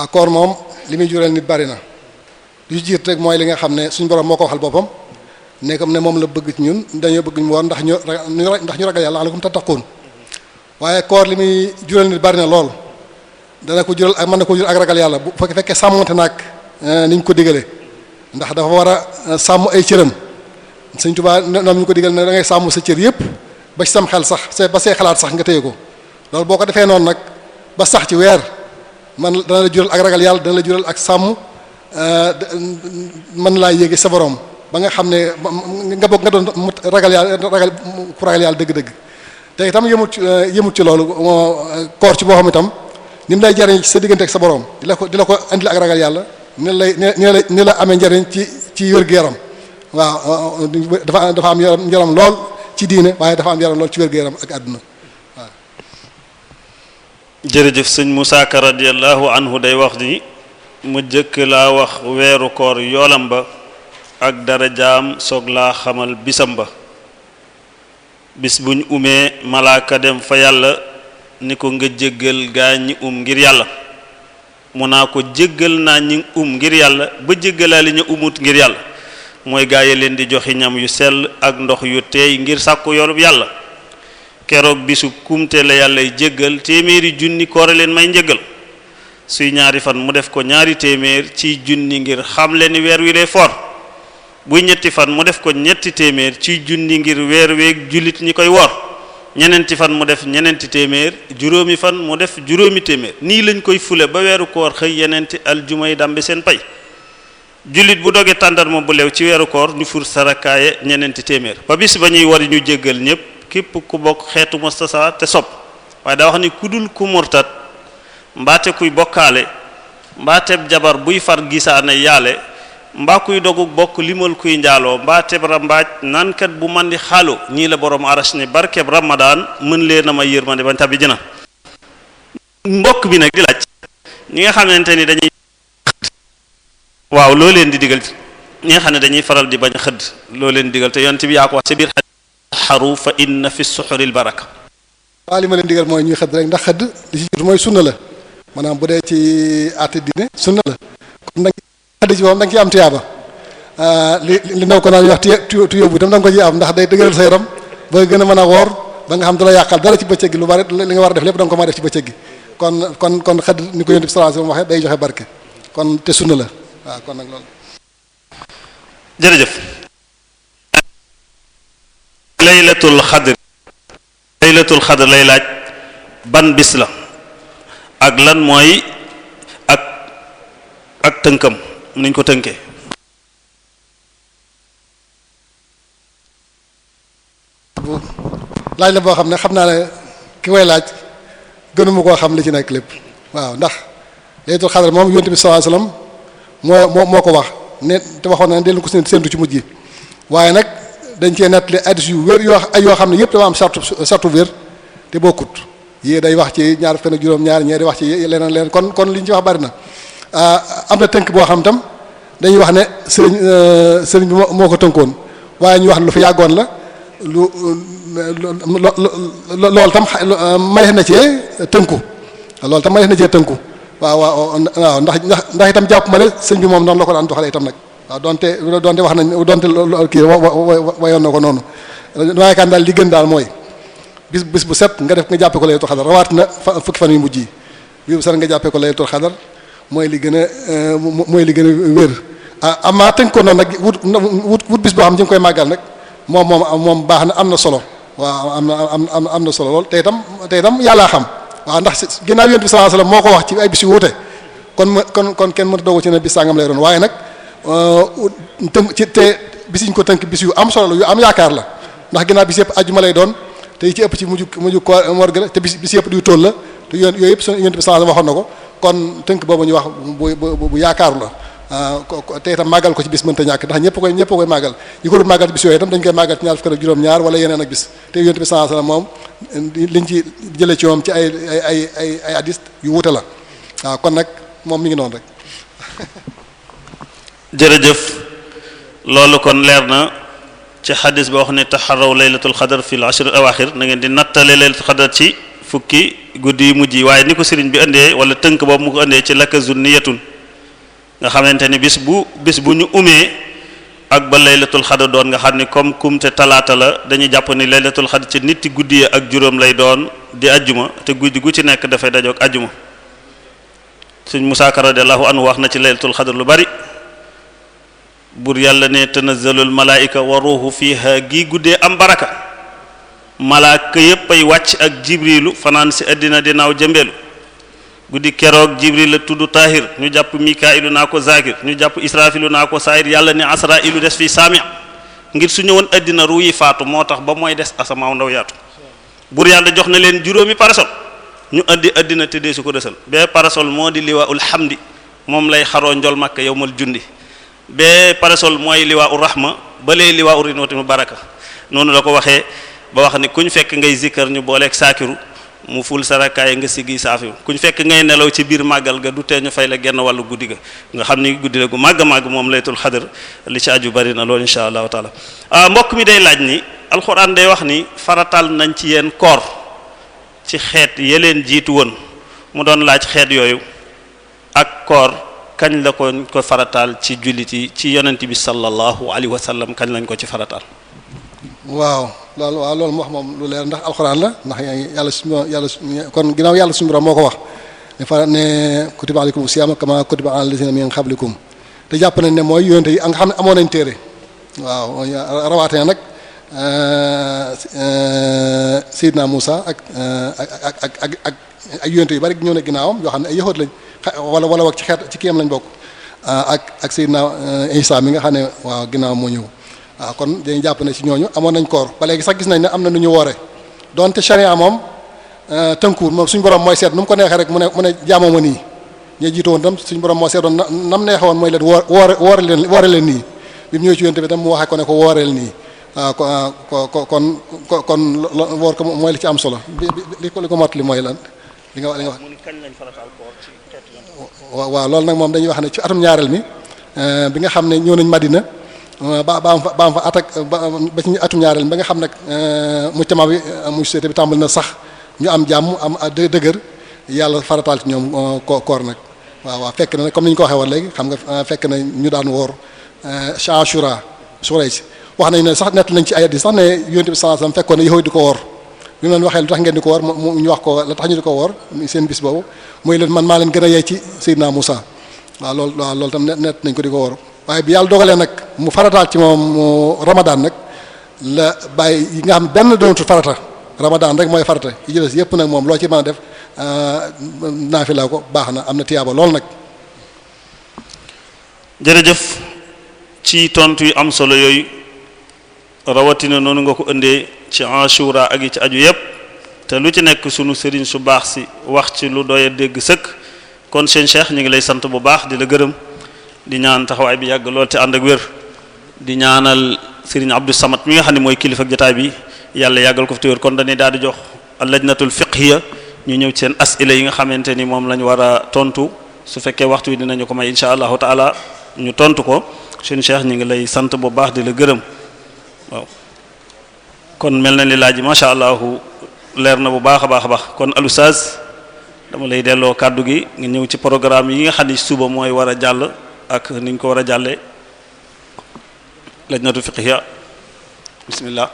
ah koor moom. li muy jural nit bari na lu jiit rek mooy li nga xam ne suñ borom moo ko waxal boppam ne comme ne moom la bëgg ci ñun dañoo bëgg ñu war ndax ñu ndax ñu ragal yàlla aleykum tattaqoon waaye koor li muy jural nit bari na lool dana ko jural ak mën na ko jural ak ragal yàlla bu fekkee sàmmante naag eh, ni ñu ko digalee ndax dafa war a eh, sàmm ay cëram Sëñ Tuubaa noonu ñu ko digal ne da ngay sàmm sa cër yëpp ba ci sam xel sax ba see xalaat sax nga téye ko loolu boo ko defee noonu nag ba sax ci weer. man dana la jural ak ragal yàlla dana la jural ak sàmm euh, mën laa yéege sa borom ba nga xam ne nga bokk nga doon ragal yàlla ragal ku ragal yàlla dëgg-dëgg te itam yëmut ci euh, yëmut ci loolu koor ci boo xam itam ni lay jariñ ci sa diggante ak sa borom di la ko di la ko andil ak ragal yàlla ni lay ni la ni la amee njariñ ci ci wér-gu-yaram waaw dafa dafa am yaram yaram lool ci diine waaye dafa am yaram lool ci wér-gu-yaram ak àdduna jërëjëf sëñ Moussa Ka radiyallahu anhu day wax ji mu jëkk laa wax weeru koor yoolam ba ak jaam soog laa xamal bisam ba bis buñ umee malaaka dem fa yàlla ni ko nga jéggal gaa ñi um ngir yàlla mu naa ko jëggal naa ñi um ngir yàlla ba jéggalaa li ñu umut ngir yàlla mooy gaa yi leen di joxi ñam yu sell ak ndox yu teey ngir sàkku yoolub yàlla keroog bisu kumte la yàllay jéggal téeméeri junni a leen may njéggal suy ñaari fan mu def ko ñaari téeméer ci junni ngir xam leen ni weer wi for buy ñetti fan mu def ko ñetti téeméer ci junni ngir weer weeg jullit ñi koy wor ñeneenti fan mu def ñeneenti téeméer juróomi fan mu def juróomi téeméer nii lañ koy fule ba weeru koor xëy yeneenti aljuma yi dambe seen pay jullit bu doge tàndarma bu lew ci weeru koor ñu fur sarakaaye ñeneenti téeméer ba bis ba ñuy war ñu jéggal ñépp képp ku bokk xeetu mustasawaat te sopp waaye daa wax ni ku dul ku murtat mbaate kuy bokkaale mbaateeb jabar buy far gisaane yaale mbaa kuy dogu bokk limal kuy njaaloo mbaateeb rambaaj naankat bu man di xaalu ñii la borom arash ni barkeb ramadaan mën leen a ma yërmande bañ tabbi jëna mbokk bi nag di laaj ñi nga xamante ni dañuy waaw loo di digal ñi nga xam ne dañuy faral di bañ xëdd loo digal te yonent bi yaa ko wax taxaru fa inna fi suxuri albaraka waaw li ma leen digal mooy ñuy xëdd rek ndax xëdd mooy sunna la maanaam bu dee ci àtte diine sunna la kon nag xëdd ci moom da nga ah, li li ndaw ko naan wax tu tu yóbbu itam da ko ciy am ndax day dëgëral sa yaram ba gën a mën a woor ba nga xam da la yàqal dara ci bëccëg gi lu bari li nga war a def lépp da nga ko mën a def ci bëccëg gi kon kon kon xëdd ni ko yonent bi sallallahu alayhi wasallam waxee day joxe barke kon te sunna la waaw kon nag loolu laylatul xadr laylatul xadr lay laaj ban bis la ak lan mooy ak ak tënkam niñ ko tënkee laaj la boo xam ne xam naa ne ki way laaj gënuma koo xam li ci nekk lépp waaw ndax laylatul xadr moom yonent bi sallallahu moo moo moo ko wax ne te waxoon na ne dellu ko séentu ci mujj yi waaye nag dañ cee li addis yu wér yoo yoo xam ne yëpp dafa am sartu sartu wér te bokkut yii day wax ci ñaar fukk ak juróom-ñaar ñee wax ci leneen leneen kon kon li ñu wax bari na ah, am na tënk boo xam tam dañuy wax ne sëriñ euh, sëriñ bi moo ko tënkoon waaye ñu wax ne lu fi yàggoon la lu loolu tam euh, mayex na cee tënku loolu tam mayex na cee tënku waaw waaw waaw ndax ndax itam jàpp ma ne sëñ bi moom noonu la ko daan doxalee itam nag. waaw donte donte wax nañ donte kii wayoon na ko noonu damaa yaakaar daal li gën daal mooy bis bis bu set nga def nga jàppee ko lay laylatul xadar rawaat na fukki fan yu mujj yi bis bu set nga jàppee ko laylatul xadar mooy li gën a euh, mooy li gën a wér ah amaa tënk ko noonu nag wut wut wut bis boo xam ne ñu koy màggal nag moom moom moom baax na am na solo waa am na am am na solo lool te itam te itam yàllaa xam waaw ndax ginnaaw yonent bi sallallahu alayhi wasallam moo ko wax ci ay bis yu wuute kon kon kon kenn mënta dogu ci ne bis sangam lay doon waaye nag. Euh, tënk ci te bis ñu ko tënk bis yu am solo yu am yaakaar la ndax ginnaaw bis yëpp ajjuma lay doon te yi ci ëpp ci mujj mujj koor gi la te bis bis yëpp du tool la te yoon yooyu yëpp yonent bi sallallahu alayhi wasallam waxoon na ko kon tënk boobu ñu wax bu bu yaakaaru la euh, te itam màggal ko ci bis mënta ñàkk ndax ñëpp koy ñëpp koy màggal yi ko dul màggal ci bis yooyu itam dañ koy màggal ci ñaar fukk ak juróom-ñaar wala yeneen ak bis te yonent bi sallallahu alayhi moom liñ ci jëlee ci moom ci ay ay ay ay ay hadis yu wuute la waaw kon nag moom mi ngi noonu rek jërëjëf loolu kon leer na ci xadis boo xam ne taxaraw laylatul xadar fi l ashr awaxir na ngeen di nattale laylatul xadar ci fukki guddi yu mujj yi waaye ni ko sëriñ bi indee wala tënk boobu mu ko indee ci lakka zunniyatun nga xamante ni bis bu bis bu ñu umee ak ba laylatul xadar doon nga xam ni comme kumte talaata la dañuy jàpp ni laylatul xadar ci guddi ak juróom lay doon di ajjuma te guddi gu ci nekk dafay dajoog ajjuma suñ Musaa Ka radiyallahu wax na ci laylatul xadar lu bari buur yàlla ne tanazzalul malaayika wa ruuxu fiha gi guddee am baraka malaaka yépp ay wàcc ak jibrilu fanaan si di naaw jëmbeelu guddi keroog jibril la tudd taahir ñu jàpp mikailu naa ko zakir ñu jàpp israfilu naa ko saayir yàlla ne asrailu des fi saamia ngir su ñëwoon àddina ruu faatu moo tax ba mooy des asamaaw ndaw yaatu buur yàlla jox na leen juróomi parasol ñu indi àddina tëddee su ko desal bee parasol moo di liwaul hamdi moom lay xaroo njol makka yowmal jundi bee parasol mooy liwaa u rahma ba lee liwaa u rinwati mu baraka noonu la ko waxee ba wax ni kuñ fekk ngay zikkar ñu booleek saakiru mu ful sarakaay nga sigi saafi kuñ fekk ngay nelaw ci biir màggal ga du tee ñu fay la genn wàllu guddi ga nga xam ni guddi la gu màgg màgg moom laytul xadar li ci aju bari na loolu insha allahu taala mbokk mi day laaj ni alxuraan dey wax ni faratal nañ ci yéen koor ci xeet yeleen jiitu woon mu doon laaj xeet yooyu ak koor kañ la ko ko farataal ci jullit yi ci yonent bi sallallahu alayhi wa sallam kañ lañ ko ci farataal waaw loolu waaw loolu mu wax moom lu leer ndax alxuraan la ndax yàlla suñu yàlla suñu kon ginnaaw yàlla suñu borom moo ko wax ne fa ne kutiba alaykum siyaam kama kutiba alal lazina min qablikum te jàpp nañ ne mooy yonent yi nga xam ne amoon nañ téere waaw rawaate na nag euh, euh, Seydina Moussa euh, ak ak ak ak ak ak yonent yu bari ñëw na ginnaawam yoo xam ne ay yëxoot lañ wala wala wak ci xeet ci kiyam lañ bokk ah, ak ak Seydina eh, Isa mi nga xam ne waaw ginnaaw moo ñëw waaw ah, kon dañuy jàpp ne ci ñooñu amoon nañ koor ba léegi sax gis nañ ne am na nu ñu woore donte charia moom eh, tënkuwul moom suñu borom mooy seet nu mu ko neexee rek mu ne mu ne jaamoo ma nii ñu jiitu woon tam suñu borom moo seetoon nam neexee woon mooy leen woor woore woore leen woore leen nii bi mu ñëw ci yonte bi tam mu waxee ko ne ko wooreel nii waaw ah, ko kon ko kon woor ko mooy li ci am solo li li ko mot li mooy lan li nga wax waaw loolu nag moom dañuy wax ne ci atum ñaareel mi euh, bi nga xam ne ñëw nañ Madina euh, ba ba am fa ba am fa atak ba ci atum ñaareel mi ba nga xam nag euh, mu cama bi mu société bi tàmbali na sax ñu am jàmm am dëgër yàlla farataal ci ñoom ko koor nag waaw waaw fekk na comme ni ñu ko waxee woon léegi xam nga fekk na ñu daan woor Ashura su wax nañ na sax nett nañ ci ay at yi sax ne yonent bi sallallahu alayhi wasallam fekkoon na yow di ko woor bi mu leen waxee lu tax ngeen di ko woor mu ñu wax ko la tax ñu di ko woor seen bis boobu muy leen man maa leen gën a yey ci Seydina Moussa waaw loolu waaw loolu tam net nañ ko di ko woor waaye bi yàlla dogalee nag mu farataal ci moom Ramadan nag la bàyyi yi nga xam benn doonatul farata Ramadan rek mooy farata yi jëles yëpp nag moom loo ci mën a def euh, naafila ko baax na am na tiyaaba lool nag. jërëjëf ci tontu yu am solo yooyu. rawatina noonu nga ko indee ci Ashura ak yi ci aju yépp te lu ci nekk sunu sëriñ su baax si wax ci lu doy a dégg sëkk kon seen cheikh ñu ngi lay sant bu baax di la gërëm di ñaan taxawaay bi yàgg lool te ànd ak wér di ñaanal sëriñ Abdou Samad mi nga xam ne mooy kilifa ak jotaay bi yàlla yàggal ko fi te wér kon dañuy daal di jox al-lajnatul fiqhiya ñu ñëw ci seen asila yi nga xamante ni moom lañ war a tontu su fekkee waxtu wi dinañu ko may incha allahu taala ñu tontu ko seen cheikh ñu ngi lay sant bu baax di la gërëm. waaw kon mel na ni laaj bi macha allah leer na bu baax a baax a baax kon alustaas dama lay delloo kàddu gi nga ñëw ci programme yi nga xam ni suba mooy war a jàll ak ni ñu ko war a jàllee lajnatu fiqhiya bismillah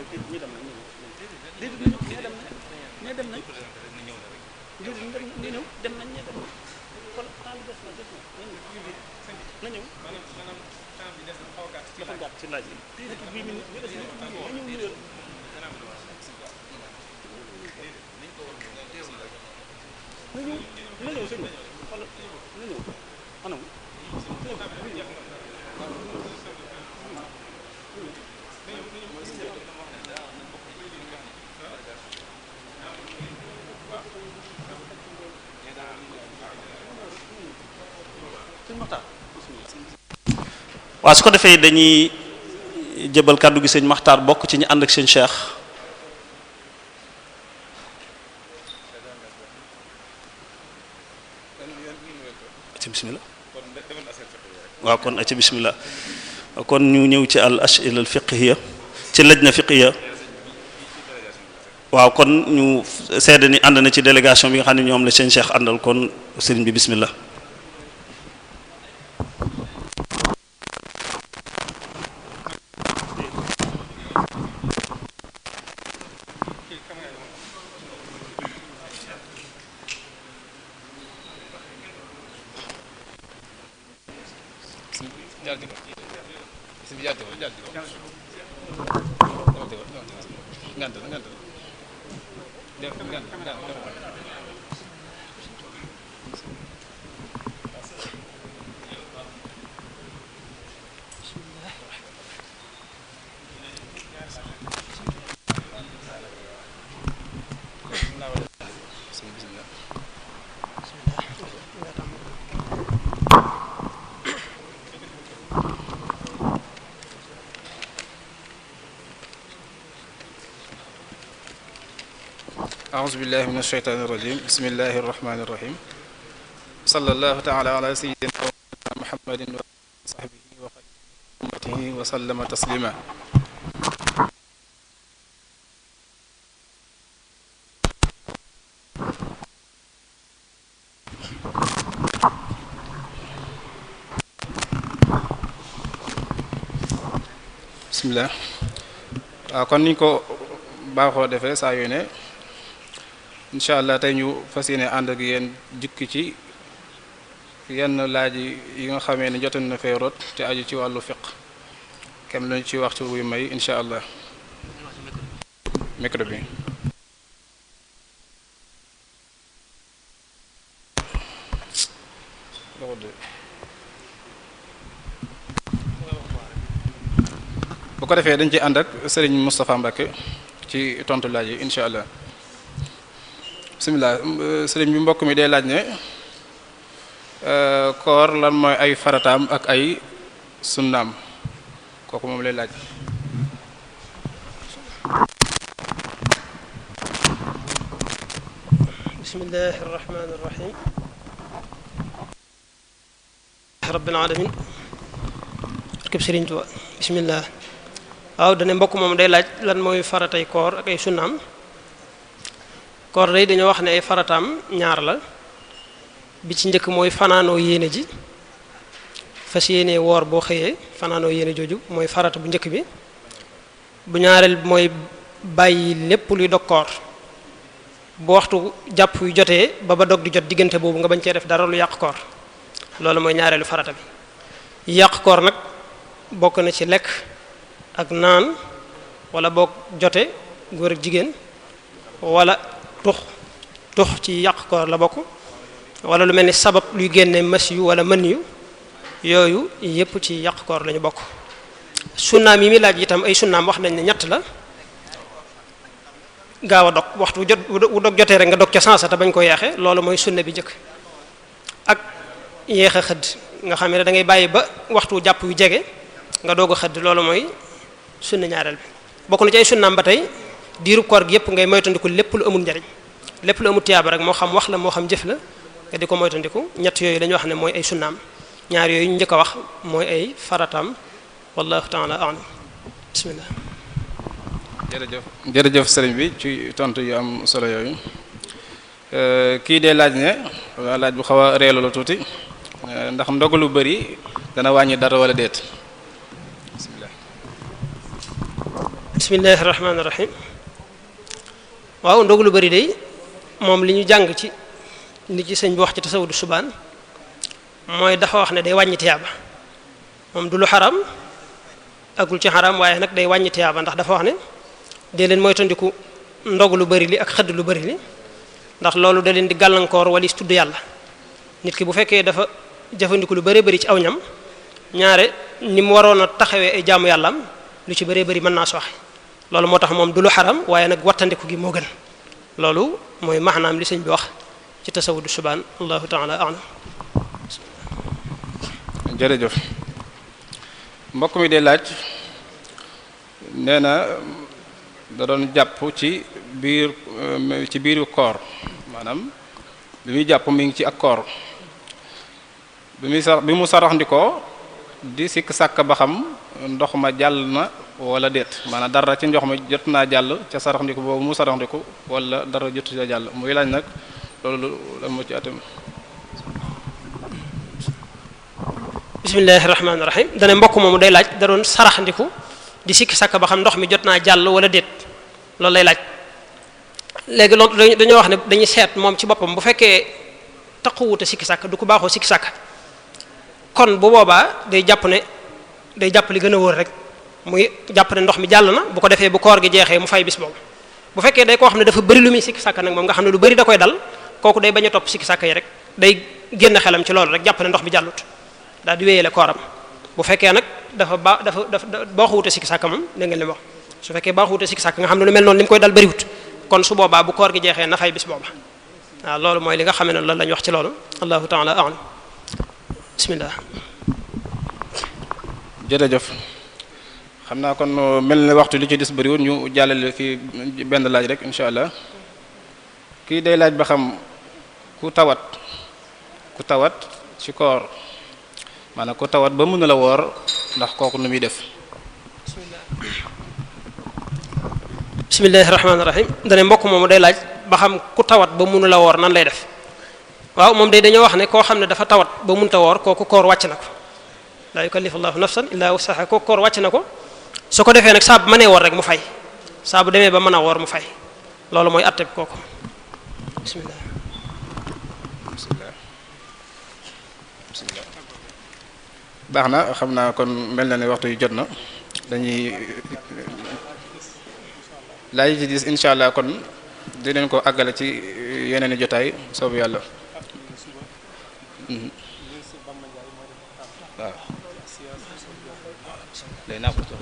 ñee dem nañ ñëw ñëw dem nañ ñee dem nañ kon temps bi des na des na ñëw dafa gàtt ci laaj bi bii mi ñu des ñu ñëw nuyoo na ñëw na ñëw sëñ bi xoolal na ñëw anam waaw su ko defee dañuy jëbal kàddu gi sëñ Maxtaar bokk ci ñu ànd ak sëñ Cheikh ci waaw kon ci bismillah kon ñu ñëw ci al ashil al fiqhiya ci laj na fiqhiya waaw kon ñu seede ni ànd na ci délégation bi nga xam ne ñoom la sëñ Cheikh àndal kon sëriñ bi bismillah aousubillah min asheytaan irrajim bismillahi irrahmani irrahim sallallahu taala ala sayidina wa muhammadin wa sahbihi wa ummatihi wa sallama taslima bismillah waaw kon niñ ko baaxoo defee saa yu ne incha allah tey ñu fas yéene ànd ak yéen jukki ci yenn laaj yi nga xamee ne jotoon na fee rot te aju ci wàllu fiq kem lañu ci wax waxtu wuy may incha allah micro bi bu ko defee dañ ci ànd ak Serigne Moustapha Mbacke ci tontu laaj yi incha allah bisimilah euh, sëriñ bi mbokk mi day laaj ne euh, koor lan mooy ay farataam ak ay sunnaam kooku moom lay laaj. bismillahi rahmaani rahim rabbil alamin barkeb sëriñ waaw dane mbokk moom day laaj lan mooy faratay koor ak ay sunnaam koor day dañoo wax ne ay farataam ñaar la bi ci njëkk mooy fanaanoo yéene ji fas yéene woor boo xëyee fanaanoo yéene jooju mooy farata bu njëkk bi bu ñaareel mooy bàyyi lépp luy dog koor bu waxtu jàpp yu jotee ba ba dog di jot diggante boobu nga bañ cee def dara lu yàq koor loolu mooy ñaareelu farata bi yàq koor nag bokk na ci lekk ak naan wala boog jote góor ak jigéen wala tux tux ci yàq koor la bokk wala lu mel ni sabab luy génne mas yu wala mën yu yooyu yépp ci yàq koor lañu bokk sunnaam yi muy laaj itam ay sunnaam wax nañ ne ñett la gaaw a dog waxtu jot wu dog jotee rek nga dog ca sansa te bañ ko yeexe loolu mooy sunna bi jëkk ak yeex a xëdd nga xame ne da ngay bàyyi ba waxtu jàpp yu jege nga doog a xëdd loolu mooy sunna ñaareel bi bokk na ci ay sunnaam ba tey diiru koor gi yëpp ngay moytandiku lépp lu amul njariñ lépp lu amul tiyaaba rek moo xam wax la moo xam jëf la nga di ko moytandiku ñett yooyu la ñu wax ne mooy ay sunnaam ñaar yooyu njëkk a wax mooy ay farataam wallahu taala alam bismillah jërëjëf jërëjëf sëriñ bi ci tontu yu solo yooyu euh, kii dee laaj ne laaj bu xaw a reelu tuuti euh, ndax ndog bari dana wàññi dara wala déet waaw ndog lu bari day moom li ñu jàng ci nit ci sëñ bi wax ci tasawudu subaan mooy dafa wax ne day wàññi tiyaaba moom du xaram agul ci xaram waaye nag day wàññi tiyaaba ndax dafa wax ne dee leen moytandiku ndog lu bari li ak xëdd lu bari li ndax loolu da leen di gàllankoor walis tudd yàlla nit ki bu fekkee dafa jëfandiku lu bëree bari ci aw ñam ñaare ni mu waroon a taxawee ay jaamu yàllaam lu ci bëree bëri mën naa sooxe loolu moo tax moom du lu xaram waaye nag wattandiku gi moo gën loolu mooy maanaam li sëñ bi wax ci tasawudu subaan allahu taala alam jërëjëf mbokk mi de laaj nee na da doon jàpp ci biir euh, ci biiru koor maanaam bi muy jàpp mi ngi ci ak koor bi muy sa bi mu sarax ndikoo di sikk sàkk ba xam ndox ma jàll na wala déet a dara ci ndox ma jot naa jàll ca sarax ndiku boobu mu sarax ndiku wala dara jotu ca jàll muy laaj nag loolu la moo ci atam bismillahi rahmaani rahim dana mbokk moomu day laaj da doon di sikki sàkk ba xam ndox mi jot naa jàll wala déet loolu lay laaj léegi loolu dañoo wax ne dañuy seet moom ci boppam bu fekkee taxawuute siki sàkk du ko baaxoo siki sàkk kon bu boobaa day jàpp ne day jàpp li gën a wóor rek muy jàpp ne ndox mi jàll na bu ko defee bu koor gi jeexee mu fay bis boobu bu fekkee day koo xam ne dafa bëri lu muy sikki sàkk nag moom nga xam ne lu bëri da koy dal kooku day bañ a topp sikki sàkk yi rek day génn xelam ci loolu rek jàpp ndox mi jàllut daal di wéyale kooram bu fekkee nag dafa ba dafa dafa baaxuute sikki sàkk moom da ngeen li wax su fekkee baaxuute sikki sàkk nga xam ne lu mel noonu li mu koy dal bëriwut kon su boobaa bu koor gi jeexee na fay bis booba waaw loolu mooy li nga xam ne la ñu wax ci loolu allahu taala alam bismillah jërëjëf xam naa kon uh, mel na waxtu li ci des bëriwul ñu jàllale fii benn laaj rek incha allah kii day laaj ba xam ku tawat ku tawat ci koor maanaam ku tawat ba mënu la woor ndax kooku nu muy def. bismillahi rahmaani rahim dane mbokk moomu day laaj ba xam ku tawat ba mënu la woor nan lay def waaw moom day dañoo wax ne koo xam ne dafa tawat ba mënta woor kooku koor wàcc na ko. laa yukallifu allahu nafsan illaa wusaha kooku koor wàcc na ko su ko defee nag saa bu mënee woor rek mu fay saa bu demee ba mën a woor mu fay loolu mooy atteb kooku bismillah baax na xam naa kon mel na ne waxtu yu jot na dañuy laaj ci dis incha allah kon dinañ ko àggale ci yeneen i jotaay soobu yàlla day naaw